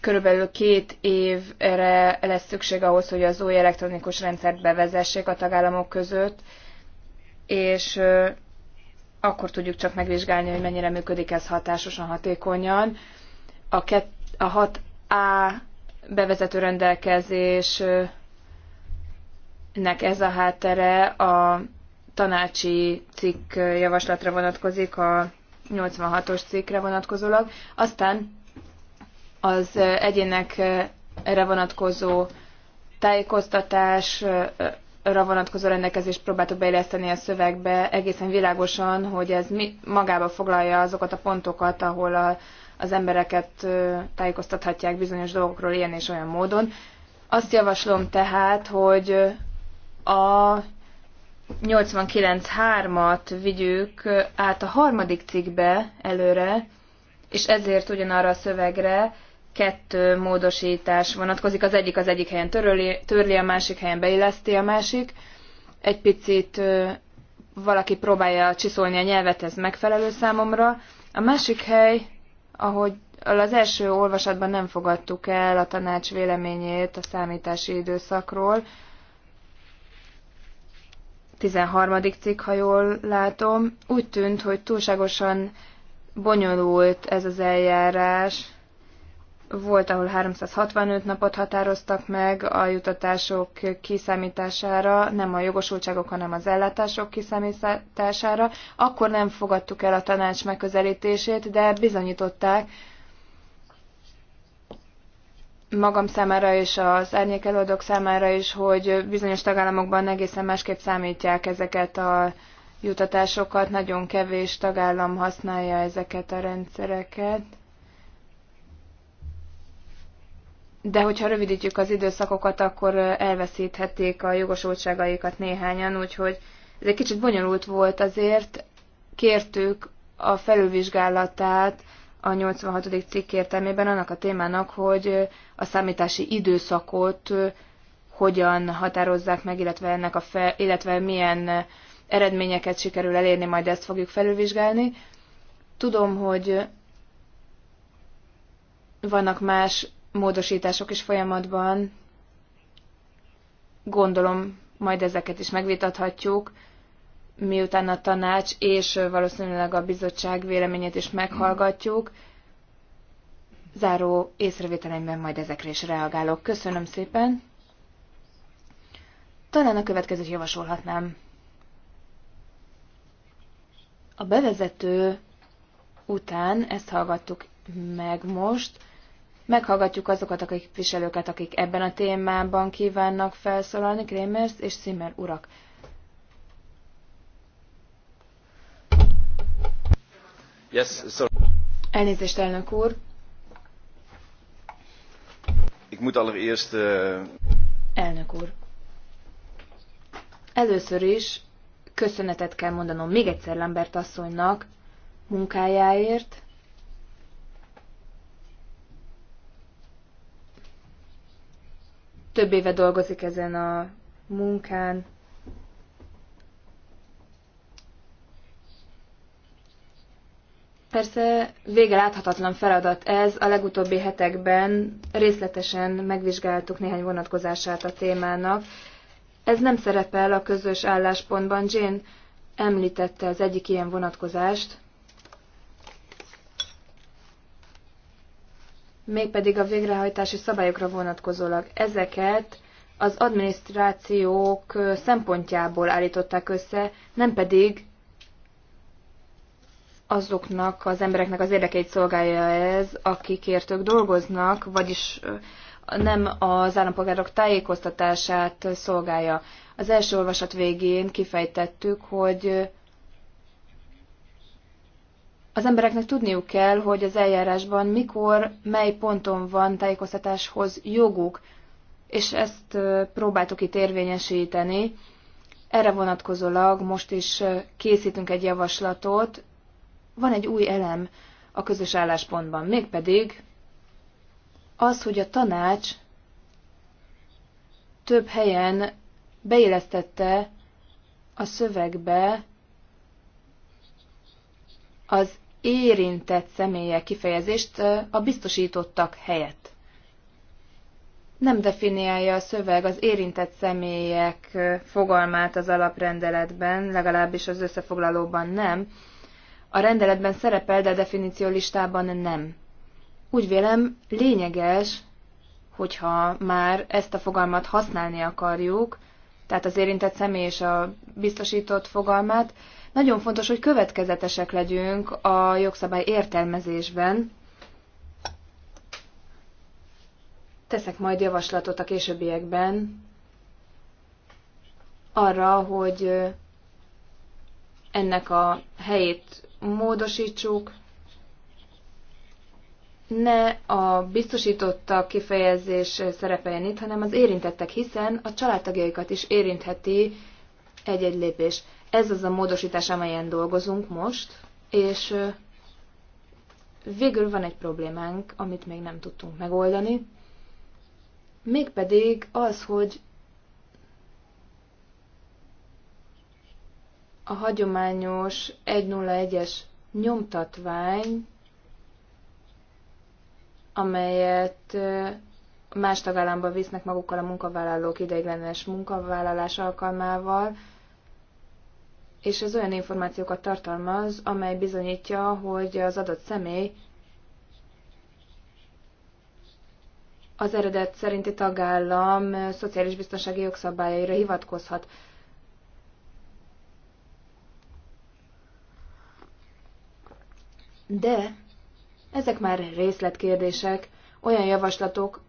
körülbelül két évre lesz szükség ahhoz, hogy az új elektronikus rendszert bevezessék a tagállamok között, és akkor tudjuk csak megvizsgálni, hogy mennyire működik ez hatásosan, hatékonyan. A, ket, a 6A bevezető rendelkezésnek ez a háttere a tanácsi cikk javaslatra vonatkozik, a 86-os cikkre vonatkozólag. Aztán az egyének erre vonatkozó tájékoztatásra vonatkozó rendelkezést próbáltuk beilleszteni a szövegbe egészen világosan, hogy ez mi, magába foglalja azokat a pontokat, ahol a, az embereket tájékoztathatják bizonyos dolgokról ilyen és olyan módon. Azt javaslom tehát, hogy a 89.3-at vigyük át a harmadik cikkbe előre, és ezért ugyanarra a szövegre, kettő módosítás vonatkozik, az egyik az egyik helyen töröli, törli, a másik helyen beilleszti a másik. Egy picit valaki próbálja csiszolni a nyelvet, ez megfelelő számomra. A másik hely, ahogy az első olvasatban nem fogadtuk el a tanács véleményét a számítási időszakról, 13. cikk, ha jól látom, úgy tűnt, hogy túlságosan bonyolult ez az eljárás, volt, ahol 365 napot határoztak meg a jutatások kiszámítására, nem a jogosultságok, hanem az ellátások kiszámítására. Akkor nem fogadtuk el a tanács megközelítését, de bizonyították, magam számára és az árnyék előadók számára is, hogy bizonyos tagállamokban egészen másképp számítják ezeket a jutatásokat, nagyon kevés tagállam használja ezeket a rendszereket. de hogyha rövidítjük az időszakokat, akkor elveszíthették a jogosultságaikat néhányan, úgyhogy ez egy kicsit bonyolult volt azért. Kértük a felülvizsgálatát a 86. cikk értelmében annak a témának, hogy a számítási időszakot hogyan határozzák meg, illetve, ennek a fe, illetve milyen eredményeket sikerül elérni, majd ezt fogjuk felülvizsgálni. Tudom, hogy vannak más módosítások is folyamatban. Gondolom, majd ezeket is megvitathatjuk, miután a tanács és valószínűleg a bizottság véleményét is meghallgatjuk. Záró észrevételeimben majd ezekre is reagálok. Köszönöm szépen. Talán a következőt javasolhatnám. A bevezető után ezt hallgattuk meg most, Meghallgatjuk azokat a képviselőket, akik ebben a témában kívánnak felszólalni, Krémers és Szimmer urak. Yes, so. Elnézést, elnök úr. Ik moet allereerst... Uh... Elnök úr. Először is köszönetet kell mondanom még egyszer Lambert asszonynak munkájáért, több éve dolgozik ezen a munkán. Persze vége láthatatlan feladat ez, a legutóbbi hetekben részletesen megvizsgáltuk néhány vonatkozását a témának. Ez nem szerepel a közös álláspontban, Jane említette az egyik ilyen vonatkozást, mégpedig a végrehajtási szabályokra vonatkozólag. Ezeket az adminisztrációk szempontjából állították össze, nem pedig azoknak az embereknek az érdekeit szolgálja ez, akikért ők dolgoznak, vagyis nem az állampolgárok tájékoztatását szolgálja. Az első olvasat végén kifejtettük, hogy az embereknek tudniuk kell, hogy az eljárásban mikor, mely ponton van tájékoztatáshoz joguk, és ezt próbáltuk itt érvényesíteni. Erre vonatkozólag most is készítünk egy javaslatot. Van egy új elem a közös álláspontban, mégpedig az, hogy a tanács több helyen beillesztette a szövegbe az érintett személyek kifejezést a biztosítottak helyett. Nem definiálja a szöveg az érintett személyek fogalmát az alaprendeletben, legalábbis az összefoglalóban nem. A rendeletben szerepel, de a definíció listában nem. Úgy vélem, lényeges, hogyha már ezt a fogalmat használni akarjuk, tehát az érintett személy és a biztosított fogalmát, nagyon fontos, hogy következetesek legyünk a jogszabály értelmezésben. Teszek majd javaslatot a későbbiekben arra, hogy ennek a helyét módosítsuk, ne a biztosítottak kifejezés szerepeljen itt, hanem az érintettek, hiszen a családtagjaikat is érintheti egy-egy lépés. Ez az a módosítás, amelyen dolgozunk most, és végül van egy problémánk, amit még nem tudtunk megoldani, mégpedig az, hogy a hagyományos 101-es nyomtatvány, amelyet más tagállamba visznek magukkal a munkavállalók ideiglenes munkavállalás alkalmával, és ez olyan információkat tartalmaz, amely bizonyítja, hogy az adott személy az eredet szerinti tagállam szociális biztonsági jogszabályaira hivatkozhat. De ezek már részletkérdések, olyan javaslatok,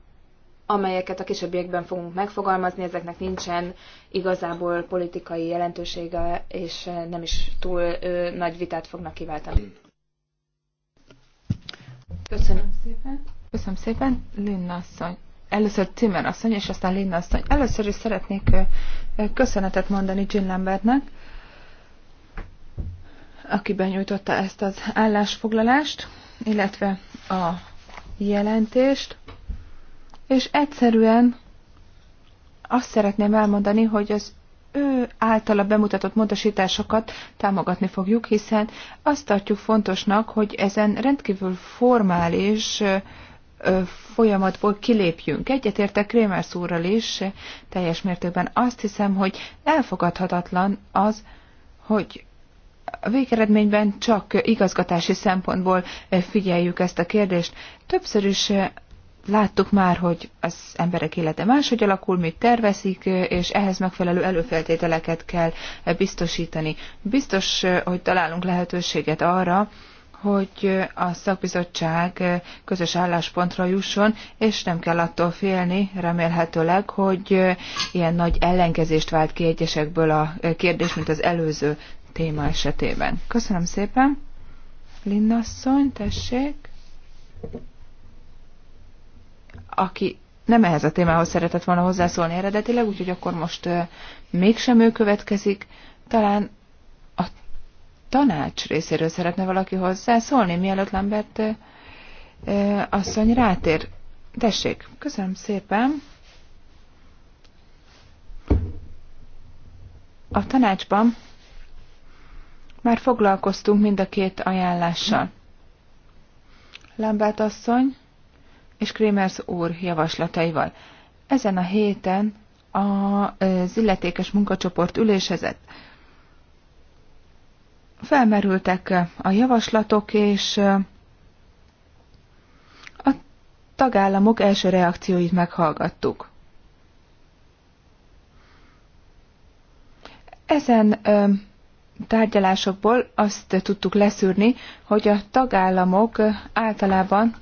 amelyeket a későbbiekben fogunk megfogalmazni, ezeknek nincsen igazából politikai jelentősége, és nem is túl ö, nagy vitát fognak kiváltani. Köszönöm szépen. Köszönöm szépen, Linna asszony. Először Cimer asszony, és aztán Linna asszony. Először is szeretnék köszönetet mondani Jill Lambertnek, aki benyújtotta ezt az állásfoglalást, illetve a jelentést és egyszerűen azt szeretném elmondani, hogy az ő általa bemutatott módosításokat támogatni fogjuk, hiszen azt tartjuk fontosnak, hogy ezen rendkívül formális folyamatból kilépjünk. Egyetértek Krémer úrral is teljes mértékben. Azt hiszem, hogy elfogadhatatlan az, hogy a végeredményben csak igazgatási szempontból figyeljük ezt a kérdést. Többször is láttuk már, hogy az emberek élete máshogy alakul, mit tervezik, és ehhez megfelelő előfeltételeket kell biztosítani. Biztos, hogy találunk lehetőséget arra, hogy a szakbizottság közös álláspontra jusson, és nem kell attól félni, remélhetőleg, hogy ilyen nagy ellenkezést vált ki egyesekből a kérdés, mint az előző téma esetében. Köszönöm szépen. Linnasszony, tessék aki nem ehhez a témához szeretett volna hozzászólni eredetileg, úgyhogy akkor most mégsem ő következik. Talán a tanács részéről szeretne valaki hozzászólni, mielőtt Lambert asszony rátér. Tessék, köszönöm szépen. A tanácsban már foglalkoztunk mind a két ajánlással. Lambert asszony és Krémers úr javaslataival. Ezen a héten az illetékes munkacsoport ülésezett. Felmerültek a javaslatok, és a tagállamok első reakcióit meghallgattuk. Ezen tárgyalásokból azt tudtuk leszűrni, hogy a tagállamok általában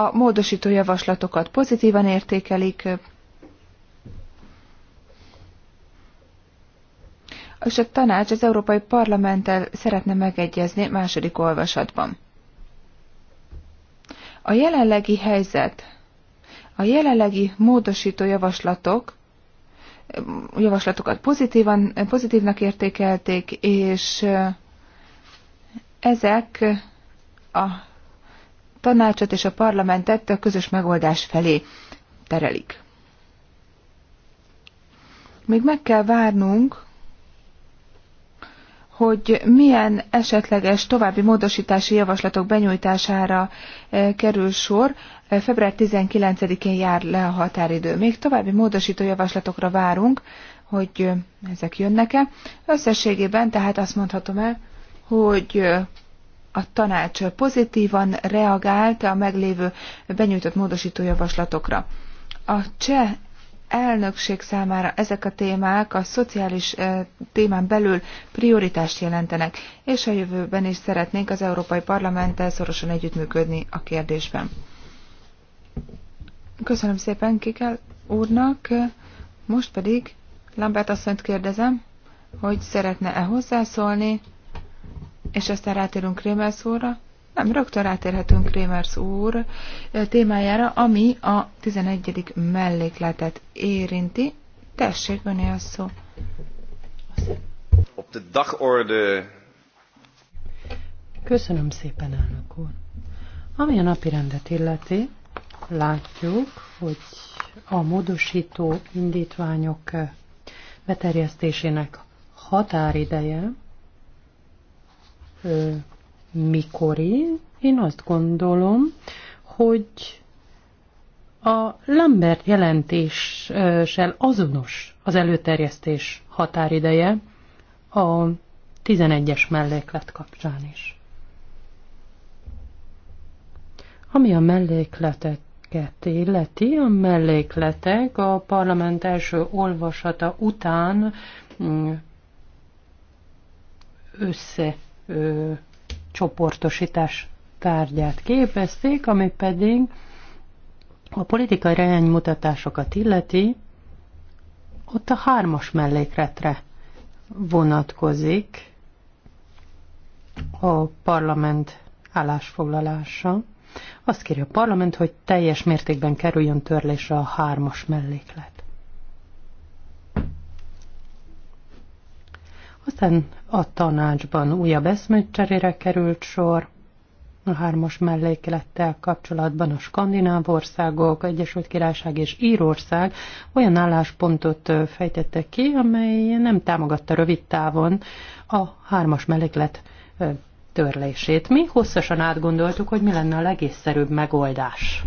a módosító javaslatokat pozitívan értékelik, és a tanács az Európai Parlamenttel szeretne megegyezni második olvasatban. A jelenlegi helyzet, a jelenlegi módosító javaslatok javaslatokat pozitívan, pozitívnak értékelték, és ezek a tanácsot és a parlamentet a közös megoldás felé terelik. Még meg kell várnunk, hogy milyen esetleges további módosítási javaslatok benyújtására eh, kerül sor. Eh, február 19-én jár le a határidő. Még további módosító javaslatokra várunk, hogy eh, ezek jönnek-e. Összességében tehát azt mondhatom el, hogy a tanács pozitívan reagált a meglévő benyújtott módosító javaslatokra. A cseh elnökség számára ezek a témák a szociális eh, témán belül prioritást jelentenek, és a jövőben is szeretnénk az Európai Parlamenttel szorosan együttműködni a kérdésben. Köszönöm szépen Kikel úrnak, most pedig Lambert asszonyt kérdezem, hogy szeretne-e hozzászólni. És aztán rátérünk Krémersz szóra. Nem, rögtön rátérhetünk Krémersz úr eh, témájára, ami a 11. mellékletet érinti. Tessék, öné a szó. Op de dagorde. Köszönöm szépen, elnök úr. Ami a napi rendet illeti, látjuk, hogy a módosító indítványok eh, beterjesztésének határideje mikori. Én azt gondolom, hogy a Lambert jelentéssel azonos az előterjesztés határideje a 11-es melléklet kapcsán is. Ami a mellékleteket illeti, a mellékletek a parlament első olvasata után mm, össze ö, csoportosítás tárgyát képezték, ami pedig a politikai reánymutatásokat illeti, ott a hármas mellékletre vonatkozik a parlament állásfoglalása. Azt kérje a parlament, hogy teljes mértékben kerüljön törlésre a hármas melléklet. Aztán a tanácsban újabb eszmecserére került sor, a hármas melléklettel kapcsolatban a skandináv országok, Egyesült Királyság és Írország olyan álláspontot fejtette ki, amely nem támogatta rövid távon a hármas melléklet törlését. Mi hosszasan átgondoltuk, hogy mi lenne a legészszerűbb megoldás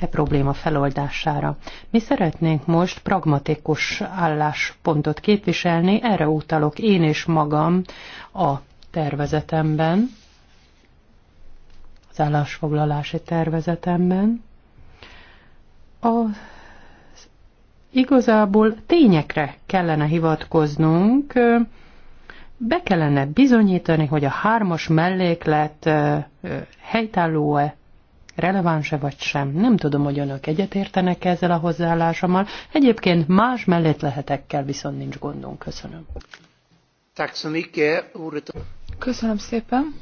e probléma feloldására. Mi szeretnénk most pragmatikus álláspontot képviselni, erre utalok én és magam a tervezetemben, az állásfoglalási tervezetemben. A igazából tényekre kellene hivatkoznunk, be kellene bizonyítani, hogy a hármas melléklet helytálló-e releváns-e vagy sem. Nem tudom, hogy önök egyetértenek ezzel a hozzáállásommal. Egyébként más mellett lehetekkel viszont nincs gondunk. Köszönöm. Köszönöm szépen.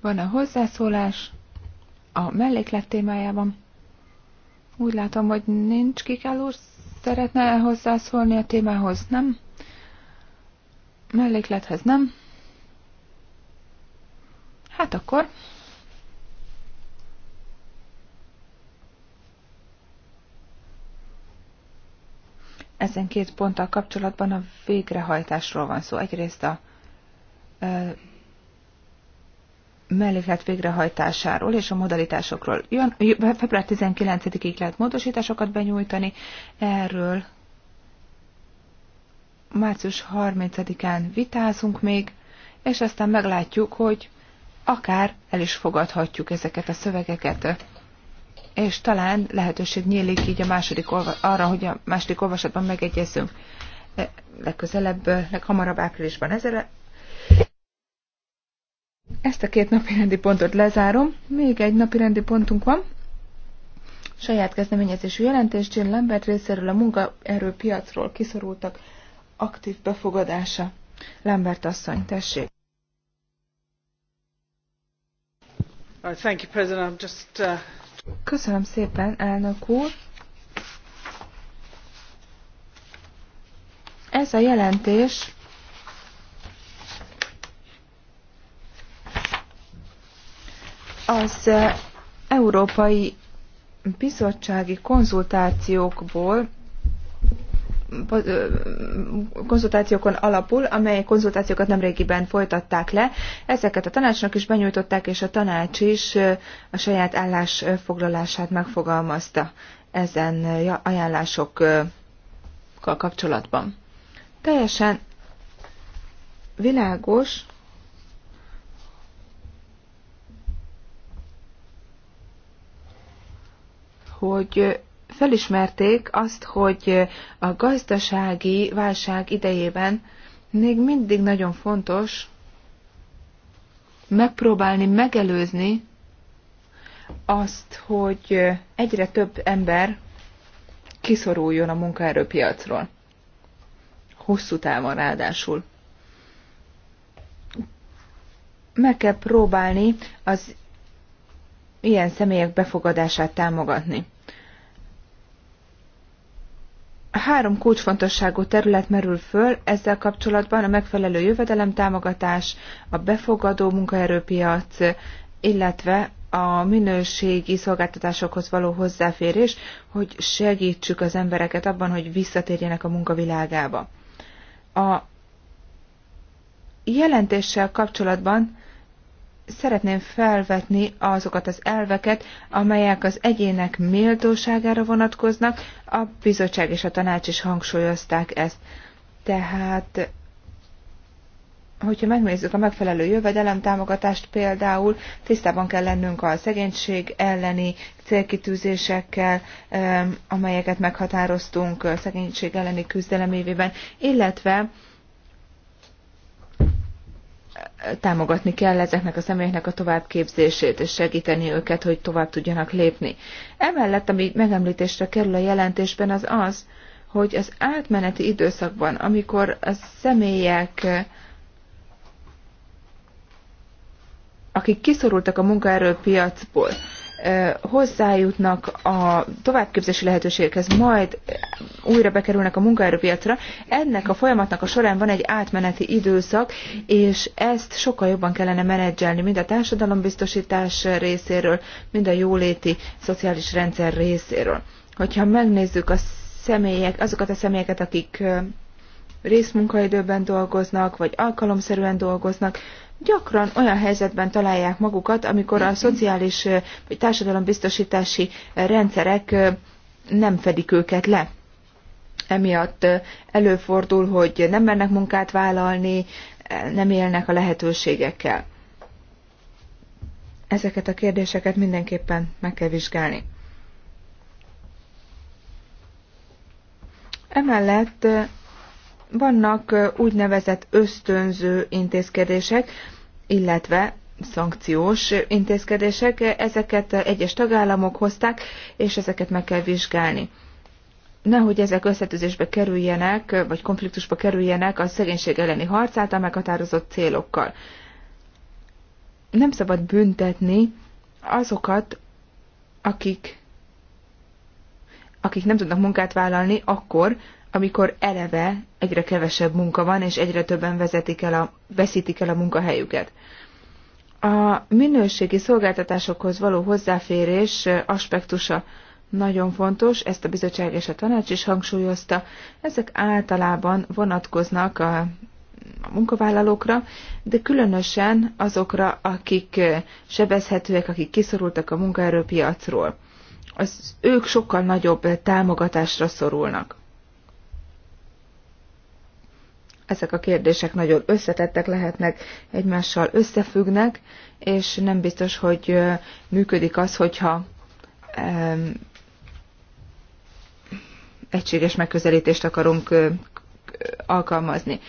Van a hozzászólás a melléklet témájában. Úgy látom, hogy nincs kikáló. Szeretne -e hozzászólni a témához, nem? Melléklethez nem? Hát akkor Ezen két ponttal kapcsolatban a végrehajtásról van szó. Egyrészt a e, melléklet végrehajtásáról és a modalitásokról. Jön, február 19-ig lehet módosításokat benyújtani, erről március 30-án vitázunk még, és aztán meglátjuk, hogy akár el is fogadhatjuk ezeket a szövegeket és talán lehetőség nyílik így a második arra, hogy a második olvasatban megegyezzünk. E, legközelebb, e, leghamarabb áprilisban ezzel. Ezt a két napi rendi pontot lezárom. Még egy napi rendi pontunk van. Saját kezdeményezésű jelentés Jim Lambert részéről a munkaerőpiacról kiszorultak aktív befogadása. Lambert asszony, tessék. Thank you, President. I'm just uh, Köszönöm szépen, elnök úr. Ez a jelentés az eh, európai bizottsági konzultációkból konzultációkon alapul, amely konzultációkat nemrégiben folytatták le. Ezeket a tanácsnak is benyújtották, és a tanács is a saját állásfoglalását megfogalmazta ezen ajánlásokkal kapcsolatban. Teljesen világos, hogy felismerték azt, hogy a gazdasági válság idejében még mindig nagyon fontos megpróbálni megelőzni azt, hogy egyre több ember kiszoruljon a munkaerőpiacról. Hosszú távon ráadásul. Meg kell próbálni az ilyen személyek befogadását támogatni. Három kulcsfontosságú terület merül föl ezzel kapcsolatban a megfelelő jövedelemtámogatás, a befogadó munkaerőpiac, illetve a minőségi szolgáltatásokhoz való hozzáférés, hogy segítsük az embereket abban, hogy visszatérjenek a munkavilágába. A jelentéssel kapcsolatban szeretném felvetni azokat az elveket, amelyek az egyének méltóságára vonatkoznak, a bizottság és a tanács is hangsúlyozták ezt. Tehát, hogyha megnézzük a megfelelő jövedelem támogatást például, tisztában kell lennünk a szegénység elleni célkitűzésekkel, amelyeket meghatároztunk a szegénység elleni küzdelem évében, illetve támogatni kell ezeknek a személyeknek a továbbképzését, és segíteni őket, hogy tovább tudjanak lépni. Emellett, ami megemlítésre kerül a jelentésben, az az, hogy az átmeneti időszakban, amikor a személyek, akik kiszorultak a munkaerőpiacból, hozzájutnak a továbbképzési lehetőségekhez, majd újra bekerülnek a munkaerőpiacra. Ennek a folyamatnak a során van egy átmeneti időszak, és ezt sokkal jobban kellene menedzselni, mind a társadalombiztosítás részéről, mind a jóléti szociális rendszer részéről. Hogyha megnézzük a személyek, azokat a személyeket, akik részmunkaidőben dolgoznak, vagy alkalomszerűen dolgoznak, gyakran olyan helyzetben találják magukat, amikor a szociális vagy társadalombiztosítási rendszerek nem fedik őket le. Emiatt előfordul, hogy nem mernek munkát vállalni, nem élnek a lehetőségekkel. Ezeket a kérdéseket mindenképpen meg kell vizsgálni. Emellett vannak úgynevezett ösztönző intézkedések, illetve szankciós intézkedések, ezeket egyes tagállamok hozták, és ezeket meg kell vizsgálni. Nehogy ezek összetűzésbe kerüljenek, vagy konfliktusba kerüljenek a szegénység elleni harc által meghatározott célokkal. Nem szabad büntetni azokat, akik, akik nem tudnak munkát vállalni, akkor, amikor eleve egyre kevesebb munka van, és egyre többen vezetik el a, veszítik el a munkahelyüket. A minőségi szolgáltatásokhoz való hozzáférés aspektusa nagyon fontos, ezt a bizottság és a tanács is hangsúlyozta. Ezek általában vonatkoznak a, a munkavállalókra, de különösen azokra, akik sebezhetőek, akik kiszorultak a munkaerőpiacról. Az, ők sokkal nagyobb támogatásra szorulnak ezek a kérdések nagyon összetettek lehetnek, egymással összefüggnek, és nem biztos, hogy működik az, hogyha egységes megközelítést akarunk alkalmazni.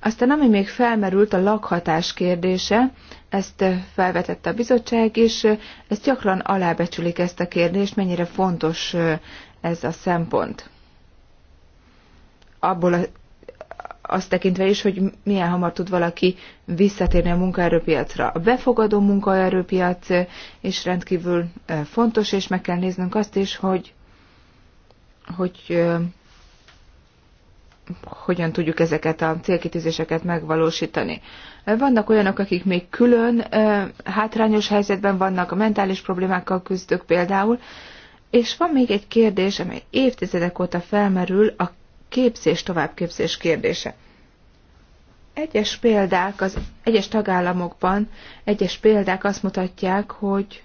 Aztán ami még felmerült, a lakhatás kérdése, ezt felvetett a bizottság is, ezt gyakran alábecsülik ezt a kérdést, mennyire fontos ez a szempont. Abból a azt tekintve is, hogy milyen hamar tud valaki visszatérni a munkaerőpiacra. A befogadó munkaerőpiac is rendkívül fontos, és meg kell néznünk azt is, hogy, hogy hogyan tudjuk ezeket a célkitűzéseket megvalósítani. Vannak olyanok, akik még külön hátrányos helyzetben vannak, a mentális problémákkal küzdök például, és van még egy kérdés, amely évtizedek óta felmerül, a képzés, továbbképzés kérdése. Egyes példák, az egyes tagállamokban egyes példák azt mutatják, hogy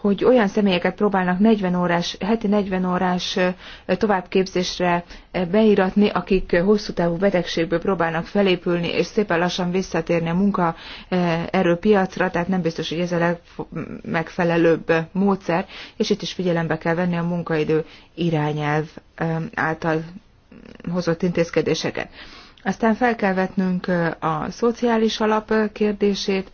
hogy olyan személyeket próbálnak 40 órás, heti 40 órás továbbképzésre beiratni, akik hosszú távú betegségből próbálnak felépülni, és szépen lassan visszatérni a munkaerőpiacra, tehát nem biztos, hogy ez a legmegfelelőbb módszer, és itt is figyelembe kell venni a munkaidő irányelv által hozott intézkedéseket. Aztán fel kell vetnünk a szociális alap kérdését,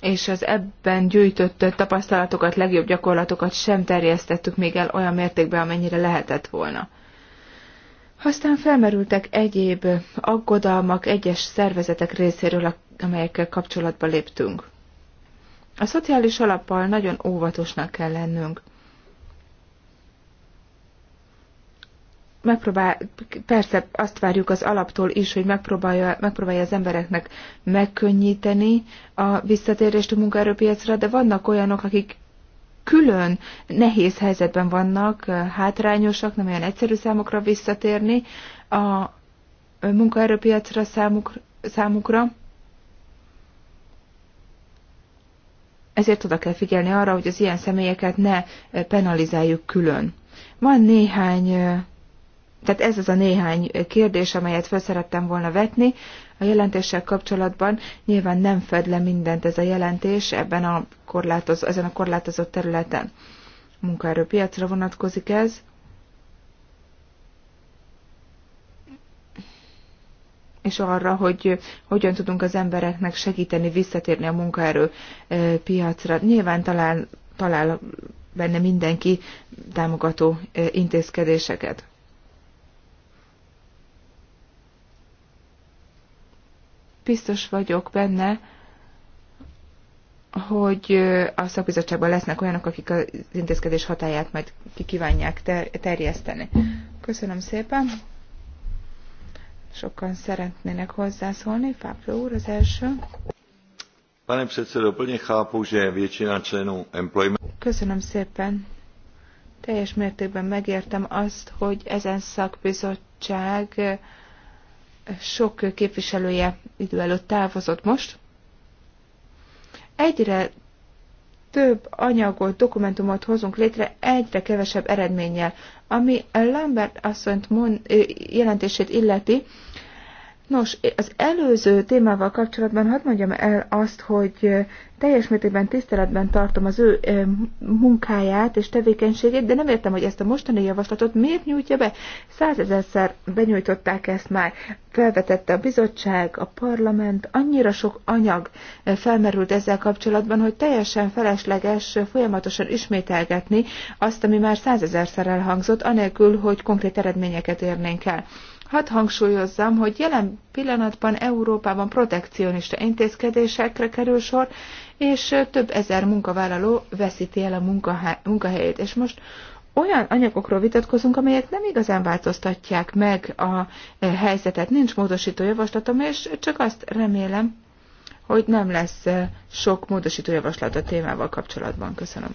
és az ebben gyűjtött tapasztalatokat, legjobb gyakorlatokat sem terjesztettük még el olyan mértékben, amennyire lehetett volna. Aztán felmerültek egyéb aggodalmak egyes szervezetek részéről, amelyekkel kapcsolatba léptünk. A szociális alappal nagyon óvatosnak kell lennünk. megpróbál, persze azt várjuk az alaptól is, hogy megpróbálja, megpróbálja az embereknek megkönnyíteni a visszatérést a munkaerőpiacra, de vannak olyanok, akik külön nehéz helyzetben vannak, hátrányosak, nem olyan egyszerű számokra visszatérni a munkaerőpiacra számuk, számukra. Ezért oda kell figyelni arra, hogy az ilyen személyeket ne penalizáljuk külön. Van néhány tehát ez az a néhány kérdés, amelyet fel szerettem volna vetni a jelentéssel kapcsolatban. Nyilván nem fed le mindent ez a jelentés ebben a korlátoz, ezen a korlátozott területen. Munkaerőpiacra vonatkozik ez. és arra, hogy hogyan tudunk az embereknek segíteni visszatérni a munkaerő piacra. Nyilván talál, talál benne mindenki támogató intézkedéseket. biztos vagyok benne, hogy a szakbizottságban lesznek olyanok, akik az intézkedés hatáját majd ki kívánják ter- terjeszteni. Köszönöm szépen. Sokan szeretnének hozzászólni. Fábro úr az első. Pane předsedo, plně chápu, že většina členů employment... Köszönöm szépen. Teljes mértékben megértem azt, hogy ezen szakbizottság sok képviselője idő előtt távozott most. Egyre több anyagot, dokumentumot hozunk létre egyre kevesebb eredménnyel. Ami Lambert asszonyt mond, jelentését illeti, Nos, az előző témával kapcsolatban hadd mondjam el azt, hogy teljes mértékben tiszteletben tartom az ő munkáját és tevékenységét, de nem értem, hogy ezt a mostani javaslatot miért nyújtja be. Százezerszer benyújtották ezt már, felvetette a bizottság, a parlament, annyira sok anyag felmerült ezzel kapcsolatban, hogy teljesen felesleges folyamatosan ismételgetni azt, ami már százezerszer elhangzott, anélkül, hogy konkrét eredményeket érnénk el. Hadd hangsúlyozzam, hogy jelen pillanatban Európában protekcionista intézkedésekre kerül sor, és több ezer munkavállaló veszíti el a munkahelyét. És most olyan anyagokról vitatkozunk, amelyek nem igazán változtatják meg a eh, helyzetet. Nincs módosító javaslatom, és csak azt remélem, hogy nem lesz eh, sok módosító javaslat a témával kapcsolatban. Köszönöm.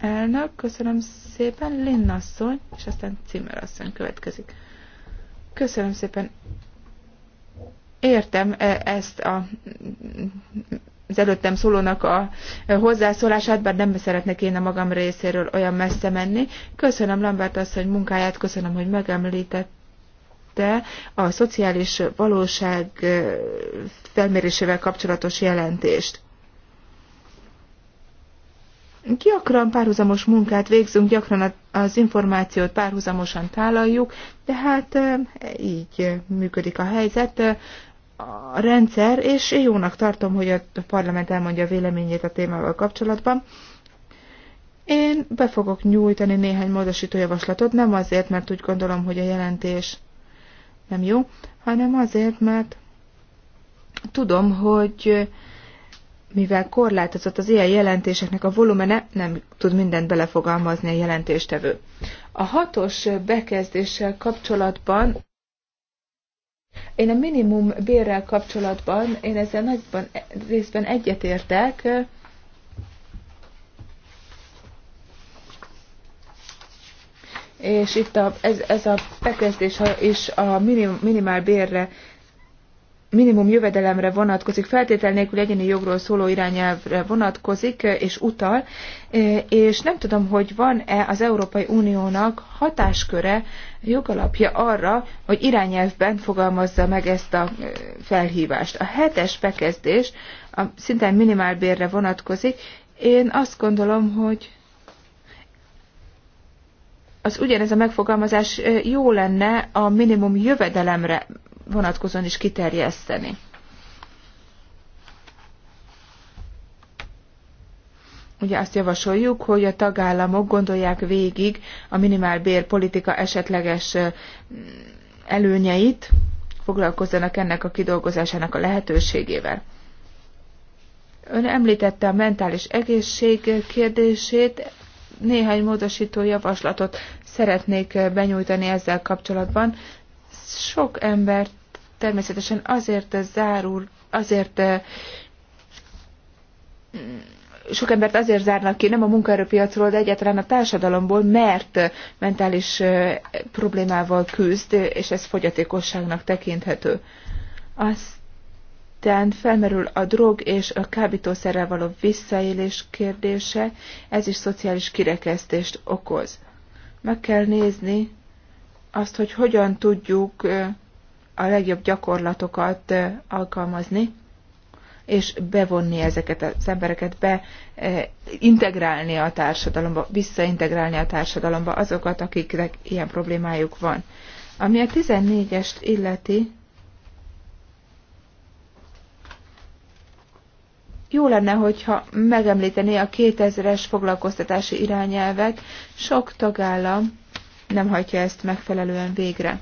Elnök, köszönöm szépen, Linnasszony, és aztán Cimerasszony következik. Köszönöm szépen. Értem e, ezt a, az előttem szólónak a hozzászólását, bár nem szeretnék én a magam részéről olyan messze menni. Köszönöm Lambert asszony munkáját, köszönöm, hogy megemlített a szociális valóság e, felmérésével kapcsolatos jelentést gyakran párhuzamos munkát végzünk, gyakran az információt párhuzamosan tálaljuk, de hát így működik a helyzet, a rendszer, és jónak tartom, hogy a parlament elmondja a véleményét a témával kapcsolatban. Én be fogok nyújtani néhány módosító javaslatot, nem azért, mert úgy gondolom, hogy a jelentés nem jó, hanem azért, mert tudom, hogy mivel korlátozott az ilyen jelentéseknek a volumene, nem tud mindent belefogalmazni a jelentéstevő. A hatos bekezdéssel kapcsolatban én a minimum bérrel kapcsolatban, én ezzel nagyban részben egyetértek, és itt a, ez, ez a bekezdés is a minim, minimál bérre minimum jövedelemre vonatkozik, feltétel nélkül egyéni jogról szóló irányelvre vonatkozik eh, és utal, eh, és nem tudom, hogy van-e az Európai Uniónak hatásköre, jogalapja arra, hogy irányelvben fogalmazza meg ezt a eh, felhívást. A hetes bekezdés a szinten minimálbérre vonatkozik. Én azt gondolom, hogy az ugyanez a megfogalmazás jó lenne a minimum jövedelemre vonatkozóan is kiterjeszteni. Ugye azt javasoljuk, hogy a tagállamok gondolják végig a minimálbér politika esetleges előnyeit, foglalkozzanak ennek a kidolgozásának a lehetőségével. Ön említette a mentális egészség kérdését, néhány módosító javaslatot szeretnék benyújtani ezzel kapcsolatban. Sok embert természetesen azért eh, zárul, azért eh, sok embert azért zárnak ki, nem a munkaerőpiacról, de egyáltalán a társadalomból, mert eh, mentális problémával küzd, és ez fogyatékosságnak tekinthető. Aztán felmerül a drog és a kábítószerrel való visszaélés kérdése, ez is szociális kirekesztést okoz. Meg kell nézni azt, hogy hogyan tudjuk a legjobb gyakorlatokat alkalmazni, és bevonni ezeket az embereket, be integrálni a társadalomba, visszaintegrálni a társadalomba azokat, akiknek ilyen problémájuk van. Ami a 14-est illeti, jó lenne, hogyha megemlítené a 2000-es foglalkoztatási irányelvet, sok tagállam nem hagyja ezt megfelelően végre.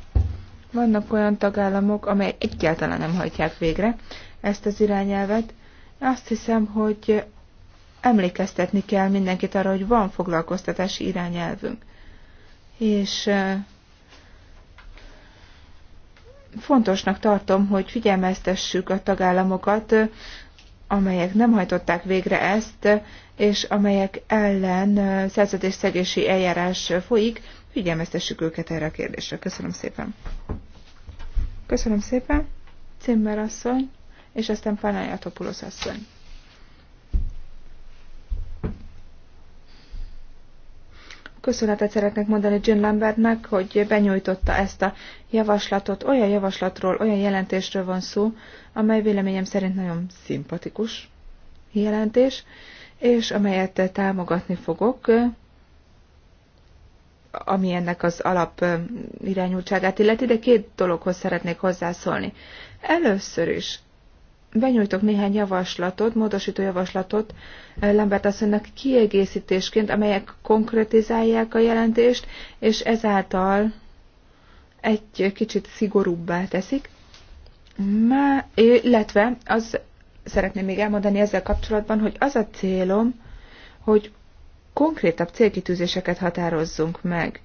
Vannak olyan tagállamok, amely egyáltalán nem hajtják végre ezt az irányelvet. Azt hiszem, hogy emlékeztetni kell mindenkit arra, hogy van foglalkoztatási irányelvünk. És fontosnak tartom, hogy figyelmeztessük a tagállamokat, amelyek nem hajtották végre ezt, és amelyek ellen szerződésszegési eljárás folyik, figyelmeztessük őket erre a kérdésre. Köszönöm szépen. Köszönöm szépen, Cimmer asszony, és aztán Panayatopulos asszony. köszönetet szeretnék mondani Jim Lambertnek, hogy benyújtotta ezt a javaslatot. Olyan javaslatról, olyan jelentésről van szó, amely véleményem szerint nagyon szimpatikus jelentés, és amelyet támogatni fogok ami ennek az alap irányultságát illeti, de két dologhoz szeretnék hozzászólni. Először is benyújtok néhány javaslatot, módosító javaslatot Lambert asszonynak kiegészítésként, amelyek konkretizálják a jelentést, és ezáltal egy kicsit szigorúbbá teszik. Má, illetve az szeretném még elmondani ezzel kapcsolatban, hogy az a célom, hogy konkrétabb célkitűzéseket határozzunk meg.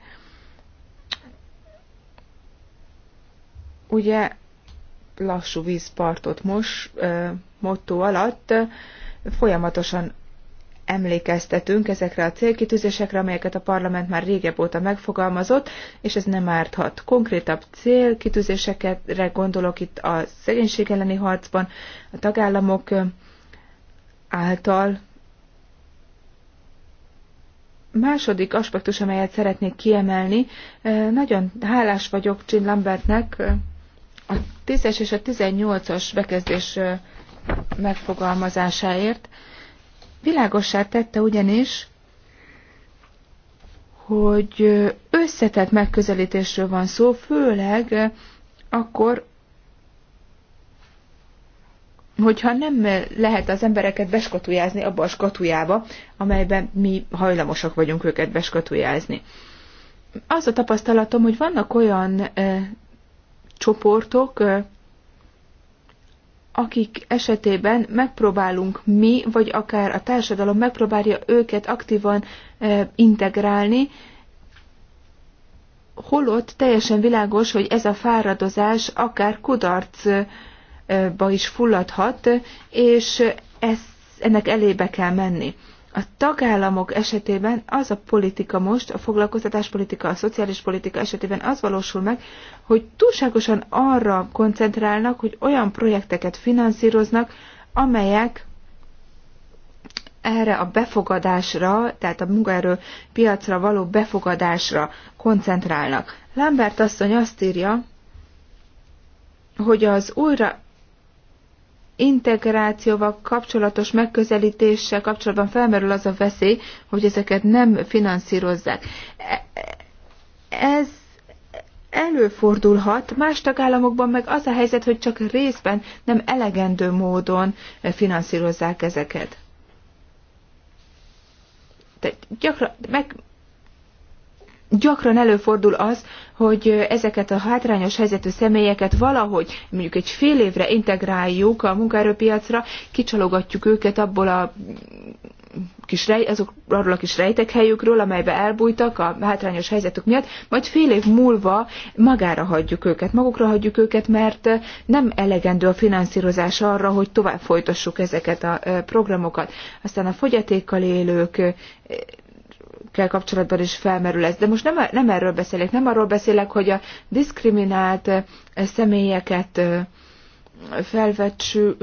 Ugye lassú vízpartot most motto alatt folyamatosan emlékeztetünk ezekre a célkitűzésekre, amelyeket a parlament már régebb óta megfogalmazott, és ez nem árthat. Konkrétabb célkitűzésekre gondolok itt a szegénység elleni harcban, a tagállamok által második aspektus, amelyet szeretnék kiemelni, nagyon hálás vagyok Jean Lambertnek a 10-es és a 18-as bekezdés megfogalmazásáért. Világossá tette ugyanis, hogy összetett megközelítésről van szó, főleg akkor, hogyha nem lehet az embereket beskatujázni abba a skatujába, amelyben mi hajlamosak vagyunk őket beskatujázni. Az a tapasztalatom, hogy vannak olyan e, csoportok, e, akik esetében megpróbálunk mi, vagy akár a társadalom megpróbálja őket aktívan e, integrálni, holott teljesen világos, hogy ez a fáradozás akár kudarc e, ba is fulladhat, és ez, ennek elébe kell menni. A tagállamok esetében az a politika most, a foglalkoztatáspolitika, a szociális politika esetében az valósul meg, hogy túlságosan arra koncentrálnak, hogy olyan projekteket finanszíroznak, amelyek erre a befogadásra, tehát a munkaerő piacra való befogadásra koncentrálnak. Lambert asszony azt írja, hogy az újra integrációval kapcsolatos megközelítéssel kapcsolatban felmerül az a veszély, hogy ezeket nem finanszírozzák. E, ez előfordulhat, más tagállamokban meg az a helyzet, hogy csak részben, nem elegendő módon finanszírozzák ezeket. Tehát gyakran meg, gyakran előfordul az, hogy ezeket a hátrányos helyzetű személyeket valahogy mondjuk egy fél évre integráljuk a munkaerőpiacra, kicsalogatjuk őket abból a kis rej, azok, arról a kis rejtek helyükről, amelybe elbújtak a hátrányos helyzetük miatt, majd fél év múlva magára hagyjuk őket, magukra hagyjuk őket, mert nem elegendő a finanszírozás arra, hogy tovább folytassuk ezeket a programokat. Aztán a fogyatékkal élők kell kapcsolatban is felmerül ez. De most nem, nem erről beszélek, nem arról beszélek, hogy a diszkriminált személyeket felvetsük,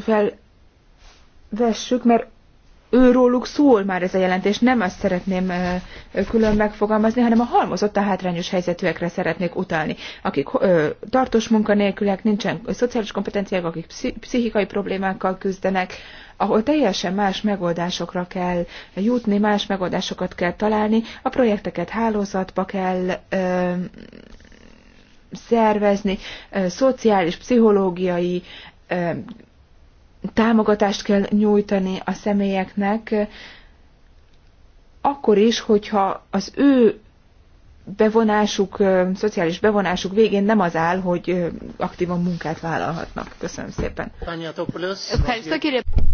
felvessük, mert őróluk szól már ez a jelentés, nem azt szeretném külön megfogalmazni, hanem a halmozott a hátrányos helyzetűekre szeretnék utalni, akik tartós munkanélkülek, nincsen szociális kompetenciák, akik pszichikai problémákkal küzdenek, ahol teljesen más megoldásokra kell jutni, más megoldásokat kell találni, a projekteket hálózatba kell ö, szervezni, ö, szociális, pszichológiai ö, támogatást kell nyújtani a személyeknek, akkor is, hogyha az ő bevonásuk, szociális bevonásuk végén nem az áll, hogy aktívan munkát vállalhatnak. Köszönöm szépen.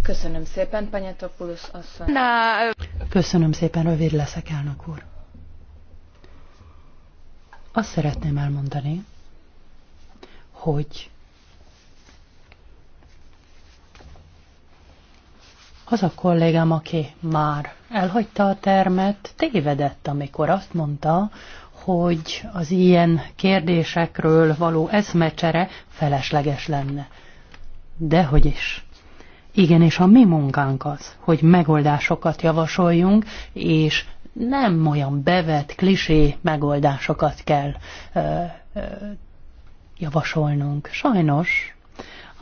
Köszönöm szépen, Panyatopoulos asszony. Na. Köszönöm szépen, rövid leszek, elnök úr. Azt szeretném elmondani, hogy Az a kollégám, aki már elhagyta a termet, tévedett, amikor azt mondta, hogy az ilyen kérdésekről való eszmecsere felesleges lenne. Dehogy is. Igen, és a mi munkánk az, hogy megoldásokat javasoljunk, és nem olyan bevett, klisé megoldásokat kell ö, ö, javasolnunk. Sajnos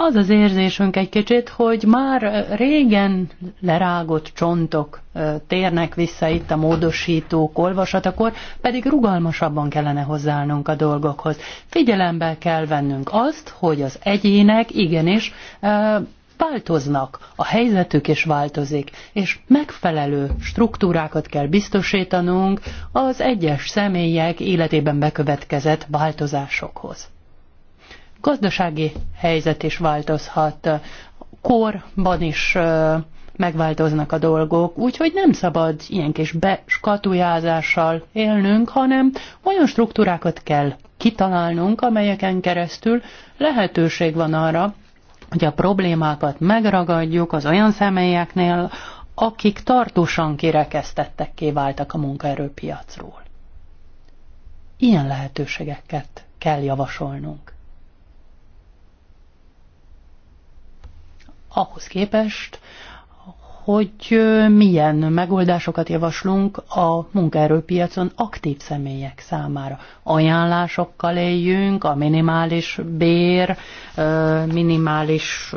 az az érzésünk egy kicsit, hogy már régen lerágott csontok térnek vissza itt a módosítók olvasatakor, pedig rugalmasabban kellene hozzáállnunk a dolgokhoz. Figyelembe kell vennünk azt, hogy az egyének igenis változnak, a helyzetük is változik, és megfelelő struktúrákat kell biztosítanunk az egyes személyek életében bekövetkezett változásokhoz gazdasági helyzet is változhat, korban is megváltoznak a dolgok, úgyhogy nem szabad ilyen kis beskatujázással élnünk, hanem olyan struktúrákat kell kitalálnunk, amelyeken keresztül lehetőség van arra, hogy a problémákat megragadjuk az olyan személyeknél, akik tartósan kirekesztettekké kiváltak a munkaerőpiacról. Ilyen lehetőségeket kell javasolnunk. ahhoz képest, hogy milyen megoldásokat javaslunk a munkaerőpiacon aktív személyek számára. Ajánlásokkal éljünk, a minimális bér, minimális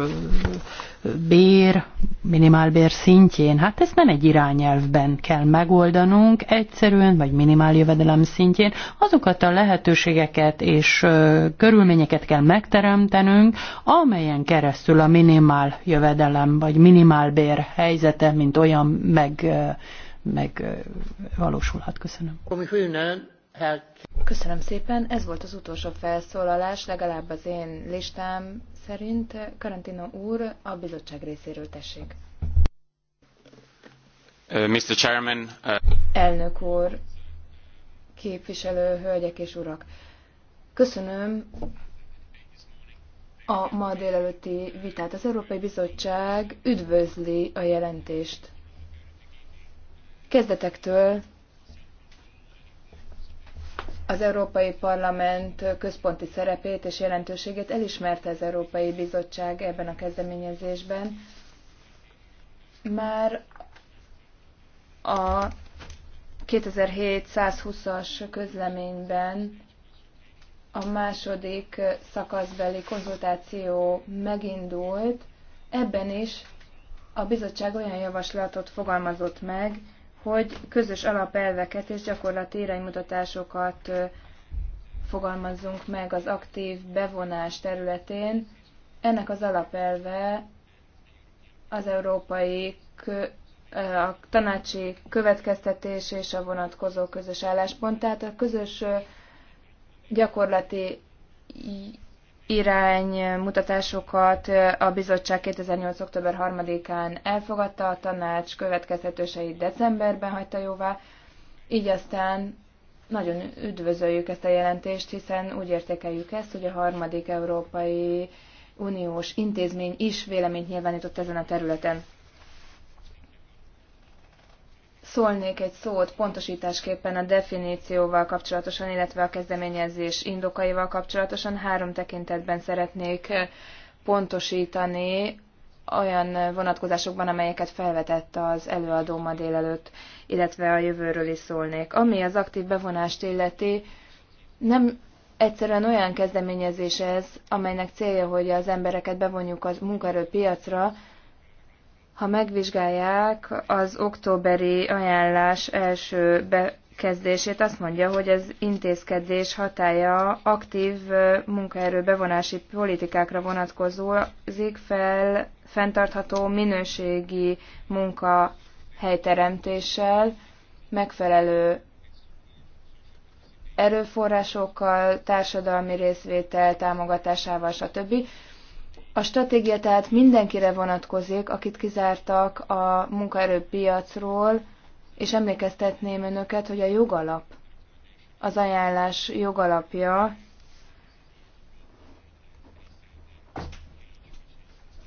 bér, minimálbér szintjén. Hát ezt nem egy irányelvben kell megoldanunk, egyszerűen, vagy minimál jövedelem szintjén. Azokat a lehetőségeket és ö, körülményeket kell megteremtenünk, amelyen keresztül a minimál jövedelem, vagy minimálbér helyzete, mint olyan meg, megvalósulhat. Köszönöm. Köszönöm szépen. Ez volt az utolsó felszólalás, legalább az én listám szerint. Karantino úr, a bizottság részéről tessék. Uh, Mr. Chairman, uh... Elnök úr, képviselő, hölgyek és urak. Köszönöm a ma délelőtti vitát. Az Európai Bizottság üdvözli a jelentést. Kezdetektől az Európai Parlament központi szerepét és jelentőségét elismerte az Európai Bizottság ebben a kezdeményezésben. Már a 2720-as közleményben a második szakaszbeli konzultáció megindult, ebben is a bizottság olyan javaslatot fogalmazott meg, hogy közös alapelveket és gyakorlati iránymutatásokat fogalmazzunk meg az aktív bevonás területén. Ennek az alapelve az európai a tanácsi következtetés és a vonatkozó közös álláspont. Tehát a közös gyakorlati iránymutatásokat a bizottság 2008. október 3-án elfogadta, a tanács következtetőseit decemberben hagyta jóvá, így aztán nagyon üdvözöljük ezt a jelentést, hiszen úgy értékeljük ezt, hogy a harmadik európai uniós intézmény is véleményt nyilvánított ezen a területen szólnék egy szót pontosításképpen a definícióval kapcsolatosan, illetve a kezdeményezés indokaival kapcsolatosan. Három tekintetben szeretnék pontosítani olyan vonatkozásokban, amelyeket felvetett az előadó ma délelőtt, illetve a jövőről is szólnék. Ami az aktív bevonást illeti, nem egyszerűen olyan kezdeményezés ez, amelynek célja, hogy az embereket bevonjuk a munkaerőpiacra, piacra, ha megvizsgálják az októberi ajánlás első bekezdését, azt mondja, hogy az intézkedés hatája aktív munkaerő bevonási politikákra vonatkozózik fel fenntartható minőségi munka helyteremtéssel, megfelelő erőforrásokkal, társadalmi részvétel támogatásával, stb. A stratégia tehát mindenkire vonatkozik, akit kizártak a munkaerőpiacról, és emlékeztetném önöket, hogy a jogalap, az ajánlás jogalapja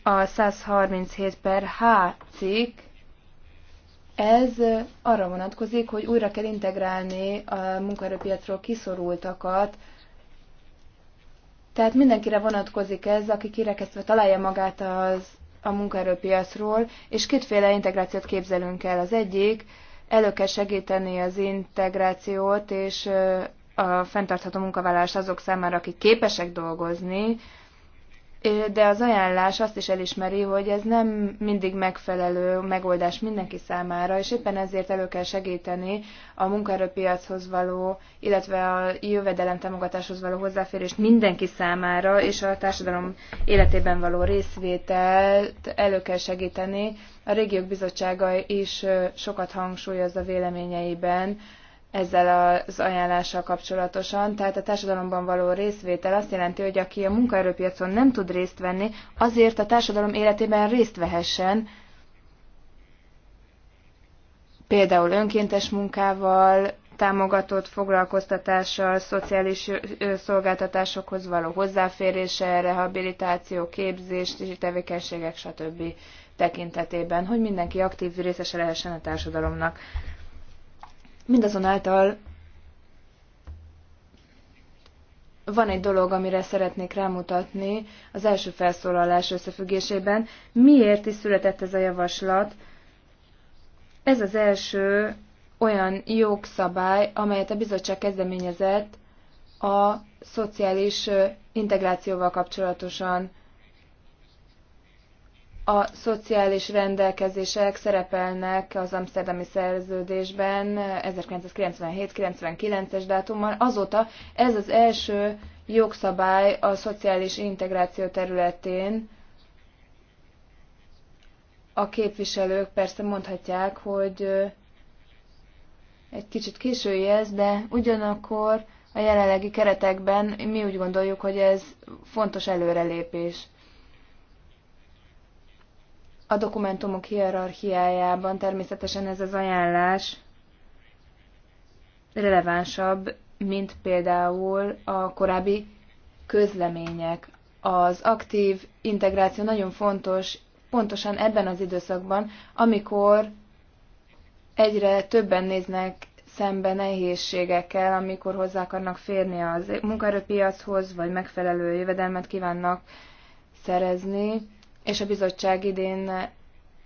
a 137 per H cikk, ez arra vonatkozik, hogy újra kell integrálni a munkaerőpiacról kiszorultakat tehát mindenkire vonatkozik ez, aki kirekesztve találja magát az, a munkaerőpiacról, és kétféle integrációt képzelünk el. Az egyik, elő kell segíteni az integrációt, és a fenntartható munkavállalás azok számára, akik képesek dolgozni, de az ajánlás azt is elismeri, hogy ez nem mindig megfelelő megoldás mindenki számára, és éppen ezért elő kell segíteni a munkaerőpiachoz való, illetve a jövedelem támogatáshoz való hozzáférést mindenki számára, és a társadalom életében való részvételt elő kell segíteni. A régiók bizottsága is sokat hangsúlyozza véleményeiben ezzel az ajánlással kapcsolatosan. Tehát a társadalomban való részvétel azt jelenti, hogy aki a munkaerőpiacon nem tud részt venni, azért a társadalom életében részt vehessen, például önkéntes munkával, támogatott foglalkoztatással, szociális szolgáltatásokhoz való hozzáférése, rehabilitáció, képzés, tevékenységek, stb. tekintetében, hogy mindenki aktív részese lehessen a társadalomnak. Mindazonáltal van egy dolog, amire szeretnék rámutatni az első felszólalás összefüggésében. Miért is született ez a javaslat? Ez az első olyan jogszabály, amelyet a bizottság kezdeményezett a szociális integrációval kapcsolatosan a szociális rendelkezések szerepelnek az Amsterdami szerződésben 1997-99-es dátummal. Azóta ez az első jogszabály a szociális integráció területén. A képviselők persze mondhatják, hogy egy kicsit késői ez, de ugyanakkor a jelenlegi keretekben mi úgy gondoljuk, hogy ez fontos előrelépés a dokumentumok hierarchiájában természetesen ez az ajánlás relevánsabb, mint például a korábbi közlemények. Az aktív integráció nagyon fontos pontosan ebben az időszakban, amikor egyre többen néznek szembe nehézségekkel, amikor hozzá akarnak férni az munkaerőpiachoz, vagy megfelelő jövedelmet kívánnak szerezni és a bizottság idén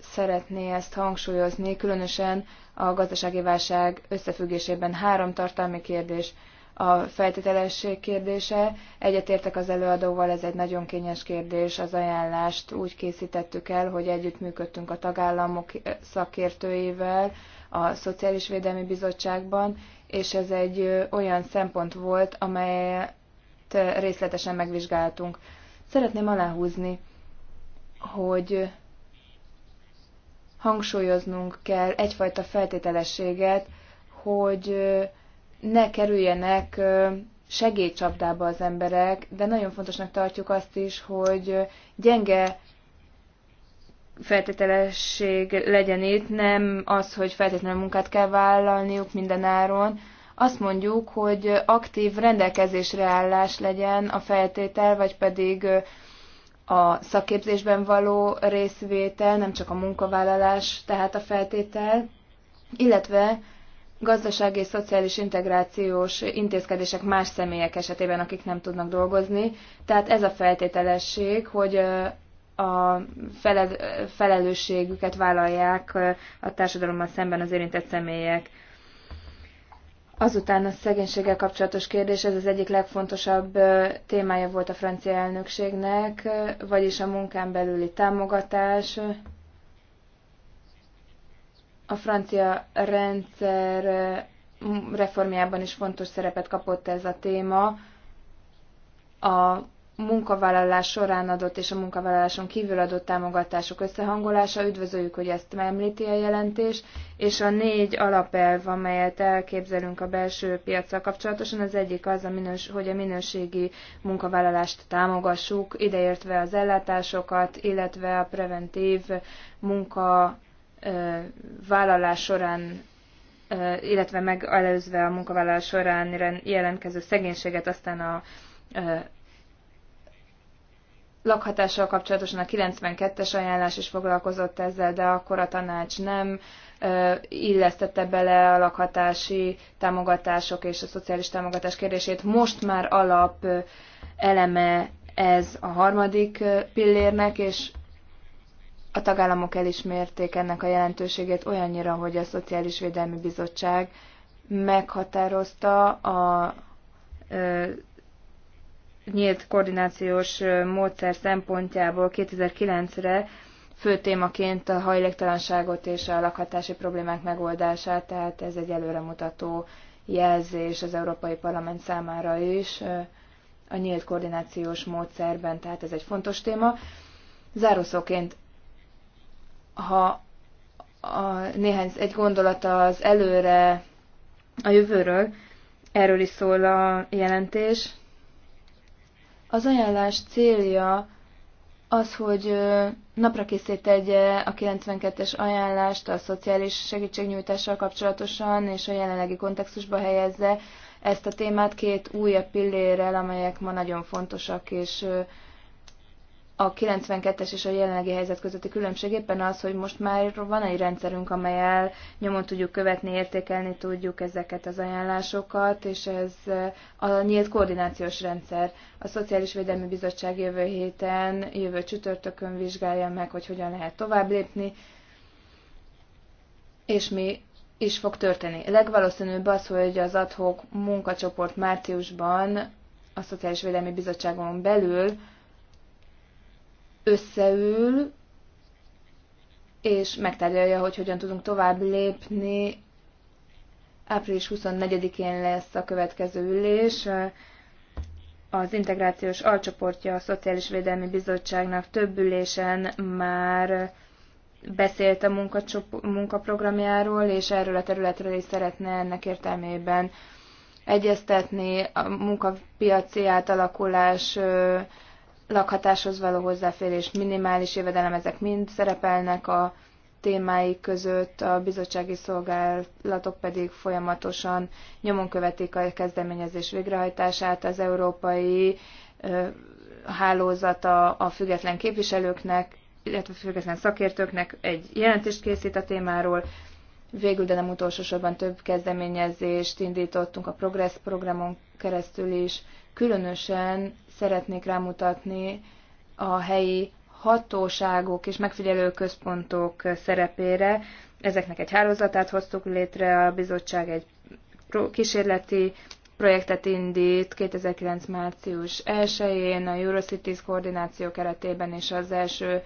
szeretné ezt hangsúlyozni, különösen a gazdasági válság összefüggésében három tartalmi kérdés. A feltételesség kérdése, egyetértek az előadóval, ez egy nagyon kényes kérdés, az ajánlást úgy készítettük el, hogy együttműködtünk a tagállamok szakértőivel a Szociális Védelmi Bizottságban, és ez egy olyan szempont volt, amelyet részletesen megvizsgáltunk. Szeretném aláhúzni, hogy hangsúlyoznunk kell egyfajta feltételességet, hogy ne kerüljenek segélycsapdába az emberek, de nagyon fontosnak tartjuk azt is, hogy gyenge feltételesség legyen itt, nem az, hogy feltétlenül munkát kell vállalniuk mindenáron. Azt mondjuk, hogy aktív rendelkezésre állás legyen a feltétel, vagy pedig a szakképzésben való részvétel, nem csak a munkavállalás, tehát a feltétel, illetve gazdasági és szociális integrációs intézkedések más személyek esetében, akik nem tudnak dolgozni. Tehát ez a feltételesség, hogy a felelősségüket vállalják a társadalommal szemben az érintett személyek. Azután a szegénységgel kapcsolatos kérdés, ez az egyik legfontosabb témája volt a francia elnökségnek, vagyis a munkán belüli támogatás. A francia rendszer reformjában is fontos szerepet kapott ez a téma. A munkavállalás során adott és a munkavállaláson kívül adott támogatások összehangolása. Üdvözöljük, hogy ezt említi a jelentés, és a négy alapelv, amelyet elképzelünk a belső piacsal kapcsolatosan, az egyik az, a minős, hogy a minőségi munkavállalást támogassuk, ideértve az ellátásokat, illetve a preventív munkavállalás során illetve megelőzve a munkavállalás során jelentkező szegénységet, aztán a lakhatással kapcsolatosan a 92-es ajánlás is foglalkozott ezzel, de akkor a tanács nem illesztette bele a lakhatási támogatások és a szociális támogatás kérdését. Most már alap eleme ez a harmadik pillérnek, és a tagállamok elismerték ennek a jelentőségét olyannyira, hogy a Szociális Védelmi Bizottság meghatározta a nyílt koordinációs módszer szempontjából 2009-re fő témaként a hajléktalanságot és a lakhatási problémák megoldását, tehát ez egy előremutató jelzés az Európai Parlament számára is a nyílt koordinációs módszerben, tehát ez egy fontos téma. Zárószóként, ha a, néhány, egy gondolata az előre a jövőről, erről is szól a jelentés, az ajánlás célja az, hogy napra tegye a 92-es ajánlást a szociális segítségnyújtással kapcsolatosan, és a jelenlegi kontextusba helyezze ezt a témát két újabb pillérrel, amelyek ma nagyon fontosak és a 92-es és a jelenlegi helyzet közötti különbség éppen az, hogy most már van egy rendszerünk, amelyel nyomon tudjuk követni, értékelni tudjuk ezeket az ajánlásokat, és ez eh, a nyílt koordinációs rendszer. A Szociális Védelmi Bizottság jövő héten, jövő csütörtökön vizsgálja meg, hogy hogyan lehet tovább lépni, és mi is fog történni. Legvalószínűbb az, hogy az adhok munkacsoport márciusban a Szociális Védelmi Bizottságon belül összeül, és megtárgyalja, hogy hogyan tudunk tovább lépni. Április 24-én lesz a következő ülés. Az integrációs alcsoportja a Szociális Védelmi Bizottságnak több ülésen már beszélt a munkaprogramjáról, és erről a területről is szeretne ennek értelmében egyeztetni a munkapiaci átalakulás lakhatáshoz való hozzáférés, minimális jövedelem, ezek mind szerepelnek a témáik között, a bizottsági szolgálatok pedig folyamatosan nyomon követik a kezdeményezés végrehajtását, az európai hálózata a független képviselőknek, illetve független szakértőknek egy jelentést készít a témáról. Végül, de nem utolsó sorban több kezdeményezést indítottunk a Progress programon keresztül is, különösen szeretnék rámutatni a helyi hatóságok és megfigyelő központok szerepére. Ezeknek egy hálózatát hoztuk létre, a bizottság egy kísérleti projektet indít 2009. március 1-én a Eurocities koordináció keretében és az első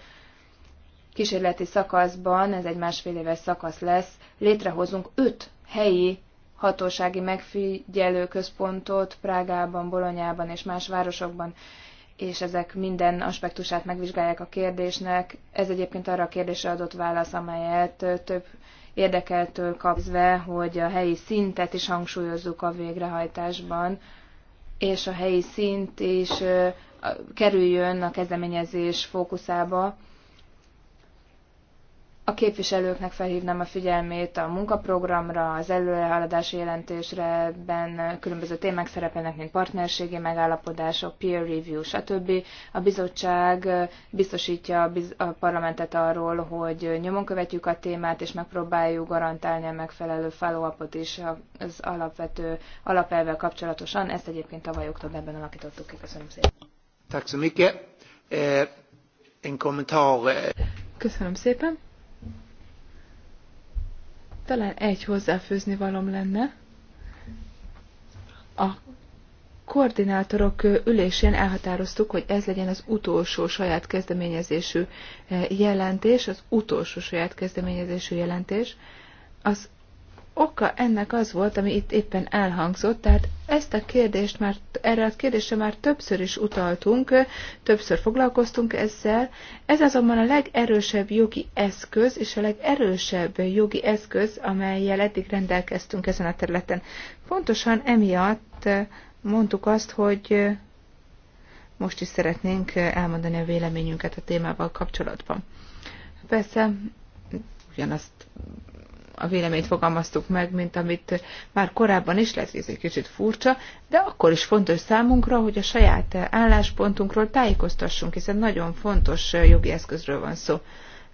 kísérleti szakaszban, ez egy másfél éves szakasz lesz, létrehozunk öt helyi hatósági megfigyelő központot Prágában, Bolonyában és más városokban, és ezek minden aspektusát megvizsgálják a kérdésnek. Ez egyébként arra a kérdésre adott válasz, amelyet több érdekeltől kapzve, hogy a helyi szintet is hangsúlyozzuk a végrehajtásban, és a helyi szint is kerüljön a kezdeményezés fókuszába, a képviselőknek felhívnám a figyelmét a munkaprogramra, az előrehaladási jelentésre, ben különböző témák szerepelnek, mint partnerségi megállapodások, peer review, stb. A bizottság biztosítja a parlamentet arról, hogy nyomon követjük a témát, és megpróbáljuk garantálni a megfelelő follow is az alapvető alapelvel kapcsolatosan. Ezt egyébként tavaly októberben alakítottuk ki. Köszönöm szépen. Tack så eh, eh. Köszönöm szépen. Talán egy hozzáfőzni valom lenne. A koordinátorok ülésén elhatároztuk, hogy ez legyen az utolsó saját kezdeményezésű eh, jelentés, az utolsó saját kezdeményezésű jelentés. Az oka ennek az volt, ami itt éppen elhangzott, tehát ezt a kérdést már, erre a kérdésre már többször is utaltunk, többször foglalkoztunk ezzel. Ez azonban a legerősebb jogi eszköz, és a legerősebb jogi eszköz, amelyel eddig rendelkeztünk ezen a területen. Pontosan emiatt mondtuk azt, hogy most is szeretnénk elmondani a véleményünket a témával kapcsolatban. Persze, ugyanazt a véleményt fogalmaztuk meg, mint amit már korábban is, lett, ez egy kicsit furcsa, de akkor is fontos számunkra, hogy a saját álláspontunkról tájékoztassunk, hiszen nagyon fontos jogi eszközről van szó.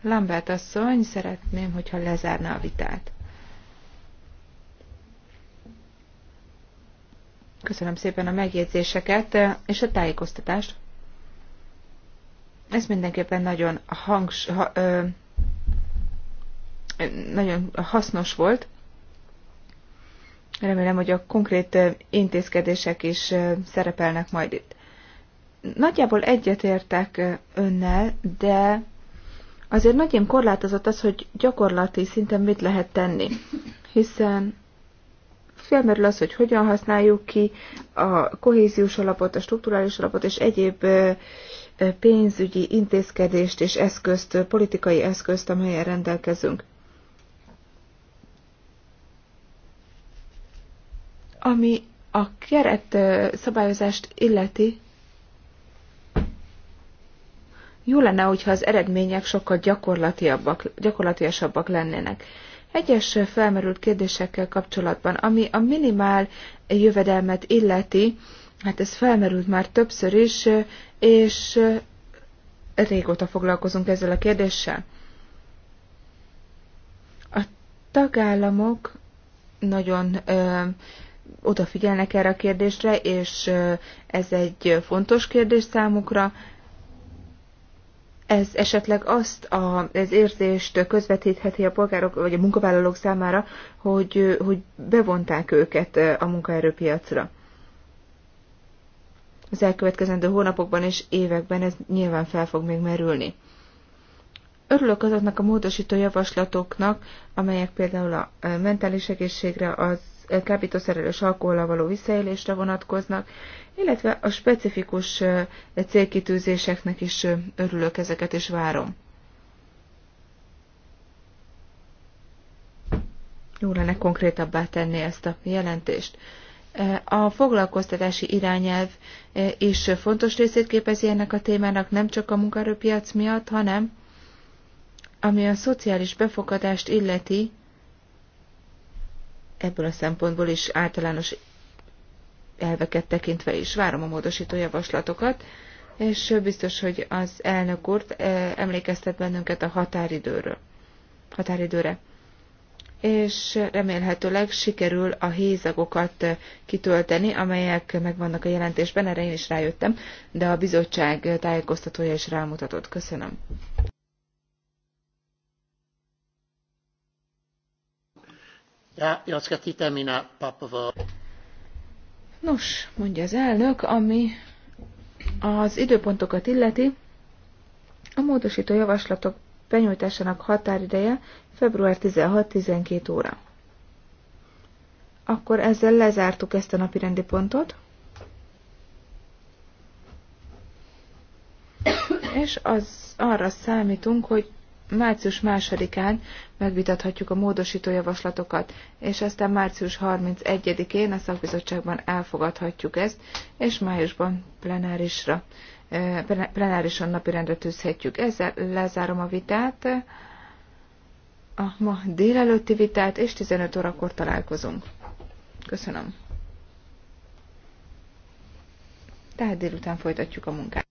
Lambert asszony, szeretném, hogyha lezárná a vitát. Köszönöm szépen a megjegyzéseket és a tájékoztatást. Ez mindenképpen nagyon hangs, ha, ö, nagyon hasznos volt. Remélem, hogy a konkrét eh, intézkedések is eh, szerepelnek majd itt. Nagyjából egyetértek eh, önnel, de azért nagyon korlátozott az, hogy gyakorlati szinten mit lehet tenni, hiszen felmerül az, hogy hogyan használjuk ki a kohéziós alapot, a strukturális alapot és egyéb pénzügyi intézkedést és eszközt, politikai eszközt, amelyen rendelkezünk. Ami a keret szabályozást illeti, jó lenne, hogyha az eredmények sokkal gyakorlatiabbak, gyakorlatiasabbak lennének. Egyes felmerült kérdésekkel kapcsolatban, ami a minimál jövedelmet illeti, hát ez felmerült már többször is, és régóta foglalkozunk ezzel a kérdéssel. A tagállamok nagyon ö, odafigyelnek erre a kérdésre, és ez egy fontos kérdés számukra. Ez esetleg azt a, az érzést közvetítheti a polgárok vagy a munkavállalók számára, hogy, hogy bevonták őket a munkaerőpiacra. Az elkövetkezendő hónapokban és években ez nyilván fel fog még merülni. Örülök azoknak a módosító javaslatoknak, amelyek például a mentális egészségre, az kábítószerelős és való visszaélésre vonatkoznak, illetve a specifikus célkitűzéseknek is örülök ezeket, és várom. Jó lenne konkrétabbá tenni ezt a jelentést. A foglalkoztatási irányelv is fontos részét képezi ennek a témának, nem csak a munkaerőpiac miatt, hanem ami a szociális befogadást illeti, ebből a szempontból is általános elveket tekintve is várom a módosító javaslatokat, és biztos, hogy az elnök úr eh, emlékeztet bennünket a határidőről, határidőre. És remélhetőleg sikerül a hézagokat eh, kitölteni, amelyek megvannak a jelentésben, erre én is rájöttem, de a bizottság tájékoztatója is rámutatott. Köszönöm. Nos, mondja az elnök, ami az időpontokat illeti, a módosító javaslatok benyújtásának határideje február 16-12 óra. Akkor ezzel lezártuk ezt a napi rendi pontot. És az arra számítunk, hogy március másodikán megvitathatjuk a módosító javaslatokat, és aztán március 31-én a szakbizottságban elfogadhatjuk ezt, és májusban plenárisra, plenárison napirendre tűzhetjük. Ezzel lezárom a vitát, a ma délelőtti vitát, és 15 órakor találkozunk. Köszönöm. Tehát délután folytatjuk a munkát.